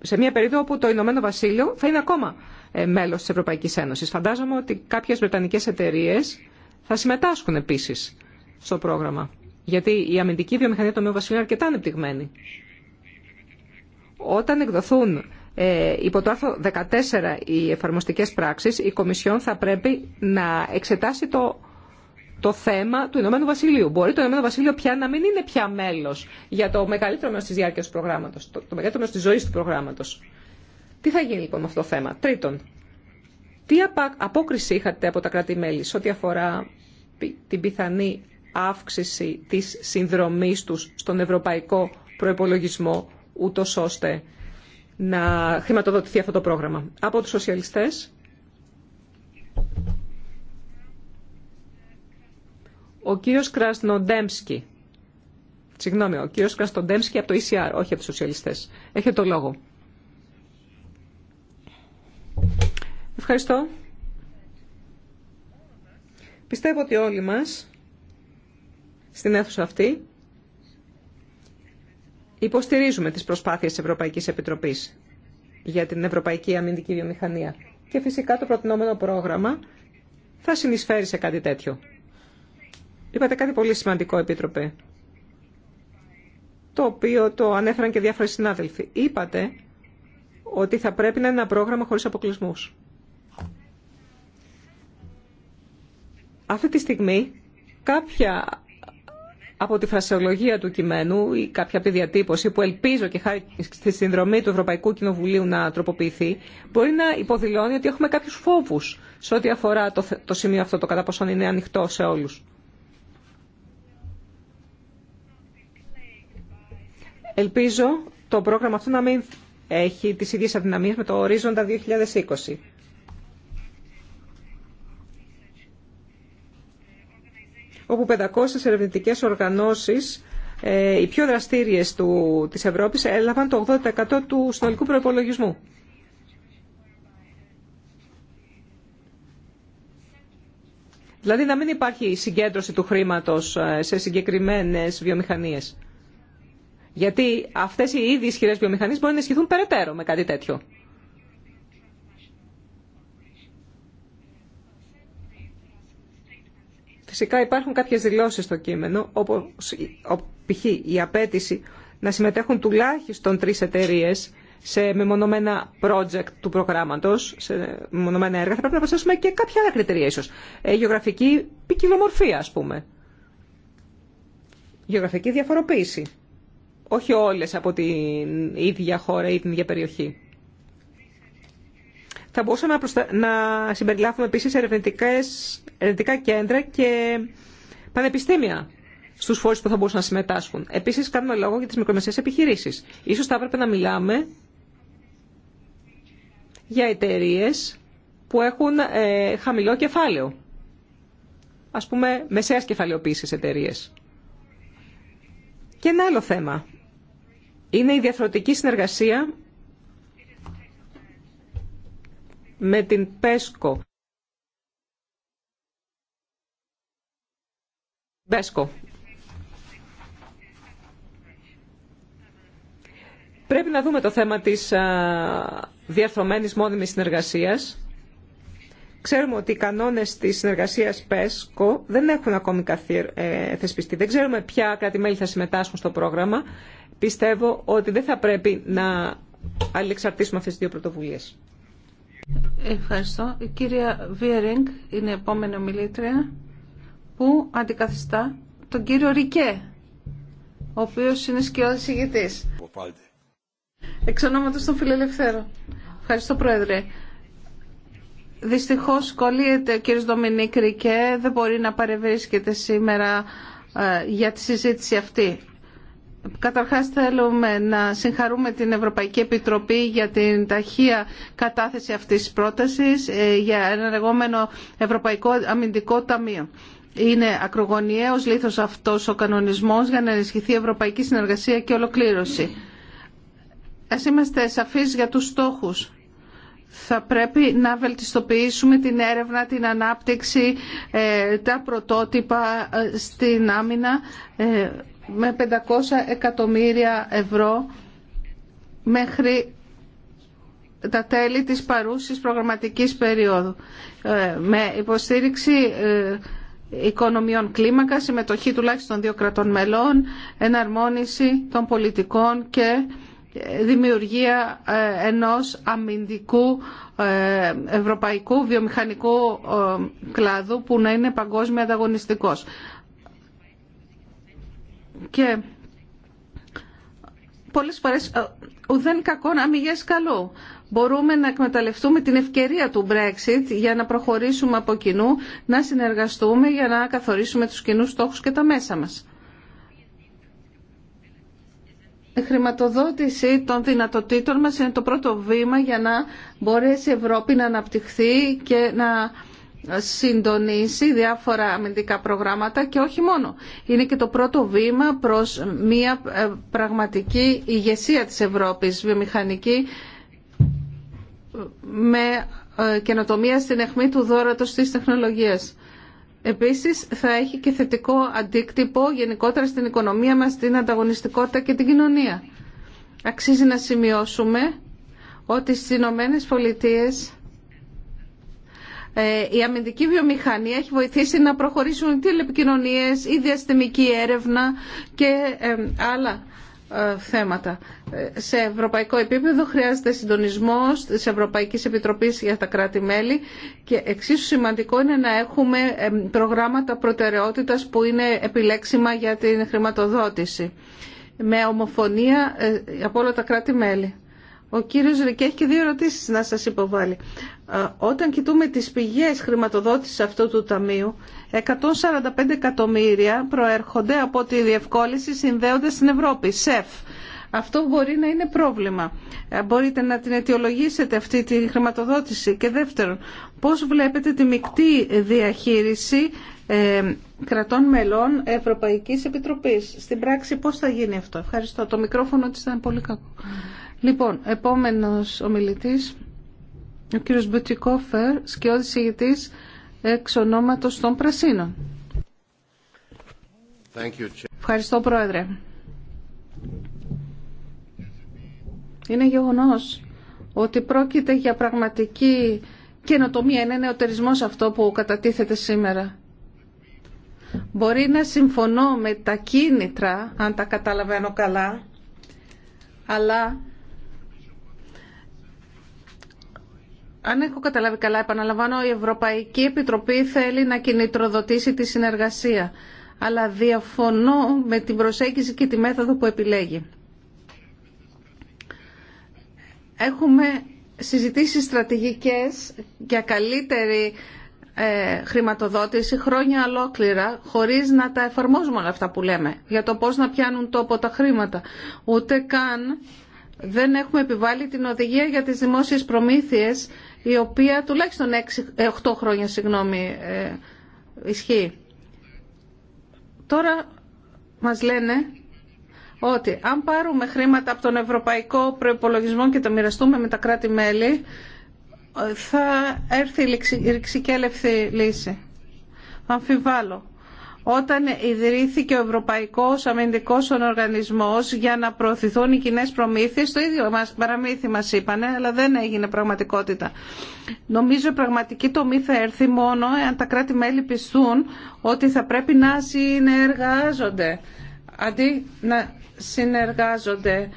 σε μια περίοδο όπου το Ηνωμένο Βασίλειο θα είναι ακόμα ε, μέλο τη Ευρωπαϊκή Ένωση. Φαντάζομαι ότι κάποιε βρετανικέ εταιρείε θα συμμετάσχουν επίση στο πρόγραμμα. Γιατί η αμυντική βιομηχανία του Ηνωμένου Βασιλείου είναι αρκετά ανεπτυγμένη. Όταν εκδοθούν ε, υπό το άρθρο 14 οι εφαρμοστικές πράξεις, η Κομισιόν θα πρέπει να εξετάσει το, το θέμα του Ηνωμένου Βασιλείου. Μπορεί το Ηνωμένο Βασίλειο πια να μην είναι πια μέλος για το μεγαλύτερο μέρος της διάρκειας του προγράμματος, το, το μεγαλύτερο μέρος της ζωής του προγράμματος. Τι θα γίνει λοιπόν με αυτό το θέμα. Τρίτον, τι απόκριση είχατε από τα κράτη-μέλη σε ό,τι αφορά την πιθανή αύξηση της συνδρομής τους στον ευρωπαϊκό προϋπολογισμό, ούτως ώστε να χρηματοδοτηθεί αυτό το πρόγραμμα. Από τους σοσιαλιστές, ο κύριος Κρασνοντέμσκι. Συγγνώμη, ο κύριος Κρασνοντέμσκι από το ECR, όχι από τους σοσιαλιστές. Έχετε το λόγο. Ευχαριστώ. Πιστεύω ότι όλοι μας στην αίθουσα αυτή Υποστηρίζουμε τις προσπάθειες της Ευρωπαϊκής Επιτροπής για την Ευρωπαϊκή Αμυντική Βιομηχανία. Και φυσικά το προτινόμενο πρόγραμμα θα συνεισφέρει σε κάτι τέτοιο. Είπατε κάτι πολύ σημαντικό, Επίτροπε, το οποίο το ανέφεραν και διάφορες συνάδελφοι. Είπατε ότι θα πρέπει να είναι ένα πρόγραμμα χωρίς αποκλεισμούς. Αυτή τη στιγμή κάποια από τη φρασιολογία του κειμένου ή κάποια διατύπωση που ελπίζω και χάρη στη συνδρομή του Ευρωπαϊκού Κοινοβουλίου να τροποποιηθεί, μπορεί να υποδηλώνει ότι έχουμε κάποιους φόβους σε ό,τι αφορά το, το σημείο αυτό, το κατά πόσον είναι ανοιχτό σε όλους. Ελπίζω το πρόγραμμα αυτό να μην έχει τις ίδιες αδυναμίες με το ορίζοντα 2020. όπου 500 ερευνητικές οργανώσεις, ε, οι πιο δραστήριες του, της Ευρώπης, έλαβαν το 80% του συνολικού προπολογισμού. Δηλαδή να μην υπάρχει συγκέντρωση του χρήματος ε, σε συγκεκριμένες βιομηχανίες. Γιατί αυτές οι ήδη ισχυρές βιομηχανίες μπορεί να ισχυθούν περαιτέρω με κάτι τέτοιο. Φυσικά υπάρχουν κάποιες δηλώσεις στο κείμενο, όπως π.χ. η απέτηση να συμμετέχουν τουλάχιστον τρεις εταιρείε σε μεμονωμένα project του προγράμματος, σε μεμονωμένα έργα. Θα πρέπει να προσθέσουμε και κάποια άλλα κριτήρια ίσως. Ε, γεωγραφική ποικιλομορφία, ας πούμε. Γεωγραφική διαφοροποίηση. Όχι όλες από την ίδια χώρα ή την ίδια περιοχή. Θα μπορούσαμε να συμπεριλάβουμε επίση ερευνητικά κέντρα και πανεπιστήμια στου φόρους που θα μπορούσαν να συμμετάσχουν. Επίση, κάνουμε λόγο για τι μικρομεσαίες επιχειρήσει. Σω θα έπρεπε να μιλάμε για εταιρείε που έχουν ε, χαμηλό κεφάλαιο. α πούμε μεσαίας κεφαλαιοποίησης εταιρείε. Και ένα άλλο θέμα. Είναι η διαφορετική συνεργασία με την ΠΕΣΚΟ. ΠΕΣΚΟ. Πρέπει να δούμε το θέμα της διαρθρωμένης μόνιμης συνεργασίας. Ξέρουμε ότι οι κανόνες της συνεργασίας ΠΕΣΚΟ δεν έχουν ακόμη ε, θεσπιστεί. Δεν ξέρουμε ποια κράτη-μέλη θα συμμετάσχουν στο πρόγραμμα. Πιστεύω ότι δεν θα πρέπει να αλληλεξαρτήσουμε αυτές τις δύο πρωτοβουλίες. Ευχαριστώ. Η κυρία Βίερινγκ είναι η επόμενη ομιλήτρια που αντικαθιστά τον κύριο Ρικέ, ο οποίος είναι σκιώδης ηγητής. Εξ ονόματος των Φιλελευθέρων. Ευχαριστώ Πρόεδρε. Δυστυχώς κολλείται ο κύριος Ντομινίκ Ρικέ, δεν μπορεί να παρευρίσκεται σήμερα ε, για τη συζήτηση αυτή. Καταρχάς θέλουμε να συγχαρούμε την Ευρωπαϊκή Επιτροπή για την ταχεία κατάθεση αυτής της πρότασης ε, για ένα λεγόμενο Ευρωπαϊκό Αμυντικό Ταμείο. Είναι ακρογωνιαίος λήθος αυτός ο κανονισμός για να ενισχυθεί η ευρωπαϊκή συνεργασία και ολοκλήρωση. Ας είμαστε σαφείς για τους στόχους. Θα πρέπει να βελτιστοποιήσουμε την έρευνα, την ανάπτυξη, ε, τα πρωτότυπα ε, στην άμυνα με 500 εκατομμύρια ευρώ μέχρι τα τέλη της παρούσης προγραμματικής περίοδου ε, με υποστήριξη ε, οικονομιών κλίμακα, συμμετοχή τουλάχιστον δύο κρατών μελών, εναρμόνιση των πολιτικών και ε, δημιουργία ενός αμυντικού ευρωπαϊκού βιομηχανικού κλάδου που να είναι παγκόσμιο ανταγωνιστικός. Και πολλές φορές ε, ουδέν κακόν γες καλό. Μπορούμε να εκμεταλλευτούμε την ευκαιρία του Brexit για να προχωρήσουμε από κοινού, να συνεργαστούμε για να καθορίσουμε τους κοινούς στόχους και τα μέσα μας. Η χρηματοδότηση των δυνατοτήτων μας είναι το πρώτο βήμα για να μπορέσει η Ευρώπη να αναπτυχθεί και να συντονίσει διάφορα αμυντικά προγράμματα και όχι μόνο. Είναι και το πρώτο βήμα προς μια ε, πραγματική ηγεσία της Ευρώπης, βιομηχανική, με ε, καινοτομία στην αιχμή του δόρατος της τεχνολογίας. Επίσης θα έχει και θετικό αντίκτυπο γενικότερα στην οικονομία μας, την ανταγωνιστικότητα και την κοινωνία. Αξίζει να σημειώσουμε ότι στις Ηνωμένε Πολιτείες ε, η αμυντική βιομηχανία έχει βοηθήσει να προχωρήσουν οι τηλεπικοινωνίες, η διαστημική έρευνα και ε, άλλα ε, θέματα. Σε ευρωπαϊκό επίπεδο χρειάζεται συντονισμός της Ευρωπαϊκής Επιτροπής για τα κράτη-μέλη και εξίσου σημαντικό είναι να έχουμε προγράμματα προτεραιότητας που είναι επιλέξιμα για την χρηματοδότηση με ομοφωνία από όλα τα κράτη-μέλη. Ο κύριος Ρικέ έχει και δύο ερωτήσεις να σας υποβάλει. Όταν κοιτούμε τις πηγές χρηματοδότησης αυτού του ταμείου, 145 εκατομμύρια προέρχονται από τη διευκόλυνση συνδέονται στην Ευρώπη, ΣΕΦ. Αυτό μπορεί να είναι πρόβλημα. Μπορείτε να την αιτιολογήσετε αυτή τη χρηματοδότηση. Και δεύτερον, πώς βλέπετε τη μεικτή διαχείριση ε, κρατών μελών Ευρωπαϊκής Επιτροπής. Στην πράξη πώς θα γίνει αυτό. Ευχαριστώ. Το μικρόφωνο της ήταν πολύ κακό. Λοιπόν, επόμενος ομιλητής. Ο κύριος Μπουτικόφερ, σκιώδης ηγητής εξ ονόματος των Πρασίνων. Ευχαριστώ, Πρόεδρε. Είναι γεγονός ότι πρόκειται για πραγματική καινοτομία, είναι νεοτερισμός αυτό που κατατίθεται σήμερα. Μπορεί να συμφωνώ με τα κίνητρα, αν τα καταλαβαίνω καλά, αλλά Αν έχω καταλάβει καλά, επαναλαμβάνω, η Ευρωπαϊκή Επιτροπή θέλει να κινητροδοτήσει τη συνεργασία. Αλλά διαφωνώ με την προσέγγιση και τη μέθοδο που επιλέγει. Έχουμε συζητήσει στρατηγικές για καλύτερη ε, χρηματοδότηση χρόνια ολόκληρα χωρίς να τα εφαρμόζουμε όλα αυτά που λέμε για το πώς να πιάνουν τόπο τα χρήματα. Ούτε καν δεν έχουμε επιβάλει την οδηγία για τις δημόσιες προμήθειες η οποία τουλάχιστον 6, 8 ε, χρόνια συγγνώμη, ε, ισχύει. Τώρα μας λένε ότι αν πάρουμε χρήματα από τον ευρωπαϊκό προϋπολογισμό και τα μοιραστούμε με τα κράτη-μέλη, ε, θα έρθει η ρηξικέλευθη λύση. Αμφιβάλλω όταν ιδρύθηκε ο Ευρωπαϊκός Αμυντικός Οργανισμός για να προωθηθούν οι κοινέ προμήθειες, το ίδιο μας, παραμύθι μας είπανε, αλλά δεν έγινε πραγματικότητα. Νομίζω η πραγματική τομή θα έρθει μόνο αν τα κράτη-μέλη πιστούν ότι θα πρέπει να συνεργάζονται, αντί να συνεργάζονται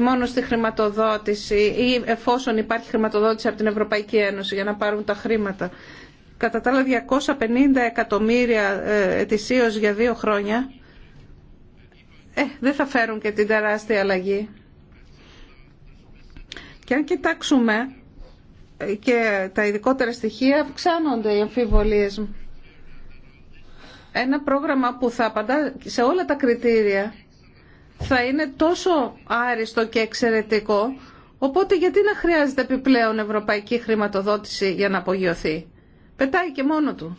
μόνο στη χρηματοδότηση ή εφόσον υπάρχει χρηματοδότηση από την Ευρωπαϊκή Ένωση για να πάρουν τα χρήματα κατά τα άλλα 250 εκατομμύρια ε, ετησίως για δύο χρόνια, ε, δεν θα φέρουν και την τεράστια αλλαγή. Και αν κοιτάξουμε ε, και τα ειδικότερα στοιχεία, αυξάνονται οι αμφιβολίες Ένα πρόγραμμα που θα απαντά σε όλα τα κριτήρια θα είναι τόσο άριστο και εξαιρετικό, οπότε γιατί να χρειάζεται επιπλέον ευρωπαϊκή χρηματοδότηση για να απογειωθεί. Πετάει και μόνο του.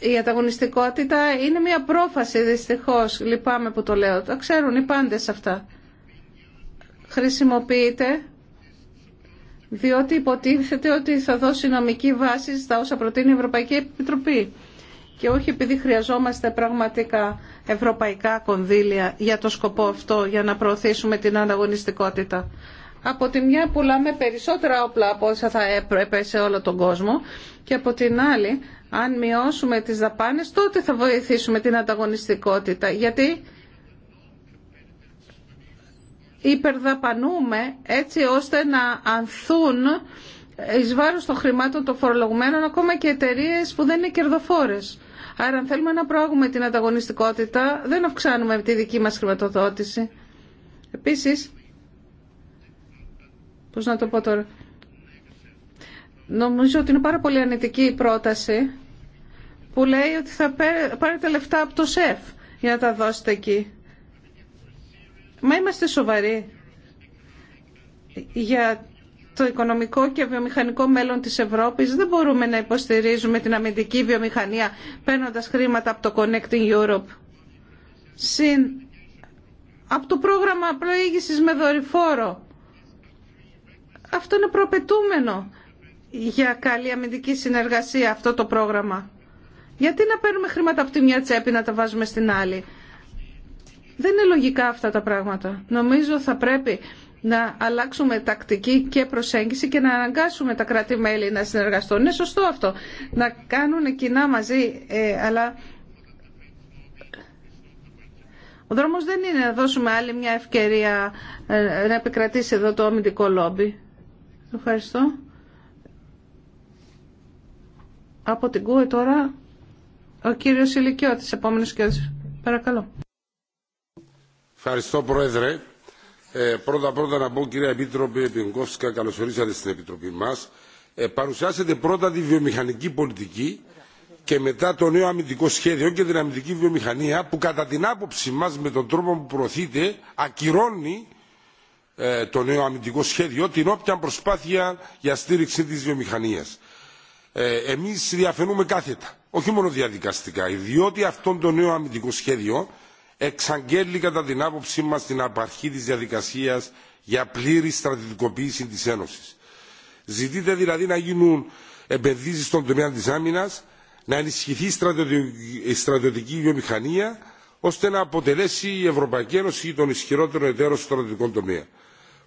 Η ανταγωνιστικότητα είναι μια πρόφαση δυστυχώς, λυπάμαι που το λέω. Τα ξέρουν οι πάντες αυτά. Χρησιμοποιείται διότι υποτίθεται ότι θα δώσει νομική βάση στα όσα προτείνει η Ευρωπαϊκή Επιτροπή και όχι επειδή χρειαζόμαστε πραγματικά ευρωπαϊκά κονδύλια για το σκοπό αυτό, για να προωθήσουμε την ανταγωνιστικότητα από τη μια πουλάμε περισσότερα όπλα από όσα θα έπρεπε σε όλο τον κόσμο και από την άλλη αν μειώσουμε τις δαπάνες τότε θα βοηθήσουμε την ανταγωνιστικότητα γιατί υπερδαπανούμε έτσι ώστε να ανθούν εις βάρος των χρημάτων των φορολογουμένων ακόμα και εταιρείε που δεν είναι κερδοφόρες. Άρα αν θέλουμε να προάγουμε την ανταγωνιστικότητα δεν αυξάνουμε τη δική μας χρηματοδότηση. Επίσης πώς να το πω τώρα. Νομίζω ότι είναι πάρα πολύ ανητική η πρόταση που λέει ότι θα πάρετε λεφτά από το ΣΕΦ για να τα δώσετε εκεί. Μα είμαστε σοβαροί για το οικονομικό και βιομηχανικό μέλλον της Ευρώπης. Δεν μπορούμε να υποστηρίζουμε την αμυντική βιομηχανία παίρνοντας χρήματα από το Connecting Europe. Συν από το πρόγραμμα προήγησης με δορυφόρο αυτό είναι προπετούμενο για καλή αμυντική συνεργασία αυτό το πρόγραμμα. Γιατί να παίρνουμε χρήματα από τη μια τσέπη να τα βάζουμε στην άλλη. Δεν είναι λογικά αυτά τα πράγματα. Νομίζω θα πρέπει να αλλάξουμε τακτική και προσέγγιση και να αναγκάσουμε τα κράτη-μέλη να συνεργαστούν. Είναι σωστό αυτό. Να κάνουν κοινά μαζί, ε, αλλά ο δρόμος δεν είναι να δώσουμε άλλη μια ευκαιρία ε, να επικρατήσει εδώ το αμυντικό λόμπι. Ευχαριστώ. Από την ΚΟΕ τώρα ο κύριος Ηλικιώτης, επόμενος και Παρακαλώ. Ευχαριστώ Πρόεδρε. Ε, πρώτα πρώτα να πω κυρία Επίτροπη Πιγκόφσκα, καλώς ορίσατε στην Επιτροπή μας. Ε, παρουσιάσετε πρώτα τη βιομηχανική πολιτική και μετά το νέο αμυντικό σχέδιο και την αμυντική βιομηχανία που κατά την άποψή μας με τον τρόπο που προωθείτε, ακυρώνει ε, το νέο αμυντικό σχέδιο την όποια προσπάθεια για στήριξη της βιομηχανίας. Ε, εμείς διαφαινούμε κάθετα, όχι μόνο διαδικαστικά, διότι αυτό το νέο αμυντικό σχέδιο εξαγγέλει κατά την άποψή μας την απαρχή της διαδικασίας για πλήρη στρατιωτικοποίηση της Ένωσης. ζητείτε δηλαδή να γίνουν επενδύσει στον τομέα της άμυνας, να ενισχυθεί η στρατιωτική βιομηχανία, ώστε να αποτελέσει η Ευρωπαϊκή Ένωση τον ισχυρότερο εταίρο στο στρατιωτικό τομέα.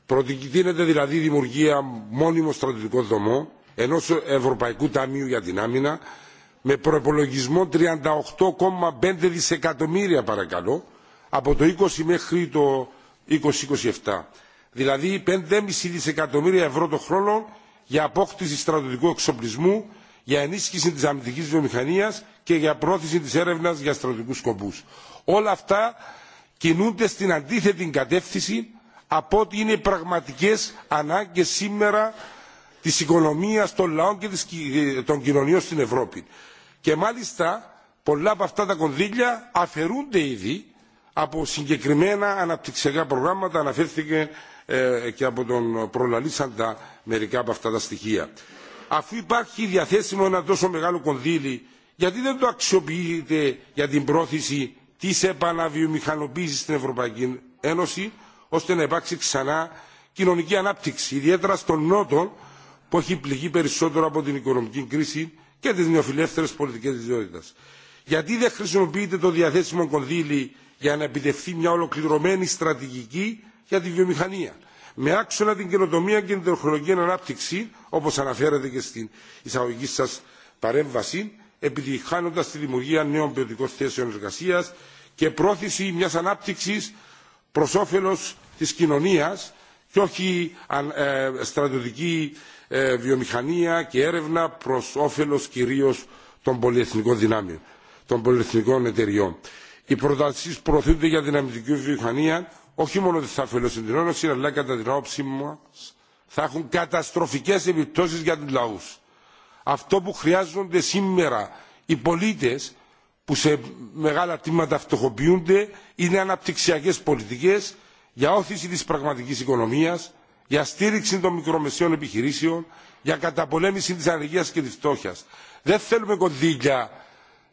Προτείνεται δηλαδή η δημιουργία μόνιμου στρατιωτικού δομών, ενό Ευρωπαϊκού Ταμείου για την Άμυνα, με προπολογισμό 38,5 δισεκατομμύρια παρακαλώ, από το 20 μέχρι το 2027. Δηλαδή 5,5 δισεκατομμύρια ευρώ το χρόνο για απόκτηση στρατιωτικού εξοπλισμού, για ενίσχυση της αμυντικής βιομηχανίας και για πρόθεση της έρευνας για στρατιωτικούς σκοπούς. Όλα αυτά κινούνται στην αντίθετη κατεύθυνση από ό,τι είναι οι πραγματικές ανάγκες σήμερα της οικονομίας των λαών και ε, των κοινωνιών στην Ευρώπη. Και μάλιστα πολλά από αυτά τα κονδύλια αφαιρούνται ήδη από συγκεκριμένα αναπτυξιακά προγράμματα, αναφέρθηκε ε, και από τον προλαλήσαντα μερικά από αυτά τα στοιχεία. Αφού υπάρχει διαθέσιμο ένα τόσο μεγάλο κονδύλι, γιατί δεν το αξιοποιείτε για την πρόθεση της επαναβιομηχανοποίησης στην Ευρωπαϊκή Ένωση, ώστε να υπάρξει ξανά κοινωνική ανάπτυξη, ιδιαίτερα στον Νότο που έχει πληγεί περισσότερο από την οικονομική κρίση και τι νεοφιλεύθερε πολιτικέ ιδιότητε. Γιατί δεν χρησιμοποιείται το διαθέσιμο κονδύλι για να επιτευχθεί μια ολοκληρωμένη στρατηγική για τη βιομηχανία, με άξονα την καινοτομία και την τεχνολογική ανάπτυξη, όπω αναφέρατε και στην εισαγωγική σα παρέμβαση, επιτυχάνοντα τη δημιουργία νέων ποιοτικών θέσεων εργασία και πρόθεση μια ανάπτυξη προς όφελος της κοινωνίας και όχι ε, στρατιωτική ε, βιομηχανία και έρευνα προς όφελος κυρίως των πολυεθνικών δυνάμεων, των πολυεθνικών εταιριών. Οι προτάσεις που προωθούνται για δυναμητική βιομηχανία όχι μόνο δεν θα αφαιρέσουν την όνωση, αλλά κατά την άποψή μα θα έχουν καταστροφικές επιπτώσεις για τους λαούς. Αυτό που χρειάζονται σήμερα οι πολίτες που σε μεγάλα τμήματα φτωχοποιούνται είναι αναπτυξιακές πολιτικές για όθηση της πραγματικής οικονομίας, για στήριξη των μικρομεσαίων επιχειρήσεων, για καταπολέμηση της ανεργίας και της φτώχειας. Δεν θέλουμε κονδύλια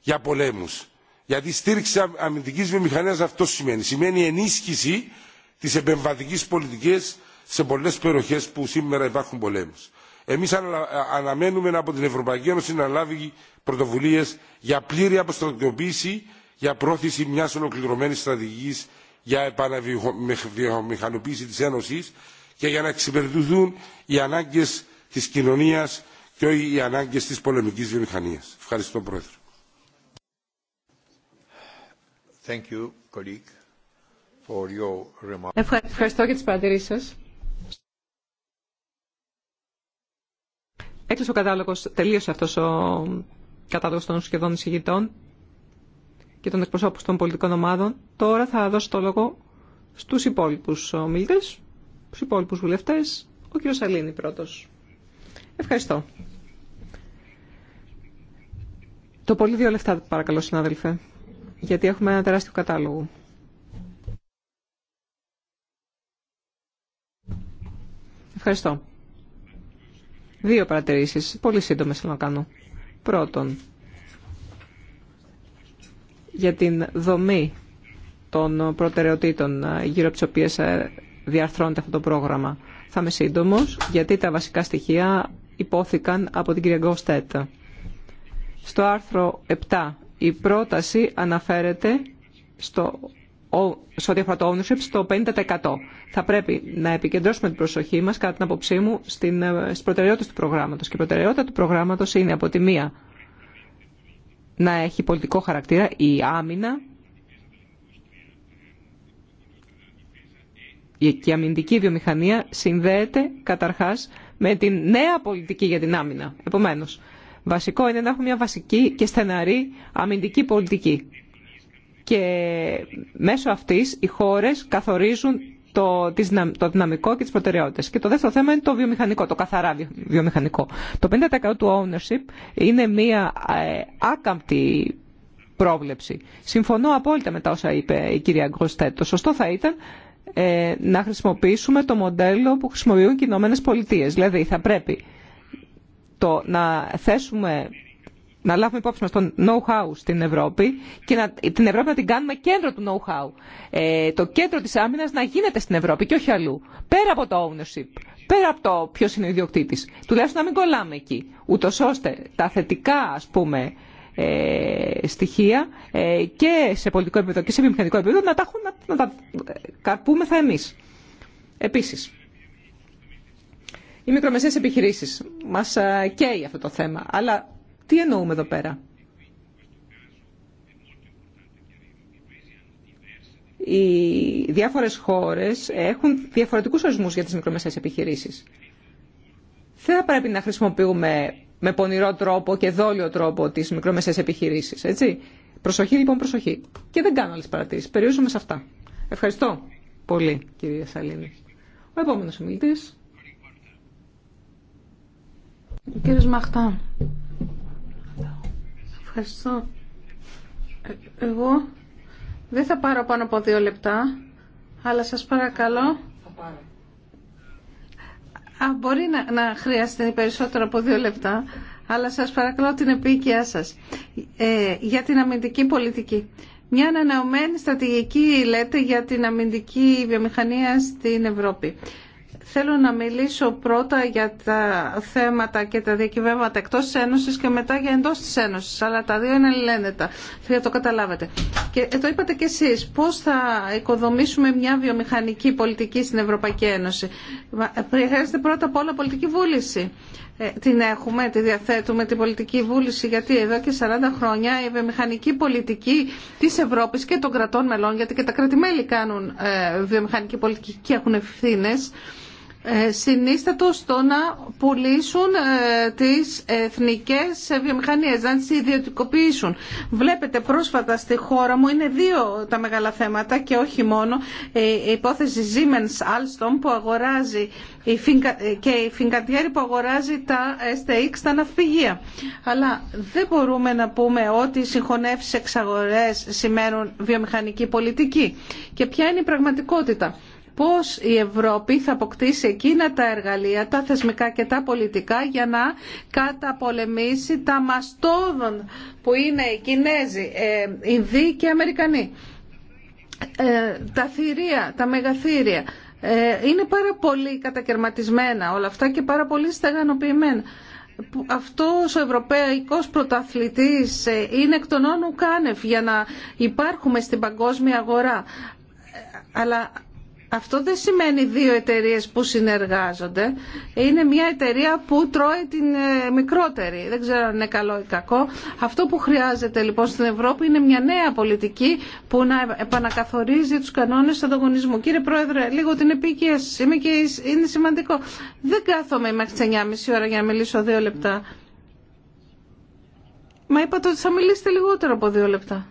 για πολέμους. Γιατί στήριξη αμυντικής βιομηχανίας αυτό σημαίνει. Σημαίνει ενίσχυση της επεμβατικής πολιτικής σε πολλές περιοχές που σήμερα υπάρχουν πολέμους. Εμείς αναμένουμε από την Ευρωπαϊκή Ένωση να λάβει πρωτοβουλίες για πλήρη αποστρατιοποίηση, για πρόθεση μιας ολοκληρωμένης στρατηγικής για επαναβιομηχανοποίηση της Ένωσης και για να εξυπηρετηθούν οι ανάγκες της κοινωνίας και όχι οι ανάγκες της πολεμικής βιομηχανίας. Ευχαριστώ, Πρόεδρε. Ευχαριστώ για Έκλεισε ο κατάλογο τελείωσε αυτός ο κατάλογος των σχεδόν εισηγητών και των εκπροσώπων των πολιτικών ομάδων. Τώρα θα δώσω το λόγο στους υπόλοιπου ομιλητέ, στου υπόλοιπου βουλευτέ, ο κ. Σαλίνη πρώτος. Ευχαριστώ. Το πολύ δύο λεφτά παρακαλώ συνάδελφε, γιατί έχουμε ένα τεράστιο κατάλογο. Ευχαριστώ. Δύο παρατηρήσεις, πολύ σύντομες θέλω να κάνω. Πρώτον, για την δομή των προτεραιοτήτων ε, γύρω από τις οποίες ε, διαρθρώνεται αυτό το πρόγραμμα. Θα είμαι σύντομο, γιατί τα βασικά στοιχεία υπόθηκαν από την κυρία Γκοστέτ. Στο άρθρο 7 η πρόταση αναφέρεται στο σε ό,τι αφορά το ownership στο 50%. Θα πρέπει να επικεντρώσουμε την προσοχή μα κατά την απόψή μου, ε, στι προτεραιότητε του προγράμματο. Και η προτεραιότητα του προγράμματο είναι από τη μία να έχει πολιτικό χαρακτήρα η άμυνα, η αμυντική βιομηχανία συνδέεται καταρχάς με την νέα πολιτική για την άμυνα. Επομένως, βασικό είναι να έχουμε μια βασική και στεναρή αμυντική πολιτική και μέσω αυτής οι χώρες καθορίζουν το, το δυναμικό και τις προτεραιότητες. Και το δεύτερο θέμα είναι το βιομηχανικό, το καθαρά βιομηχανικό. Το 50% του ownership είναι μία ε, άκαμπτη πρόβλεψη. Συμφωνώ απόλυτα με τα όσα είπε η κυρία Γκροστέτ. Το σωστό θα ήταν ε, να χρησιμοποιήσουμε το μοντέλο που χρησιμοποιούν οι Ηνωμένε Πολιτείε. Δηλαδή θα πρέπει το, να θέσουμε να λάβουμε υπόψη μας το know-how στην Ευρώπη και να, την Ευρώπη να την κάνουμε κέντρο του know-how. Ε, το κέντρο της άμυνας να γίνεται στην Ευρώπη και όχι αλλού. Πέρα από το ownership, πέρα από το ποιο είναι ο ιδιοκτήτης. Τουλάχιστον να μην κολλάμε εκεί. ούτω ώστε τα θετικά, ας πούμε, ε, στοιχεία ε, και σε πολιτικό επίπεδο και σε βιομηχανικό επίπεδο να τα, να, να τα ε, καρπούμεθα εμείς. Επίσης, οι μικρομεσαίες επιχειρήσεις μας ε, καίει αυτό το θέμα, αλλά τι εννοούμε εδώ πέρα. Οι διάφορες χώρες έχουν διαφορετικούς ορισμούς για τις μικρομεσαίες επιχειρήσεις. Δεν θα πρέπει να χρησιμοποιούμε με πονηρό τρόπο και δόλιο τρόπο τις μικρομεσαίες επιχειρήσεις, έτσι. Προσοχή λοιπόν, προσοχή. Και δεν κάνω άλλες παρατηρήσεις. Περιορίζομαι σε αυτά. Ευχαριστώ πολύ, κυρία Σαλήνη. Ο επόμενος ομιλητής. κύριος Μαχτά. Ευχαριστώ. Ε, εγώ δεν θα πάρω πάνω από δύο λεπτά, αλλά σας παρακαλώ. Θα Α, μπορεί να, να χρειάζεται περισσότερο από δύο λεπτά, αλλά σας παρακαλώ την επίοικιά σας ε, για την αμυντική πολιτική. Μια ανανεωμένη στρατηγική, λέτε, για την αμυντική βιομηχανία στην Ευρώπη. Θέλω να μιλήσω πρώτα για τα θέματα και τα διακυβεύματα εκτός της Ένωσης και μετά για εντός της Ένωσης. Αλλά τα δύο είναι αλληλένετα. Θα το καταλάβετε. Και ε, το είπατε κι εσείς. Πώς θα οικοδομήσουμε μια βιομηχανική πολιτική στην Ευρωπαϊκή Ένωση. Ε, χρειάζεται πρώτα απ' όλα πολιτική βούληση. Ε, την έχουμε, τη διαθέτουμε, την πολιτική βούληση, γιατί εδώ και 40 χρόνια η βιομηχανική πολιτική της Ευρώπης και των κρατών μελών, γιατί και τα κρατημέλη κάνουν βιομηχανική πολιτική και έχουν ευθύνε. Ε, συνίστατο στο να πουλήσουν ε, τις εθνικές βιομηχανίες, να τις ιδιωτικοποιήσουν. Βλέπετε πρόσφατα στη χώρα μου είναι δύο τα μεγάλα θέματα και όχι μόνο ε, η υπόθεση Siemens Alstom που αγοράζει και η Φιγκαντιέρη που αγοράζει τα STX, τα ναυπηγεία. Αλλά δεν μπορούμε να πούμε ότι οι συγχωνεύσεις εξαγορές σημαίνουν βιομηχανική πολιτική. Και ποια είναι η πραγματικότητα πώς η Ευρώπη θα αποκτήσει εκείνα τα εργαλεία, τα θεσμικά και τα πολιτικά για να καταπολεμήσει τα μαστόδων που είναι οι Κινέζοι, ε, Ινδοί και Αμερικανοί. Ε, τα θηρία, τα μεγαθύρια. Ε, είναι πάρα πολύ κατακαιρματισμένα όλα αυτά και πάρα πολύ στεγανοποιημένα. Αυτός ο ευρωπαϊκός πρωταθλητής ε, είναι εκ των όνων για να υπάρχουμε στην παγκόσμια αγορά. Αλλά αυτό δεν σημαίνει δύο εταιρείες που συνεργάζονται. Είναι μια εταιρεία που τρώει την ε, μικρότερη. Δεν ξέρω αν είναι καλό ή κακό. Αυτό που χρειάζεται λοιπόν στην Ευρώπη είναι μια νέα πολιτική που να επανακαθορίζει τους κανόνες του ανταγωνισμού. Κύριε Πρόεδρε, λίγο την επίκαια είμαι και είναι σημαντικό. Δεν κάθομαι μέχρι τις 9.30 ώρα για να μιλήσω δύο λεπτά. Μα είπατε ότι θα μιλήσετε λιγότερο από δύο λεπτά.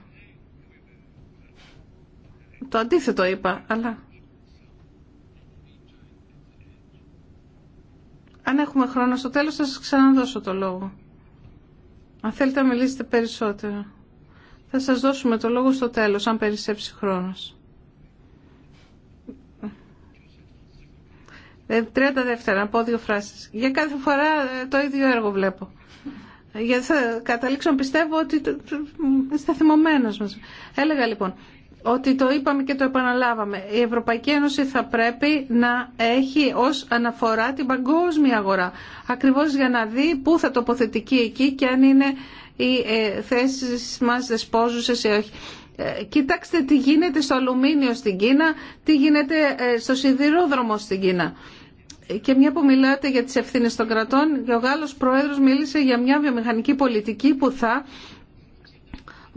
Το αντίθετο είπα, αλλά... Αν έχουμε χρόνο στο τέλος θα σας ξαναδώσω το λόγο. Αν θέλετε να μιλήσετε περισσότερο. Θα σας δώσουμε το λόγο στο τέλος, αν περισσέψει χρόνος. 30 ε, δεύτερα, να πω δύο φράσεις. Για κάθε φορά ε, το ίδιο έργο βλέπω. Ε, γιατί θα καταλήξω να πιστεύω ότι είστε θυμωμένος μας. Έλεγα λοιπόν, ότι το είπαμε και το επαναλάβαμε. Η Ευρωπαϊκή Ένωση θα πρέπει να έχει ως αναφορά την παγκόσμια αγορά. Ακριβώς για να δει πού θα τοποθετηθεί εκεί και αν είναι οι ε, θέσεις μας δεσπόζουσες ή όχι. Ε, κοιτάξτε τι γίνεται στο αλουμίνιο στην Κίνα, τι γίνεται ε, στο σιδηρόδρομο στην Κίνα. Και μια που μιλάτε για τις ευθύνες των κρατών, ο Γάλλος Πρόεδρος μίλησε για μια βιομηχανική πολιτική που θα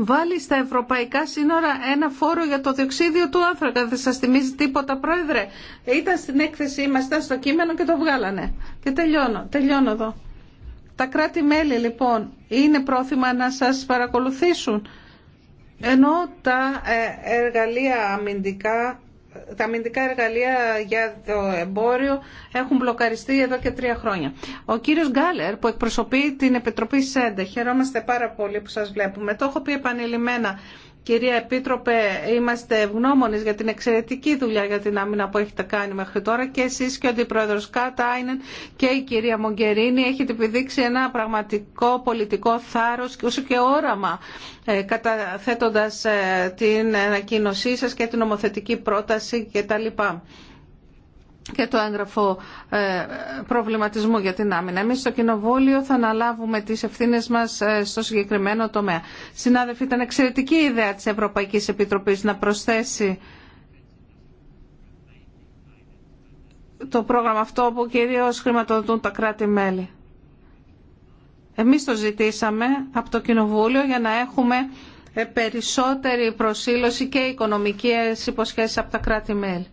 βάλει στα ευρωπαϊκά σύνορα ένα φόρο για το διοξίδιο του άνθρακα. Δεν σας θυμίζει τίποτα, Πρόεδρε. Ήταν στην έκθεσή είμαστε στο κείμενο και το βγάλανε. Και τελειώνω, τελειώνω εδώ. Τα κράτη-μέλη, λοιπόν, είναι πρόθυμα να σας παρακολουθήσουν. Ενώ τα ε, εργαλεία αμυντικά τα αμυντικά εργαλεία για το εμπόριο έχουν μπλοκαριστεί εδώ και τρία χρόνια. Ο κύριος Γκάλερ που εκπροσωπεί την Επιτροπή ΣΕΝΤΕ, χαιρόμαστε πάρα πολύ που σας βλέπουμε, το έχω πει επανειλημμένα Κυρία Επίτροπε, είμαστε ευγνώμονε για την εξαιρετική δουλειά για την άμυνα που έχετε κάνει μέχρι τώρα και εσεί και ο Αντιπρόεδρο Κατάινεν και η κυρία Μογκερίνη έχετε επιδείξει ένα πραγματικό πολιτικό θάρρο και όσο και όραμα ε, καταθέτοντα ε, την ανακοίνωσή σα και την νομοθετική πρόταση κτλ και το έγγραφο ε, προβληματισμού για την άμυνα. Εμείς στο Κοινοβούλιο θα αναλάβουμε τις ευθύνες μας ε, στο συγκεκριμένο τομέα. Συνάδελφοι, ήταν εξαιρετική η ιδέα της Ευρωπαϊκής Επιτροπής να προσθέσει το πρόγραμμα αυτό που κυρίως χρηματοδοτούν τα κράτη-μέλη. Εμείς το ζητήσαμε από το Κοινοβούλιο για να έχουμε ε, περισσότερη προσήλωση και οικονομικές υποσχέσεις από τα κράτη-μέλη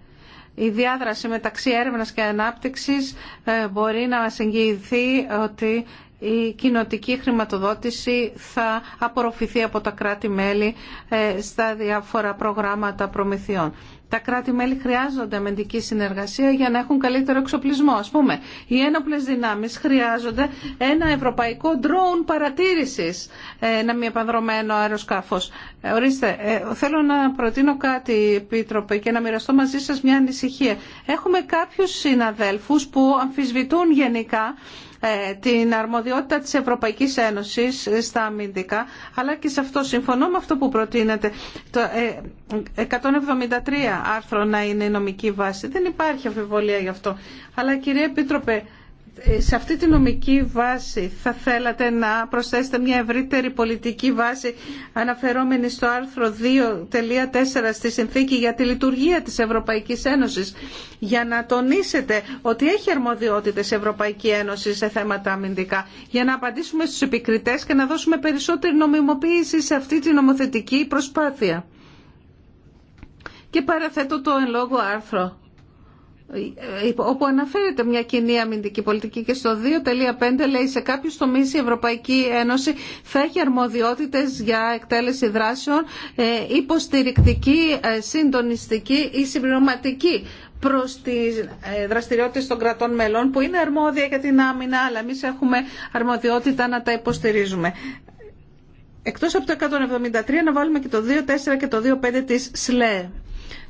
η διάδραση μεταξύ έρευνας και ανάπτυξης ε, μπορεί να μας εγγυηθεί ότι η κοινοτική χρηματοδότηση θα απορροφηθεί από τα κράτη-μέλη ε, στα διάφορα προγράμματα προμηθειών τα κράτη-μέλη χρειάζονται αμυντική συνεργασία για να έχουν καλύτερο εξοπλισμό. Ας πούμε, οι ένοπλες δυνάμεις χρειάζονται ένα ευρωπαϊκό ντρόουν παρατήρησης, ε, ένα μη επανδρομένο αεροσκάφος. Ε, ορίστε, ε, θέλω να προτείνω κάτι, Επίτροπε, και να μοιραστώ μαζί σας μια ανησυχία. Έχουμε κάποιους συναδέλφους που αμφισβητούν γενικά ε, την αρμοδιότητα της Ευρωπαϊκής Ένωσης στα αμυντικά, αλλά και σε αυτό συμφωνώ με αυτό που προτείνεται. Το 173 ε, άρθρο να είναι η νομική βάση. Δεν υπάρχει αμφιβολία γι' αυτό. Αλλά κυρία Επίτροπε, σε αυτή τη νομική βάση θα θέλατε να προσθέσετε μια ευρύτερη πολιτική βάση αναφερόμενη στο άρθρο 2.4 στη Συνθήκη για τη λειτουργία της Ευρωπαϊκής Ένωσης για να τονίσετε ότι έχει αρμοδιότητες η Ευρωπαϊκή Ένωση σε θέματα αμυντικά για να απαντήσουμε στους επικριτές και να δώσουμε περισσότερη νομιμοποίηση σε αυτή τη νομοθετική προσπάθεια. Και παραθέτω το εν λόγω άρθρο όπου αναφέρεται μια κοινή αμυντική πολιτική και στο 2.5 λέει σε κάποιους τομείς η Ευρωπαϊκή Ένωση θα έχει αρμοδιότητες για εκτέλεση δράσεων ε, υποστηρικτική, ε, συντονιστική ή συμπληρωματική προ τι ε, δραστηριότητε των κρατών μελών που είναι αρμόδια για την άμυνα, αλλά εμεί έχουμε αρμοδιότητα να τα υποστηρίζουμε. Εκτός από το 173 να βάλουμε και το 2.4 και το 2.5 της ΣΛΕΕ.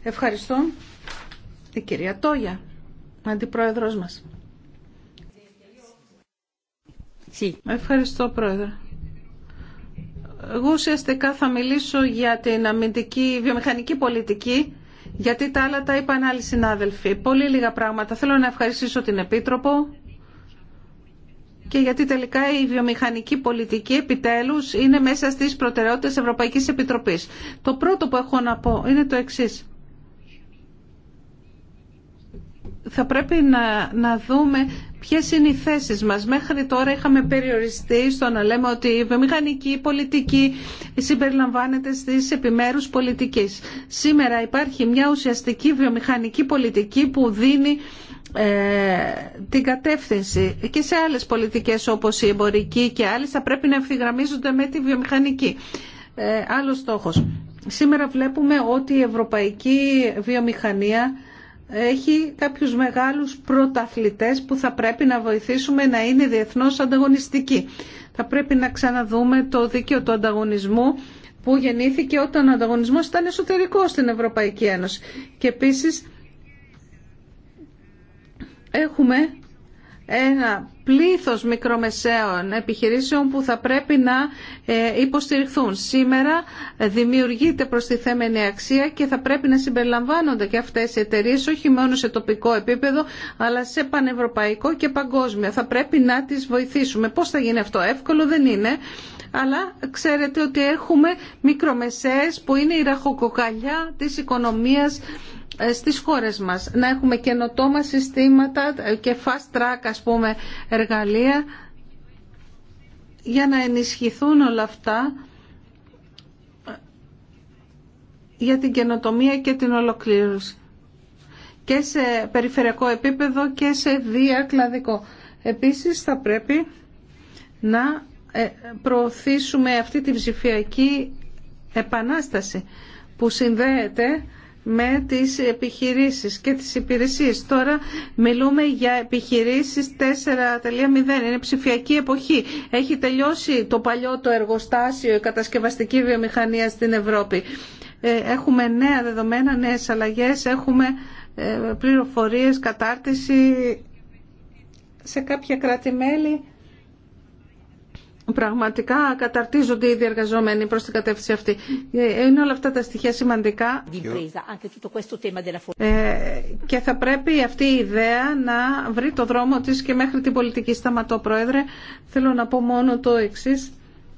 Ευχαριστώ. Η κυρία Τόγια, αντιπρόεδρος μας. Ευχαριστώ, Πρόεδρε. Εγώ ουσιαστικά θα μιλήσω για την αμυντική βιομηχανική πολιτική, γιατί τα άλλα τα είπαν άλλοι συνάδελφοι. Πολύ λίγα πράγματα. Θέλω να ευχαριστήσω την Επίτροπο και γιατί τελικά η βιομηχανική πολιτική επιτέλους είναι μέσα στις προτεραιότητες Ευρωπαϊκής Επιτροπής. Το πρώτο που έχω να πω είναι το εξής. θα πρέπει να, δούμε ποιες είναι οι θέσεις μας. Μέχρι τώρα είχαμε περιοριστεί στο να λέμε ότι η βιομηχανική πολιτική συμπεριλαμβάνεται στις επιμέρους πολιτικής. Σήμερα υπάρχει μια ουσιαστική βιομηχανική πολιτική που δίνει ε, την κατεύθυνση και σε άλλες πολιτικές όπως η εμπορική και άλλες θα πρέπει να ευθυγραμμίζονται με τη βιομηχανική. Ε, άλλος στόχος. Σήμερα βλέπουμε ότι η ευρωπαϊκή βιομηχανία έχει κάποιους μεγάλους πρωταθλητές που θα πρέπει να βοηθήσουμε να είναι διεθνώς ανταγωνιστικοί. Θα πρέπει να ξαναδούμε το δίκαιο του ανταγωνισμού που γεννήθηκε όταν ο ανταγωνισμός ήταν εσωτερικό στην Ευρωπαϊκή Ένωση. Και επίσης έχουμε ένα πλήθος μικρομεσαίων επιχειρήσεων που θα πρέπει να ε, υποστηριχθούν. Σήμερα δημιουργείται θέμενη αξία και θα πρέπει να συμπεριλαμβάνονται και αυτές οι εταιρείες όχι μόνο σε τοπικό επίπεδο αλλά σε πανευρωπαϊκό και παγκόσμιο. Θα πρέπει να τις βοηθήσουμε. Πώς θα γίνει αυτό εύκολο δεν είναι αλλά ξέρετε ότι έχουμε μικρομεσαίες που είναι η ραχοκοκαλιά της οικονομίας ε, στις χώρες μας. Να έχουμε καινοτόμα συστήματα και fast track ας πούμε εργαλεία για να ενισχυθούν όλα αυτά για την καινοτομία και την ολοκλήρωση. Και σε περιφερειακό επίπεδο και σε διακλαδικό. Επίσης θα πρέπει να ε, προωθήσουμε αυτή τη ψηφιακή επανάσταση που συνδέεται με τις επιχειρήσεις και τις υπηρεσίες. Τώρα μιλούμε για επιχειρήσεις 4.0, είναι ψηφιακή εποχή. Έχει τελειώσει το παλιό το εργοστάσιο, η κατασκευαστική βιομηχανία στην Ευρώπη. Ε, έχουμε νέα δεδομένα, νέες αλλαγές, έχουμε ε, πληροφορίες, κατάρτιση σε κάποια κράτη-μέλη πραγματικά καταρτίζονται οι διεργαζόμενοι προς την κατεύθυνση αυτή. Ε, είναι όλα αυτά τα στοιχεία σημαντικά ε, και θα πρέπει αυτή η ιδέα να βρει το δρόμο της και μέχρι την πολιτική. Σταματώ, Πρόεδρε. Θέλω να πω μόνο το εξή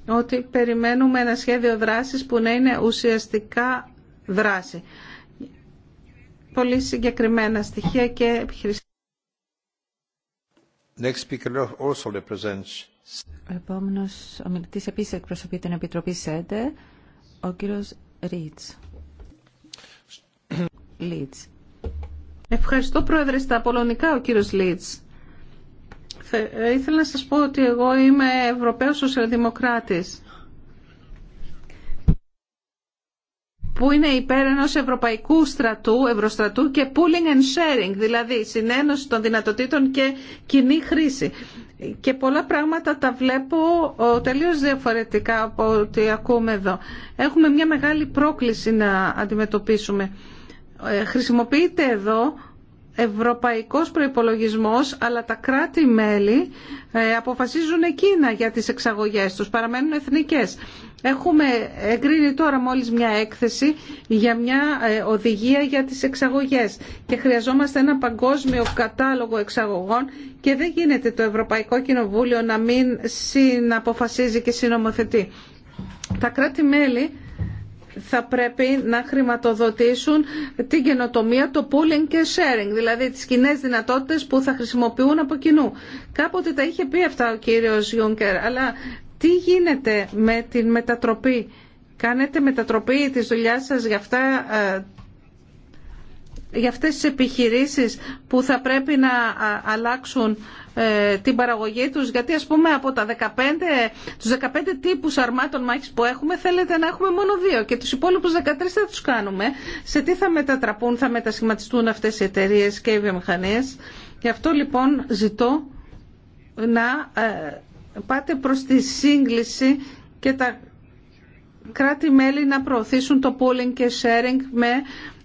ότι περιμένουμε ένα σχέδιο δράσης που να είναι ουσιαστικά δράση. Πολύ συγκεκριμένα στοιχεία και επιχειρήσεις. Ο μιλητής επίσης εκπροσωπεί την Επιτροπή ΣΕΝΤΕ, ο κύριος Ρίτς. Λίτς. Ευχαριστώ Πρόεδρε στα Πολωνικά ο κύριος Λίτς. Ε, ήθελα να σας πω ότι εγώ είμαι Ευρωπαίος Σοσιαλδημοκράτης. που είναι υπέρ ενό ευρωπαϊκού στρατού, ευρωστρατού και pooling and sharing, δηλαδή συνένωση των δυνατοτήτων και κοινή χρήση και πολλά πράγματα τα βλέπω τελείως διαφορετικά από ό,τι ακούμε εδώ. Έχουμε μια μεγάλη πρόκληση να αντιμετωπίσουμε. Ε, χρησιμοποιείται εδώ ευρωπαϊκός προϋπολογισμός, αλλά τα κράτη-μέλη ε, αποφασίζουν εκείνα για τις εξαγωγές τους, παραμένουν εθνικές. Έχουμε εγκρίνει τώρα μόλις μια έκθεση για μια ε, οδηγία για τις εξαγωγές και χρειαζόμαστε ένα παγκόσμιο κατάλογο εξαγωγών και δεν γίνεται το Ευρωπαϊκό Κοινοβούλιο να μην συναποφασίζει και συνομοθετεί. Τα κράτη-μέλη θα πρέπει να χρηματοδοτήσουν την καινοτομία, το pooling και sharing, δηλαδή τις κοινέ δυνατότητες που θα χρησιμοποιούν από κοινού. Κάποτε τα είχε πει αυτά ο κύριος Γιούγκερ, αλλά τι γίνεται με την μετατροπή. Κάνετε μετατροπή της δουλειά σας για αυτά ε, για αυτές τις επιχειρήσεις που θα πρέπει να αλλάξουν ε, την παραγωγή τους γιατί ας πούμε από τα 15, τους 15 τύπους αρμάτων μάχης που έχουμε θέλετε να έχουμε μόνο δύο και τους υπόλοιπους 13 θα τους κάνουμε σε τι θα μετατραπούν, θα μετασχηματιστούν αυτές οι εταιρείε και οι βιομηχανίες γι' αυτό λοιπόν ζητώ να ε, πάτε προς τη σύγκληση και τα κράτη-μέλη να προωθήσουν το pooling και sharing με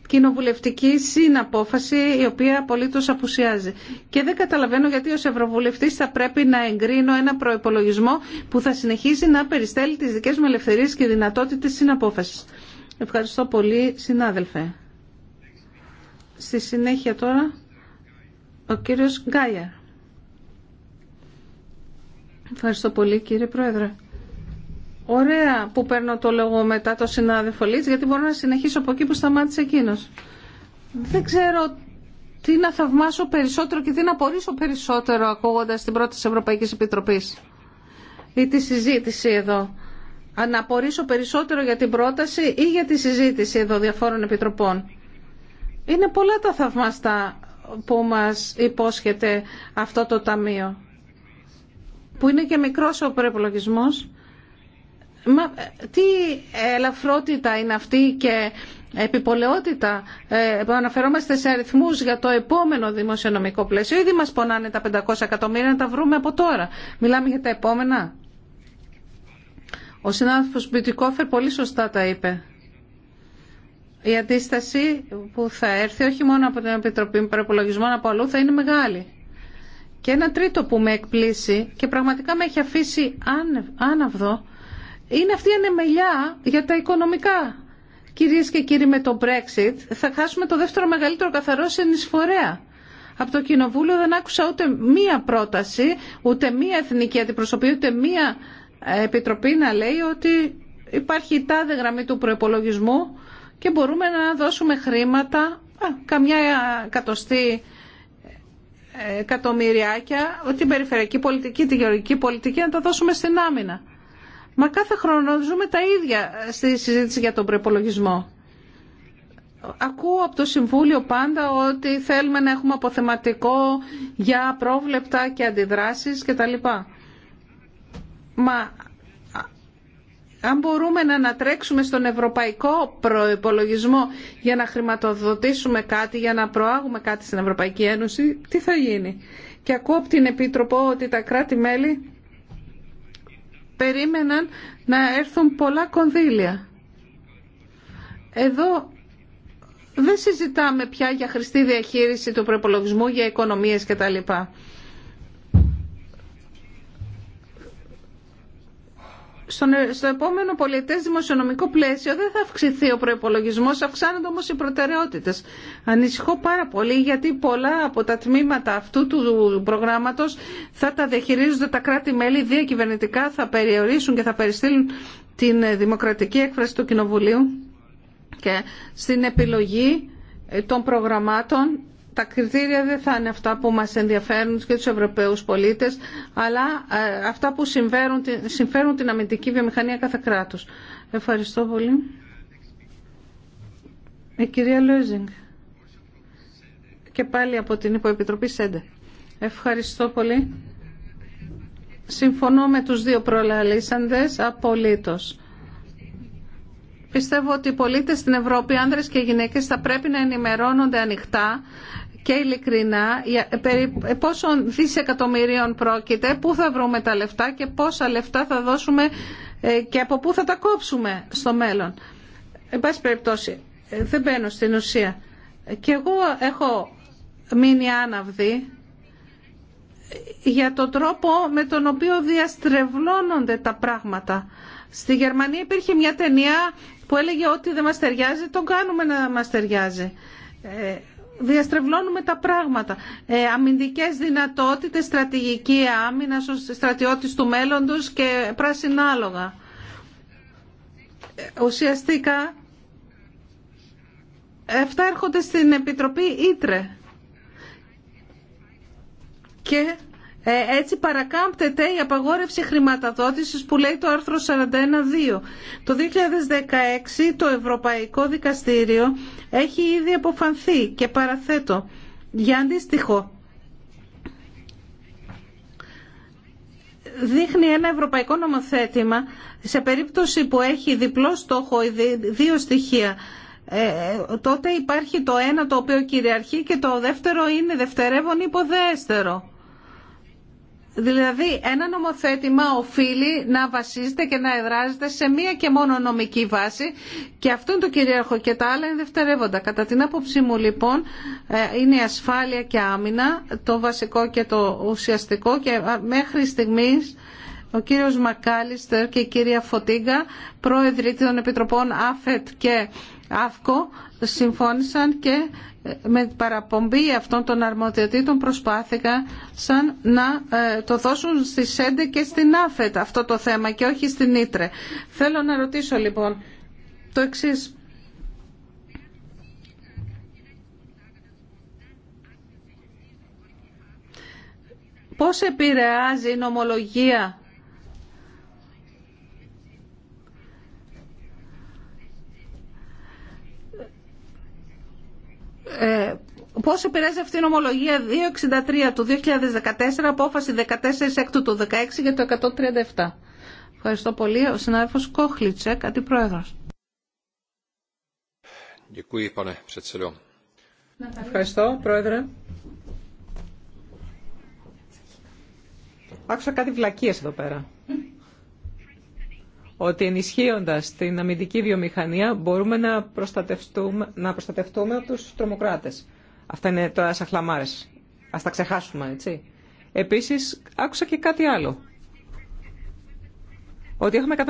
κοινοβουλευτική συναπόφαση η οποία απολύτως απουσιάζει. Και δεν καταλαβαίνω γιατί ως Ευρωβουλευτής θα πρέπει να εγκρίνω ένα προϋπολογισμό που θα συνεχίζει να περιστέλει τις δικές μου ελευθερίες και δυνατότητες συναπόφασης. Ευχαριστώ πολύ συνάδελφε. Στη συνέχεια τώρα ο κύριος Γκάιαρ. Ευχαριστώ πολύ κύριε Πρόεδρε. Ωραία που παίρνω το λόγο μετά το συνάδελφο Λίτς, γιατί μπορώ να συνεχίσω από εκεί που σταμάτησε εκείνος. Δεν ξέρω τι να θαυμάσω περισσότερο και τι να απορρίσω περισσότερο ακούγοντας την πρώτη της Ευρωπαϊκής Επιτροπής ή τη συζήτηση εδώ. Αν απορρίσω περισσότερο για την πρόταση ή για τη συζήτηση εδώ διαφόρων επιτροπών. Είναι πολλά τα θαυμαστά που μας υπόσχεται αυτό το ταμείο που είναι και μικρός ο προπολογισμό. Μα τι ελαφρότητα είναι αυτή και επιπολαιότητα. Ε, αναφερόμαστε σε αριθμούς για το επόμενο δημοσιονομικό πλαίσιο. Ήδη μας πονάνε τα 500 εκατομμύρια να τα βρούμε από τώρα. Μιλάμε για τα επόμενα. Ο συνάδελφος Μπιτικόφερ πολύ σωστά τα είπε. Η αντίσταση που θα έρθει όχι μόνο από την Επιτροπή Προπολογισμών από αλλού θα είναι μεγάλη. Και ένα τρίτο που με εκπλήσει και πραγματικά με έχει αφήσει άναυδο είναι αυτή η ανεμελιά για τα οικονομικά. Κυρίες και κύριοι, με το Brexit θα χάσουμε το δεύτερο μεγαλύτερο καθαρό συνεισφορέα. Από το Κοινοβούλιο δεν άκουσα ούτε μία πρόταση, ούτε μία εθνική αντιπροσωπή, ούτε μία ε, επιτροπή να λέει ότι υπάρχει η τάδε γραμμή του προπολογισμού και μπορούμε να δώσουμε χρήματα, α, καμιά ε, εκατοστή εκατομμυριάκια την περιφερειακή πολιτική, τη γεωργική πολιτική να τα δώσουμε στην άμυνα. Μα κάθε χρόνο ζούμε τα ίδια στη συζήτηση για τον προπολογισμό. Ακούω από το Συμβούλιο πάντα ότι θέλουμε να έχουμε αποθεματικό για πρόβλεπτα και αντιδράσεις κτλ. Μα αν μπορούμε να ανατρέξουμε στον ευρωπαϊκό προϋπολογισμό για να χρηματοδοτήσουμε κάτι, για να προάγουμε κάτι στην Ευρωπαϊκή Ένωση, τι θα γίνει. Και ακούω από την Επίτροπο ότι τα κράτη-μέλη περίμεναν να έρθουν πολλά κονδύλια. Εδώ δεν συζητάμε πια για χρηστή διαχείριση του προπολογισμού, για οικονομίες κτλ. Ε, στο επόμενο πολιτές δημοσιονομικό πλαίσιο δεν θα αυξηθεί ο προϋπολογισμός, αυξάνονται όμως οι προτεραιότητες. Ανησυχώ πάρα πολύ γιατί πολλά από τα τμήματα αυτού του προγράμματος θα τα διαχειρίζονται τα κράτη-μέλη διακυβερνητικά, θα περιορίσουν και θα περιστύλουν την ε, δημοκρατική έκφραση του Κοινοβουλίου και στην επιλογή ε, των προγραμμάτων τα κριτήρια δεν θα είναι αυτά που μας ενδιαφέρουν και τους Ευρωπαίους πολίτες, αλλά ε, αυτά που συμφέρουν, συμφέρουν την αμυντική βιομηχανία κάθε κράτος. Ευχαριστώ πολύ. Η κυρία Λόιζινγκ. Και πάλι από την Υποεπιτροπή ΣΕΝΤΕ. Ευχαριστώ πολύ. Συμφωνώ με τους δύο προλαλήσαντες απολύτως. Πιστεύω ότι οι πολίτες στην Ευρώπη, άνδρες και γυναίκες, θα πρέπει να ενημερώνονται ανοιχτά και ειλικρινά περί πόσων δισεκατομμυρίων πρόκειται, πού θα βρούμε τα λεφτά και πόσα λεφτά θα δώσουμε ε, και από πού θα τα κόψουμε στο μέλλον. Εν πάση περιπτώσει, ε, δεν μπαίνω στην ουσία. Και εγώ έχω μείνει άναυδη ε, για τον τρόπο με τον οποίο διαστρεβλώνονται τα πράγματα. Στη Γερμανία υπήρχε μια ταινία που έλεγε ότι δεν μας ταιριάζει, τον κάνουμε να μας ταιριάζει διαστρεβλώνουμε τα πράγματα. Ε, αμυντικές δυνατότητες, στρατηγική άμυνα, στρατιώτης του μέλλοντος και πράσινα άλογα. Ε, ουσιαστικά, αυτά έρχονται στην Επιτροπή Ήτρε. Και ε, έτσι παρακάμπτεται η απαγόρευση χρηματοδότησης που λέει το άρθρο 41.2. Το 2016 το Ευρωπαϊκό Δικαστήριο έχει ήδη αποφανθεί και παραθέτω για αντίστοιχο δείχνει ένα ευρωπαϊκό νομοθέτημα σε περίπτωση που έχει διπλό στόχο ή δύο στοιχεία ε, τότε υπάρχει το ένα το οποίο κυριαρχεί και το δεύτερο είναι δευτερεύον υποδέστερο. Δηλαδή ένα νομοθέτημα οφείλει να βασίζεται και να εδράζεται σε μία και μόνο νομική βάση και αυτό είναι το κυρίαρχο και τα άλλα είναι δευτερεύοντα. Κατά την άποψή μου λοιπόν ε, είναι η ασφάλεια και άμυνα το βασικό και το ουσιαστικό και μέχρι στιγμής ο κύριος Μακάλιστερ και η κυρία Φωτίγκα, πρόεδροι των Επιτροπών ΑΦΕΤ και ΑΦΚΟ συμφώνησαν και ε, με παραπομπή αυτών των αρμοδιοτήτων προσπάθηκαν σαν να ε, το δώσουν στη ΣΕΝΤΕ και στην ΑΦΕΤ αυτό το θέμα και όχι στην Ήτρε. Θέλω να ρωτήσω λοιπόν το εξής. Πώς επηρεάζει η νομολογία Ε, πώς επηρέαζε αυτή η νομολογία 263 του 2014, απόφαση 14 έκτου του 16 για το 137. Ευχαριστώ πολύ. Ο συνάδελφος Κόχλιτσεκ, πρόεδρος. Ευχαριστώ, πρόεδρε. Άκουσα κάτι βλακίες εδώ πέρα ότι ενισχύοντας την αμυντική βιομηχανία μπορούμε να προστατευτούμε, να από τους τρομοκράτες. Αυτά είναι τώρα σαν χλαμάρες. Ας τα ξεχάσουμε, έτσι. Επίσης, άκουσα και κάτι άλλο. Ότι έχουμε 175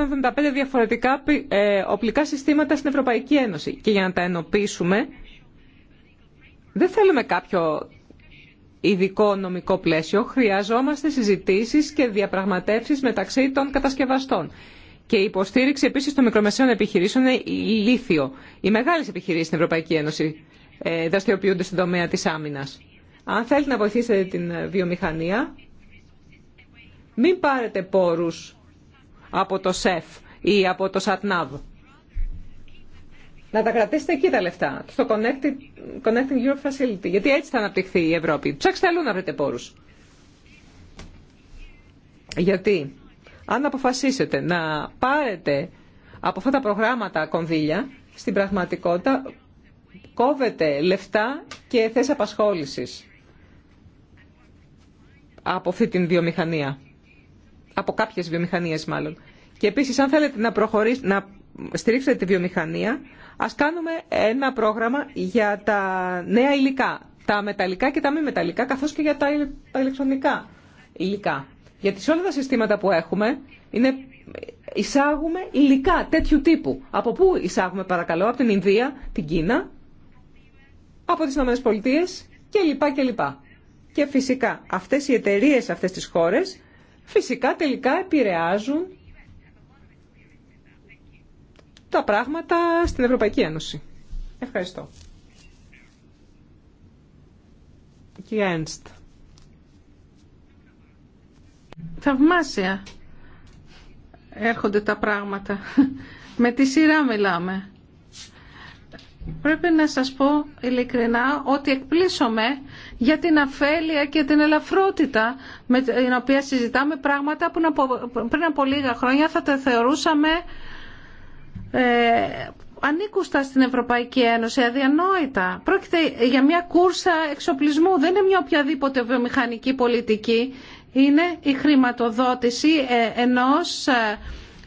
διαφορετικά ε, οπλικά συστήματα στην Ευρωπαϊκή Ένωση. Και για να τα ενοποιήσουμε, δεν θέλουμε κάποιο ειδικό νομικό πλαίσιο. Χρειαζόμαστε συζητήσεις και διαπραγματεύσεις μεταξύ των κατασκευαστών. Και η υποστήριξη επίση των μικρομεσαίων επιχειρήσεων είναι ηλίθιο. Οι μεγάλε επιχειρήσει στην Ευρωπαϊκή Ένωση ε, δραστηριοποιούνται στην τομέα τη άμυνα. Αν θέλετε να βοηθήσετε την βιομηχανία, μην πάρετε πόρου από το ΣΕΦ ή από το ΣΑΤΝΑΒ. Να τα κρατήσετε εκεί τα λεφτά, στο Connecting Europe Facility, γιατί έτσι θα αναπτυχθεί η Ευρώπη. Ψάξτε αλλού να βρείτε πόρους. Γιατί αν αποφασίσετε να πάρετε από αυτά τα προγράμματα κονδύλια, στην πραγματικότητα κόβετε λεφτά και θέσει απασχόληση από αυτή την βιομηχανία. Από κάποιες βιομηχανίε, μάλλον. Και επίσης αν θέλετε να, προχωρήσετε, να στηρίξετε τη βιομηχανία, α κάνουμε ένα πρόγραμμα για τα νέα υλικά. Τα μεταλλικά και τα μη μεταλλικά, καθώς και για τα ηλεκτρονικά υλικά. Γιατί σε όλα τα συστήματα που έχουμε είναι, εισάγουμε υλικά τέτοιου τύπου. Από πού εισάγουμε παρακαλώ, από την Ινδία, την Κίνα, από τις Ηνωμένες Πολιτείες κλπ. κλπ. Και φυσικά αυτές οι εταιρείε αυτές τις χώρες φυσικά τελικά επηρεάζουν τα πράγματα στην Ευρωπαϊκή Ένωση. Ευχαριστώ. Θαυμάσια έρχονται τα πράγματα. Με τη σειρά μιλάμε. Πρέπει να σας πω ειλικρινά ότι εκπλήσωμαι για την αφέλεια και την ελαφρότητα με την οποία συζητάμε πράγματα που πριν από λίγα χρόνια θα τα θεωρούσαμε ε, ανήκουστα στην Ευρωπαϊκή Ένωση, αδιανόητα. Πρόκειται για μια κούρσα εξοπλισμού, δεν είναι μια οποιαδήποτε βιομηχανική πολιτική είναι η χρηματοδότηση ε, ενός ε,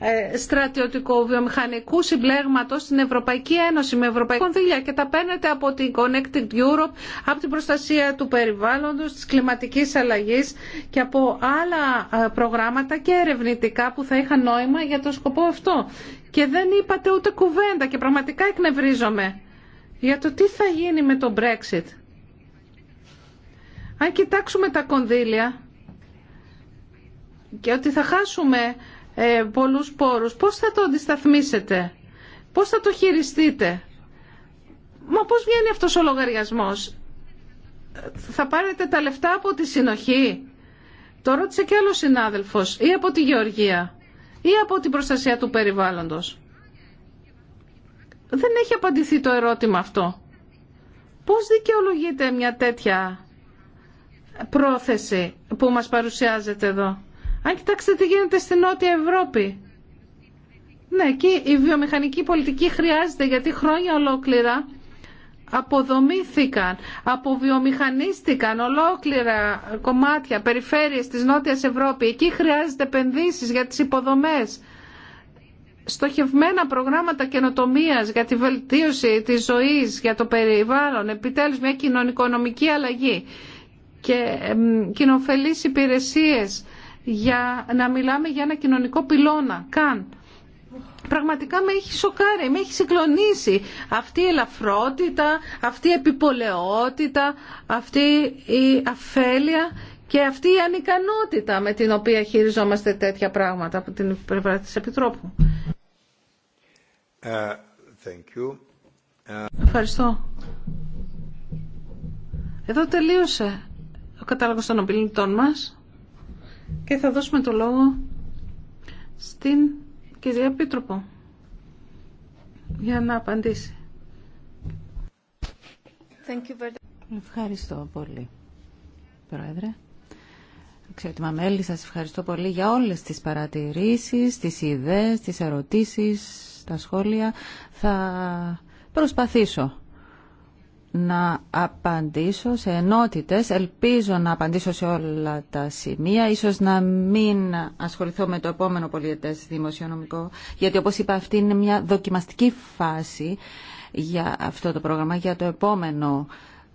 ε, στρατιωτικού βιομηχανικού συμπλέγματος... στην Ευρωπαϊκή Ένωση με ευρωπαϊκή κονδύλια και τα παίρνετε από την Connected Europe, από την προστασία του περιβάλλοντος, της κλιματικής αλλαγής... και από άλλα προγράμματα και ερευνητικά που θα είχαν νόημα για το σκοπό αυτό. Και δεν είπατε ούτε κουβέντα και πραγματικά εκνευρίζομαι για το τι θα γίνει με το Brexit. Αν κοιτάξουμε τα κονδύλια, και ότι θα χάσουμε ε, πολλούς πόρους. Πώς θα το αντισταθμίσετε, πώς θα το χειριστείτε. Μα πώς βγαίνει αυτός ο λογαριασμός. Θα πάρετε τα λεφτά από τη συνοχή. Το ρώτησε και άλλος συνάδελφος. Ή από τη γεωργία. Ή από την προστασία του περιβάλλοντος. Δεν έχει απαντηθεί το ερώτημα αυτό. Πώς δικαιολογείται μια τέτοια πρόθεση που μας παρουσιάζεται εδώ. Αν κοιτάξετε τι γίνεται στη Νότια Ευρώπη. Ναι, εκεί η βιομηχανική πολιτική χρειάζεται γιατί χρόνια ολόκληρα αποδομήθηκαν, αποβιομηχανίστηκαν ολόκληρα κομμάτια, περιφέρειες της Νότιας Ευρώπη. Εκεί χρειάζεται επενδύσεις για τις υποδομές, στοχευμένα προγράμματα καινοτομία για τη βελτίωση της ζωής, για το περιβάλλον, επιτέλους μια κοινωνικονομική αλλαγή και κοινοφελείς υπηρεσίες για να μιλάμε για ένα κοινωνικό πυλώνα. Καν. Πραγματικά με έχει σοκάρει, με έχει συγκλονίσει αυτή η ελαφρότητα, αυτή η επιπολαιότητα, αυτή η αφέλεια και αυτή η ανικανότητα με την οποία χειριζόμαστε τέτοια πράγματα από την πλευρά της Επιτρόπου. Uh, thank you. Ε, Ευχαριστώ. Εδώ τελείωσε ο κατάλογος των ομιλητών μας και θα δώσουμε το λόγο στην κυρία Πίτροπο για να απαντήσει. Thank you very... Ευχαριστώ πολύ, Πρόεδρε. Εξαιρετικά μέλη, σας ευχαριστώ πολύ για όλες τις παρατηρήσεις, τις ιδέες, τις ερωτήσεις, τα σχόλια. Θα προσπαθήσω να απαντήσω σε ενότητες. Ελπίζω να απαντήσω σε όλα τα σημεία. Ίσως να μην ασχοληθώ με το επόμενο πολιετές δημοσιονομικό, γιατί όπως είπα αυτή είναι μια δοκιμαστική φάση για αυτό το πρόγραμμα, για το επόμενο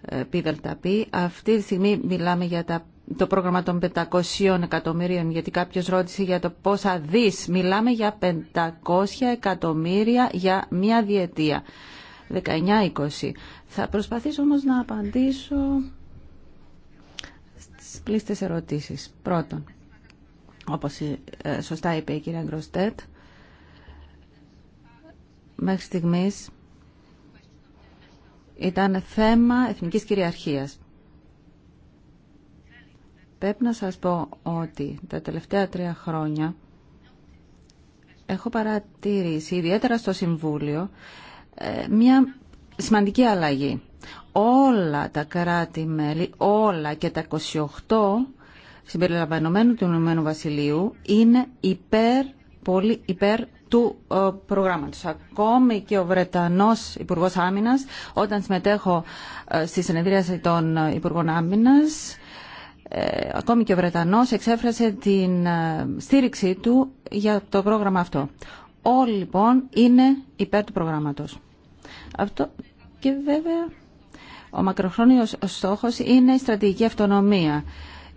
ε, ΠΔΠ. Αυτή τη στιγμή μιλάμε για τα το πρόγραμμα των 500 εκατομμύριων, γιατί κάποιος ρώτησε για το πόσα δις. Μιλάμε για 500 εκατομμύρια για μία διετία. 19-20. Θα προσπαθήσω όμως να απαντήσω στις πλήστες ερωτήσεις. Πρώτον, όπως ε, σωστά είπε η κυρία Γκροστέτ, μέχρι στιγμής ήταν θέμα εθνικής κυριαρχίας. Πρέπει να σας πω ότι τα τελευταία τρία χρόνια έχω παρατηρήσει, ιδιαίτερα στο Συμβούλιο, ε, μια σημαντική αλλαγή. Όλα τα κράτη-μέλη, όλα και τα 28 συμπεριλαμβανομένου του Ηνωμένου Βασιλείου είναι υπέρ, πολύ υπέρ του ε, προγράμματος. Ακόμη και ο Βρετανός Υπουργός Άμυνας, όταν συμμετέχω ε, στη συνεδρίαση των Υπουργών Άμυνας, ακόμη και ο Βρετανός εξέφρασε την στήριξή του για το πρόγραμμα αυτό. Όλοι λοιπόν είναι υπέρ του προγράμματος. Αυτό και βέβαια ο μακροχρόνιος στόχος είναι η στρατηγική αυτονομία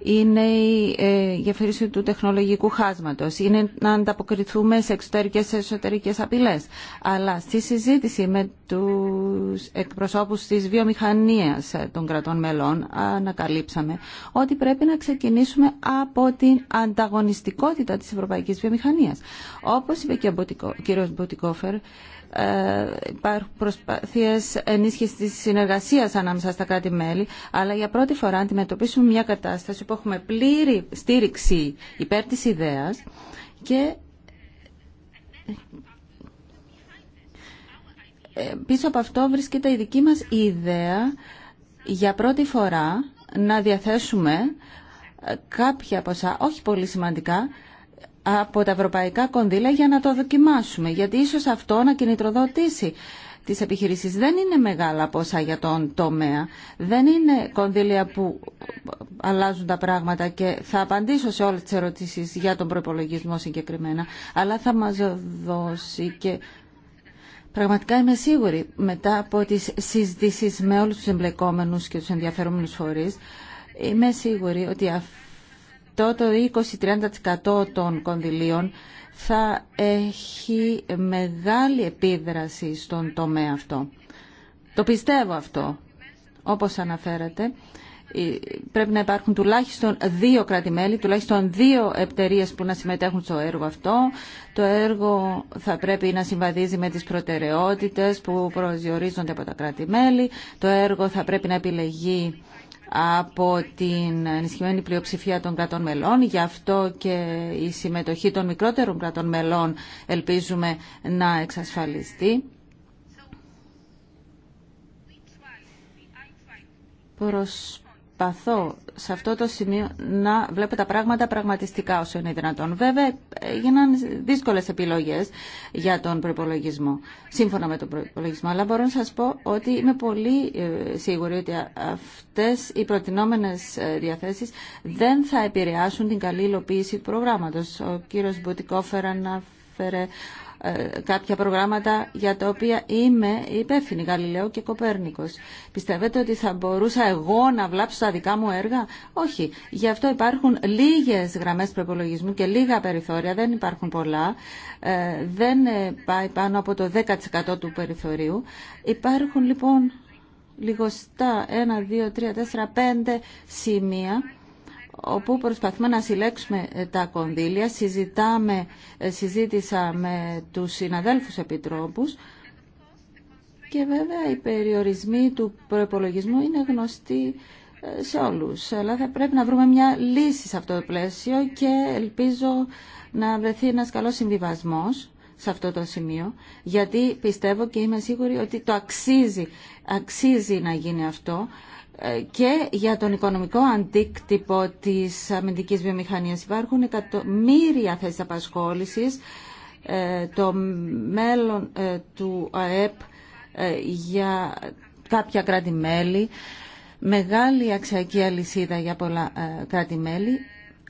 είναι η ε, γεφύρωση του τεχνολογικού χάσματος, είναι να ανταποκριθούμε σε εξωτερικές και εσωτερικές απειλές. Αλλά στη συζήτηση με τους εκπροσώπους της βιομηχανίας ε, των κρατών μελών ανακαλύψαμε ότι πρέπει να ξεκινήσουμε από την ανταγωνιστικότητα της ευρωπαϊκής βιομηχανίας. Όπως είπε και ο κύριος Μποτικόφερ, ε, υπάρχουν προσπάθειες ενίσχυσης της συνεργασίας ανάμεσα στα κράτη-μέλη, αλλά για πρώτη φορά αντιμετωπίσουμε μια κατάσταση που έχουμε πλήρη στήριξη υπέρ της ιδέας και ε, πίσω από αυτό βρίσκεται η δική μας ιδέα για πρώτη φορά να διαθέσουμε ε, κάποια ποσά, όχι πολύ σημαντικά, από τα ευρωπαϊκά κονδύλια για να το δοκιμάσουμε. Γιατί ίσως αυτό να κινητροδοτήσει τις επιχειρήσεις. Δεν είναι μεγάλα ποσά για τον τομέα. Δεν είναι κονδύλια που αλλάζουν τα πράγματα και θα απαντήσω σε όλες τις ερωτήσεις για τον προπολογισμό συγκεκριμένα. Αλλά θα μας δώσει και... Πραγματικά είμαι σίγουρη μετά από τις συζητήσεις με όλους τους εμπλεκόμενους και τους ενδιαφερόμενους φορείς είμαι σίγουρη ότι αυτό το 20-30% των κονδυλίων θα έχει μεγάλη επίδραση στον τομέα αυτό. Το πιστεύω αυτό. Όπως αναφέρατε, ε, πρέπει να υπάρχουν τουλάχιστον δύο κράτη-μέλη, τουλάχιστον δύο εταιρείε που να συμμετέχουν στο έργο αυτό. Το έργο θα πρέπει να συμβαδίζει με τις προτεραιότητες που προσδιορίζονται από τα κράτη-μέλη. Το έργο θα πρέπει να επιλεγεί από την ενισχυμένη πλειοψηφία των κρατών μελών. Γι' αυτό και η συμμετοχή των μικρότερων κρατών μελών ελπίζουμε να εξασφαλιστεί προσπαθώ σε αυτό το σημείο να βλέπω τα πράγματα πραγματιστικά όσο είναι δυνατόν. Βέβαια, έγιναν δύσκολε επιλογέ για τον προπολογισμό, σύμφωνα με τον προπολογισμό. Αλλά μπορώ να σα πω ότι είμαι πολύ ε, σίγουρη ότι αυτέ οι προτινόμενε ε, διαθέσει δεν θα επηρεάσουν την καλή υλοποίηση του προγράμματο. Ο κύριο Μπουτικόφερ αναφέρε ε, κάποια προγράμματα για τα οποία είμαι υπεύθυνη, Γαλιλαίο και Κοπέρνικος. Πιστεύετε ότι θα μπορούσα εγώ να βλάψω τα δικά μου έργα? Όχι. Γι' αυτό υπάρχουν λίγες γραμμές προπολογισμού και λίγα περιθώρια, δεν υπάρχουν πολλά. Ε, δεν ε, πάει πάνω από το 10% του περιθωρίου. Υπάρχουν λοιπόν λιγοστά 1, 2, 3, 4, 5 σημεία όπου προσπαθούμε να συλλέξουμε ε, τα κονδύλια. Συζητάμε, ε, συζήτησα με τους συναδέλφους επιτρόπους και βέβαια οι περιορισμοί του προπολογισμού είναι γνωστοί ε, σε όλους. Αλλά θα πρέπει να βρούμε μια λύση σε αυτό το πλαίσιο και ελπίζω να βρεθεί ένας καλός συμβιβασμός σε αυτό το σημείο, γιατί πιστεύω και είμαι σίγουρη ότι το αξίζει, αξίζει να γίνει αυτό, ε, και για τον οικονομικό αντίκτυπο της αμυντικής βιομηχανίας. Υπάρχουν εκατομμύρια θέσεις απασχόλησης, ε, το μέλλον ε, του ΑΕΠ για κάποια κράτη-μέλη, μεγάλη αξιακή αλυσίδα για πολλά κράτη-μέλη.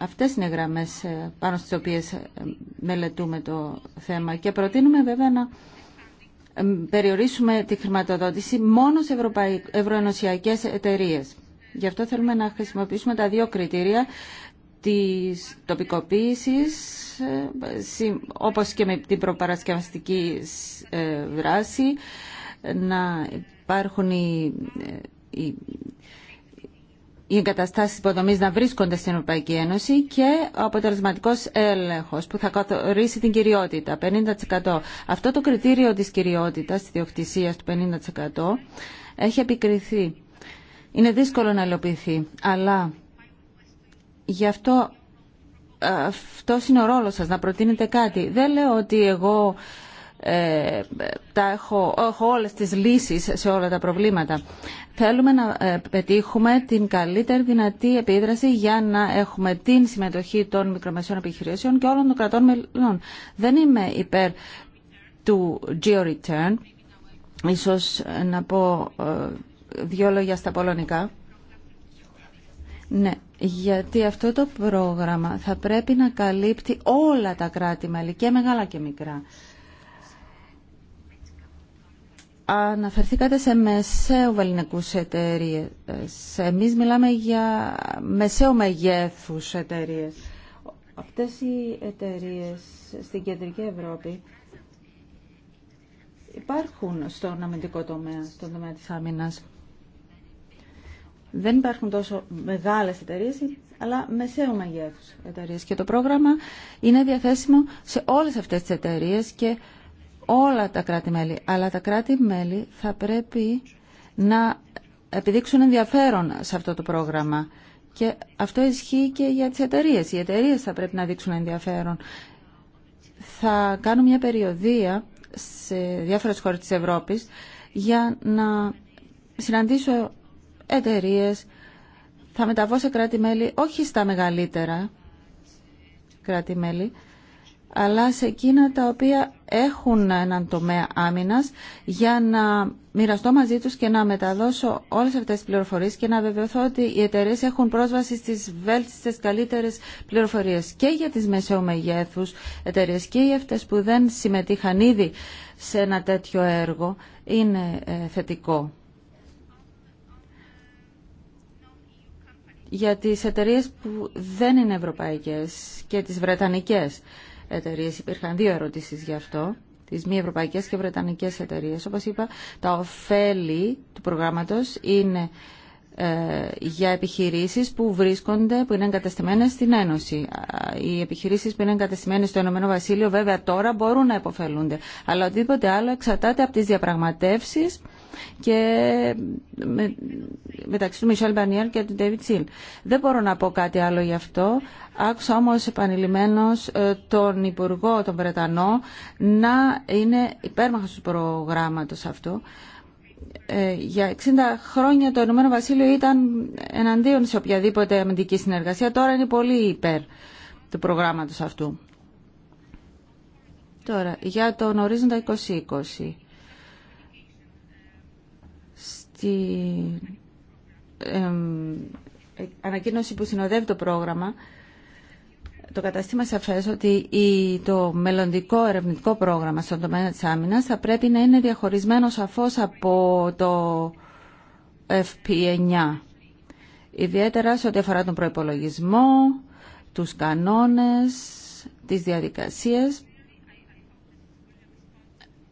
Αυτές είναι γραμμές πάνω στις οποίες μελετούμε το θέμα και προτείνουμε βέβαια να περιορίσουμε τη χρηματοδότηση μόνο σε ευρωενωσιακές εταιρείες. Γι' αυτό θέλουμε να χρησιμοποιήσουμε τα δύο κριτήρια της τοπικοποίησης, ε, όπως και με την προπαρασκευαστική ε, δράση, να υπάρχουν οι ε, οι εγκαταστάσει υποδομή να βρίσκονται στην Ευρωπαϊκή Ένωση και ο αποτελεσματικό έλεγχος που θα καθορίσει την κυριότητα, 50%. Αυτό το κριτήριο της κυριότητας, της διοκτησία του 50% έχει επικριθεί. Είναι δύσκολο να υλοποιηθεί, αλλά γι' αυτό ε, αυτό είναι ο ρόλος σας, να προτείνετε κάτι. Δεν λέω ότι εγώ ε, τα έχω, όλες τις λύσεις σε όλα τα προβλήματα. Θέλουμε να ε, πετύχουμε την καλύτερη δυνατή επίδραση για να έχουμε την συμμετοχή των μικρομεσαίων επιχειρήσεων και όλων των κρατών μελών. Δεν είμαι υπέρ του georeturn, return Ίσως να πω ε, δύο λόγια στα πολωνικά. Ναι, γιατί αυτό το πρόγραμμα θα πρέπει να καλύπτει όλα τα κράτη-μέλη, και μεγάλα και μικρά. Αναφερθήκατε σε μεσαίου εταιρείε. Εμείς μιλάμε για μεσαίου μεγέθους εταιρείε. Αυτές οι εταιρείε στην κεντρική Ευρώπη υπάρχουν στον αμυντικό τομέα, στον τομέα της άμυνας. Δεν υπάρχουν τόσο μεγάλες εταιρείε, αλλά μεσαίου μεγέθους εταιρείε. Και το πρόγραμμα είναι διαθέσιμο σε όλες αυτές τις εταιρείε και όλα τα κράτη-μέλη. Αλλά τα κράτη-μέλη θα πρέπει να επιδείξουν ενδιαφέρον σε αυτό το πρόγραμμα. Και αυτό ισχύει και για τις εταιρείε. Οι εταιρείε θα πρέπει να δείξουν ενδιαφέρον. Θα κάνω μια περιοδία σε διάφορες χώρες της Ευρώπης για να συναντήσω εταιρείε. Θα μεταβώ σε κράτη-μέλη, όχι στα μεγαλύτερα κράτη-μέλη, αλλά σε εκείνα τα οποία έχουν έναν τομέα άμυνας για να μοιραστώ μαζί τους και να μεταδώσω όλες αυτές τις πληροφορίες και να βεβαιωθώ ότι οι εταιρείε έχουν πρόσβαση στις βέλτιστες καλύτερες πληροφορίες και για τις μεσαίου μεγέθους εταιρείε και για αυτές που δεν συμμετείχαν ήδη σε ένα τέτοιο έργο είναι ε, θετικό. για τις εταιρείες που δεν είναι ευρωπαϊκές και τις βρετανικές εταιρείε. Υπήρχαν δύο ερωτήσει γι' αυτό. Τις μη Ευρωπαϊκέ και βρετανικέ εταιρείε, Όπως είπα, τα ωφέλη του προγράμματος είναι ε, για επιχειρήσεις που βρίσκονται, που είναι εγκαταστημένες στην Ένωση. Οι επιχειρήσεις που είναι εγκαταστημένες στο Ηνωμένο Βασίλειο βέβαια τώρα μπορούν να υποφελούνται. Αλλά οτιδήποτε άλλο εξαρτάται από τι διαπραγματεύσει και μεταξύ του Μισελ Μπανιέλ και του Ντέβιτ Σιλ. Δεν μπορώ να πω κάτι άλλο γι' αυτό. Άκουσα όμως επανειλημμένος ε, τον Υπουργό, τον Βρετανό, να είναι υπέρμαχο του προγράμματος αυτού ε, για 60 χρόνια το Ηνωμένο Βασίλειο ήταν εναντίον σε οποιαδήποτε αμυντική συνεργασία. Τώρα είναι πολύ υπέρ του προγράμματος αυτού. Τώρα, για τον ορίζοντα 2020 στην ε, ανακοίνωση που συνοδεύει το πρόγραμμα το καταστήμα σαφές ότι το μελλοντικό ερευνητικό πρόγραμμα στον τομέα της άμυνας θα πρέπει να είναι διαχωρισμένο σαφώς από το FP9. Ιδιαίτερα σε ό,τι αφορά τον προϋπολογισμό, τους κανόνες, τις διαδικασίες.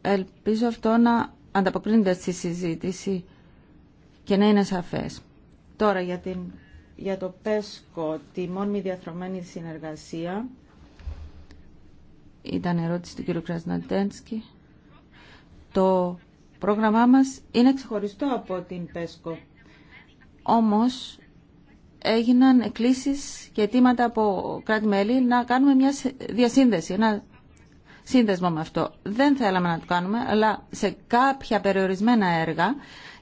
Ελπίζω αυτό να ανταποκρίνεται στη συζήτηση και να είναι σαφές. Τώρα για, την, το ΠΕΣΚΟ, τη μόνιμη διαθρωμένη συνεργασία, ήταν ερώτηση του κ. Κρασναντένσκι. Το πρόγραμμά μας είναι ξεχωριστό από την ΠΕΣΚΟ. Όμως έγιναν εκκλήσεις και αιτήματα από κράτη-μέλη να κάνουμε μια διασύνδεση, ένα σύνδεσμο με αυτό. Δεν θέλαμε να το κάνουμε, αλλά σε κάποια περιορισμένα έργα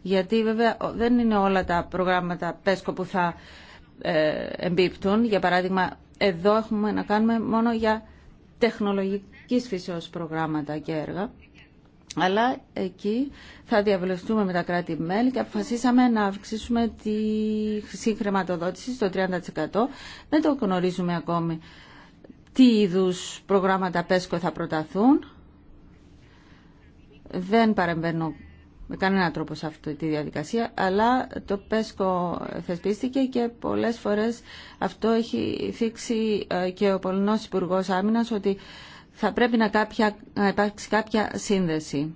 γιατί βέβαια δεν είναι όλα τα προγράμματα ΠΕΣΚΟ που θα ε, εμπίπτουν. Για παράδειγμα, εδώ έχουμε να κάνουμε μόνο για τεχνολογικής φύσεως προγράμματα και έργα. Αλλά εκεί θα διαβουλευτούμε με τα κράτη-μέλη και αποφασίσαμε να αυξήσουμε τη συγχρηματοδότηση στο 30%. Δεν το γνωρίζουμε ακόμη τι είδους προγράμματα ΠΕΣΚΟ θα προταθούν. Δεν παρεμβαίνω με κανένα τρόπο σε αυτή τη διαδικασία, αλλά το ΠΕΣΚΟ θεσπίστηκε και πολλές φορές αυτό έχει θίξει ε, και ο Πολωνός Υπουργός Άμυνας ότι θα πρέπει να, κάποια, να υπάρξει κάποια σύνδεση.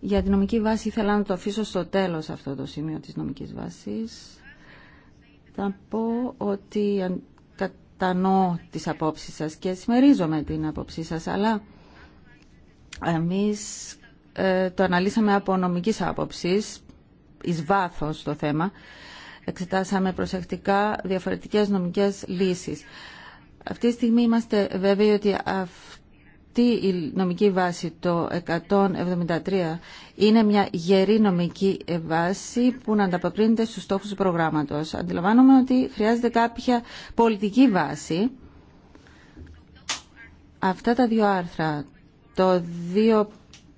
Για την νομική βάση ήθελα να το αφήσω στο τέλος αυτό το σημείο της νομικής βάσης. Θα πω ότι κατανοώ τις απόψεις σας και συμμερίζομαι την απόψη σας, αλλά εμείς ε, το αναλύσαμε από νομικής άποψης, εις βάθος το θέμα. Εξετάσαμε προσεκτικά διαφορετικές νομικές λύσεις. Αυτή τη στιγμή είμαστε βέβαιοι ότι αυτή η νομική βάση το 173 είναι μια γερή νομική βάση που να ανταποκρίνεται στους στόχους του προγράμματος. Αντιλαμβάνομαι ότι χρειάζεται κάποια πολιτική βάση. Αυτά τα δύο άρθρα, το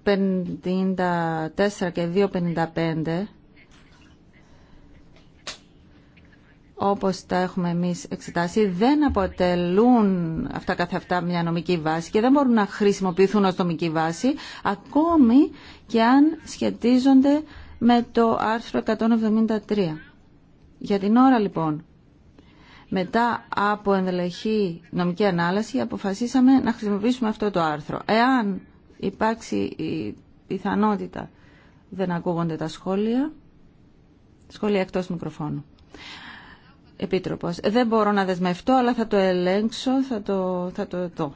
254 και 255, όπως τα έχουμε εμείς εξετάσει δεν αποτελούν αυτά καθ' αυτά μια νομική βάση και δεν μπορούν να χρησιμοποιηθούν ως νομική βάση ακόμη και αν σχετίζονται με το άρθρο 173. Για την ώρα λοιπόν, μετά από ενδελεχή νομική ανάλυση αποφασίσαμε να χρησιμοποιήσουμε αυτό το άρθρο. Εάν υπάρξει η πιθανότητα δεν ακούγονται τα σχόλια, σχόλια εκτός μικροφώνου. Επίτροπος. Δεν μπορώ να δεσμευτώ, αλλά θα το ελέγξω, θα το, θα το δω.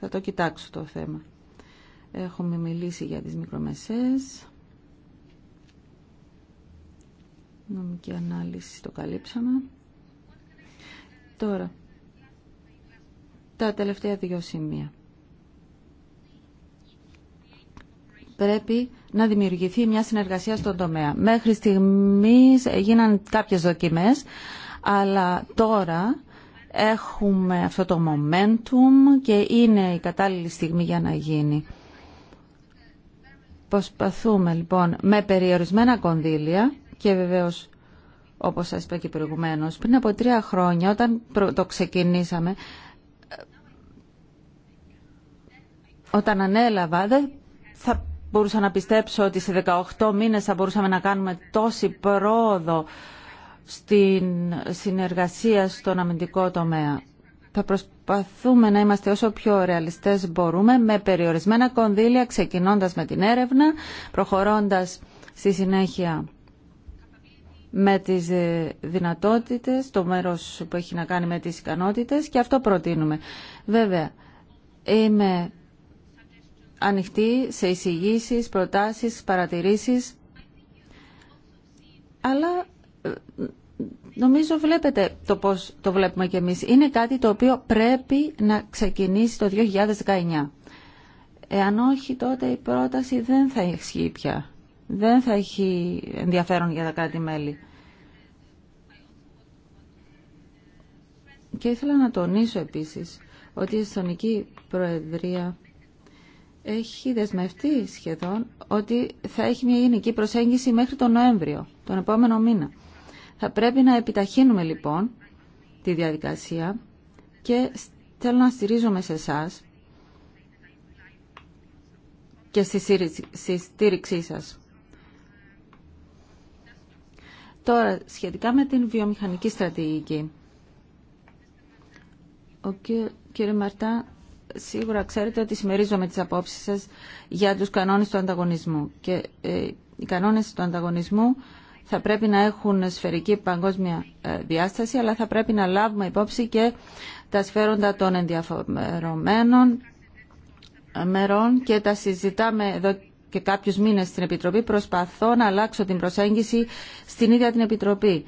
Θα το κοιτάξω το θέμα. Έχουμε μιλήσει για τις μικρομεσές. Νομική ανάλυση το καλύψαμε. Τώρα, τα τελευταία δύο σημεία. Πρέπει να δημιουργηθεί μια συνεργασία στον τομέα. Μέχρι στιγμής γίναν κάποιες δοκιμές, αλλά τώρα έχουμε αυτό το momentum και είναι η κατάλληλη στιγμή για να γίνει. Προσπαθούμε λοιπόν με περιορισμένα κονδύλια και βεβαίως όπως σας είπα και προηγουμένως πριν από τρία χρόνια όταν το ξεκινήσαμε όταν ανέλαβα δεν θα μπορούσα να πιστέψω ότι σε 18 μήνες θα μπορούσαμε να κάνουμε τόση πρόοδο στην συνεργασία στον αμυντικό τομέα. Θα προσπαθούμε να είμαστε όσο πιο ρεαλιστές μπορούμε με περιορισμένα κονδύλια, ξεκινώντας με την έρευνα, προχωρώντας στη συνέχεια με τις ε, δυνατότητες, το μέρος που έχει να κάνει με τις ικανότητες και αυτό προτείνουμε. Βέβαια, είμαι ανοιχτή σε εισηγήσεις, προτάσεις, παρατηρήσεις, αλλά νομίζω βλέπετε το πώς το βλέπουμε κι εμείς. Είναι κάτι το οποίο πρέπει να ξεκινήσει το 2019. Εάν όχι, τότε η πρόταση δεν θα ισχύει πια. Δεν θα έχει ενδιαφέρον για τα κάτι μελη Και ήθελα να τονίσω επίσης ότι η Εστονική Προεδρία έχει δεσμευτεί σχεδόν ότι θα έχει μια γενική προσέγγιση μέχρι τον Νοέμβριο, τον επόμενο μήνα. Θα πρέπει να επιταχύνουμε λοιπόν τη διαδικασία και θέλω να στηρίζομαι σε εσά και στη στήριξή σας. Τώρα, σχετικά με την βιομηχανική στρατηγική. Ο κύριε Μαρτά, σίγουρα ξέρετε ότι συμμερίζομαι τις απόψεις σας για τους κανόνες του ανταγωνισμού. Και ε, οι κανόνες του ανταγωνισμού θα πρέπει να έχουν σφαιρική παγκόσμια ε, διάσταση, αλλά θα πρέπει να λάβουμε υπόψη και τα σφαίροντα των ενδιαφερομένων ε, μερών και τα συζητάμε εδώ και κάποιους μήνες στην Επιτροπή. Προσπαθώ να αλλάξω την προσέγγιση στην ίδια την Επιτροπή.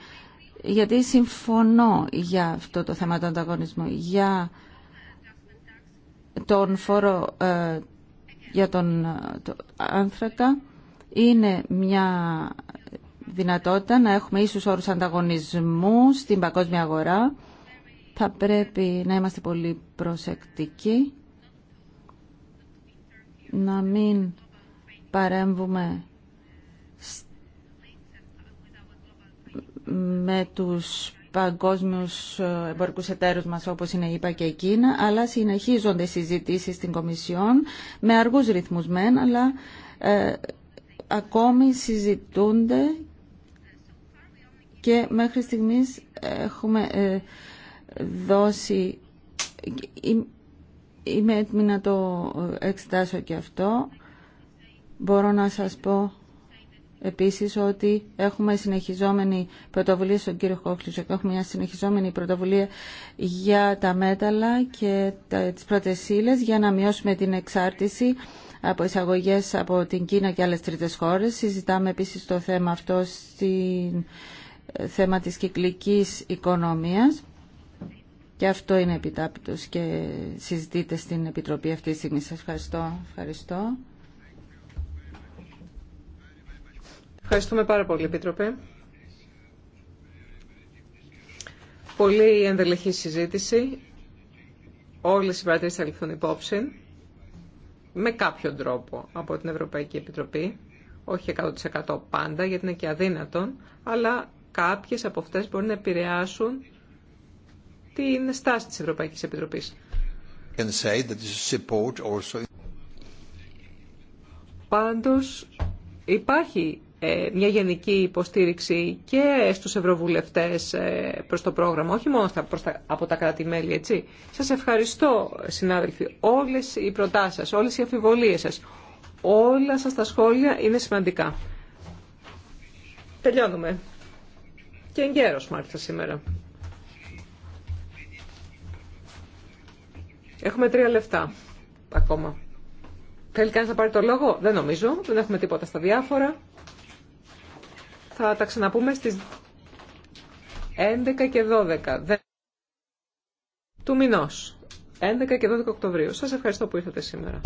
Γιατί συμφωνώ για αυτό το θέμα του ανταγωνισμού, για τον φόρο ε, για τον άνθρακα. Είναι μια δυνατότητα να έχουμε ίσους όρους ανταγωνισμού στην παγκόσμια αγορά. Θα πρέπει να είμαστε πολύ προσεκτικοί, να μην παρέμβουμε με τους παγκόσμιους εμπορικούς εταίρους μας όπως είναι είπα και η Κίνα, αλλά συνεχίζονται οι συζητήσεις στην Κομισιόν με αργούς ρυθμούς μεν, αλλά ε, ακόμη συζητούνται και μέχρι στιγμής έχουμε ε, δώσει ε, είμαι έτοιμη να το ε, εξετάσω και αυτό μπορώ να σας πω επίσης ότι έχουμε συνεχιζόμενη πρωτοβουλία στον κύριο και έχουμε μια συνεχιζόμενη πρωτοβουλία για τα μέταλλα και τις πρώτες για να μειώσουμε την εξάρτηση από εισαγωγές από την Κίνα και άλλες τρίτες χώρες. Συζητάμε επίσης το θέμα αυτό στην θέμα της κυκλικής οικονομίας και αυτό είναι επιτάπητος και συζητείται στην Επιτροπή αυτή τη στιγμή. Σας ευχαριστώ. ευχαριστώ. Ευχαριστούμε πάρα πολύ, Επίτροπε. Πολύ ενδελεχή συζήτηση. Όλες οι παρατηρήσεις θα ληφθούν υπόψη με κάποιο τρόπο από την Ευρωπαϊκή Επιτροπή. Όχι 100% πάντα, γιατί είναι και αδύνατον, αλλά κάποιες από αυτές μπορεί να επηρεάσουν την στάση της Ευρωπαϊκής Επιτροπής. Πάντως υπάρχει ε, μια γενική υποστήριξη και στους ευρωβουλευτές ε, προς το πρόγραμμα, όχι μόνο από τα κράτη-μέλη, έτσι. Σας ευχαριστώ, συνάδελφοι, όλες οι προτάσεις σας, όλες οι αφιβολίες σας, όλα σας τα σχόλια είναι σημαντικά. Τελειώνουμε και εγκαίρος μάλιστα σήμερα. Έχουμε τρία λεφτά ακόμα. Θέλει κανείς να πάρει το λόγο. Δεν νομίζω. Δεν έχουμε τίποτα στα διάφορα. Θα τα ξαναπούμε στις 11 και 12 του μηνός. 11 και 12 Οκτωβρίου. Σας ευχαριστώ που ήρθατε σήμερα.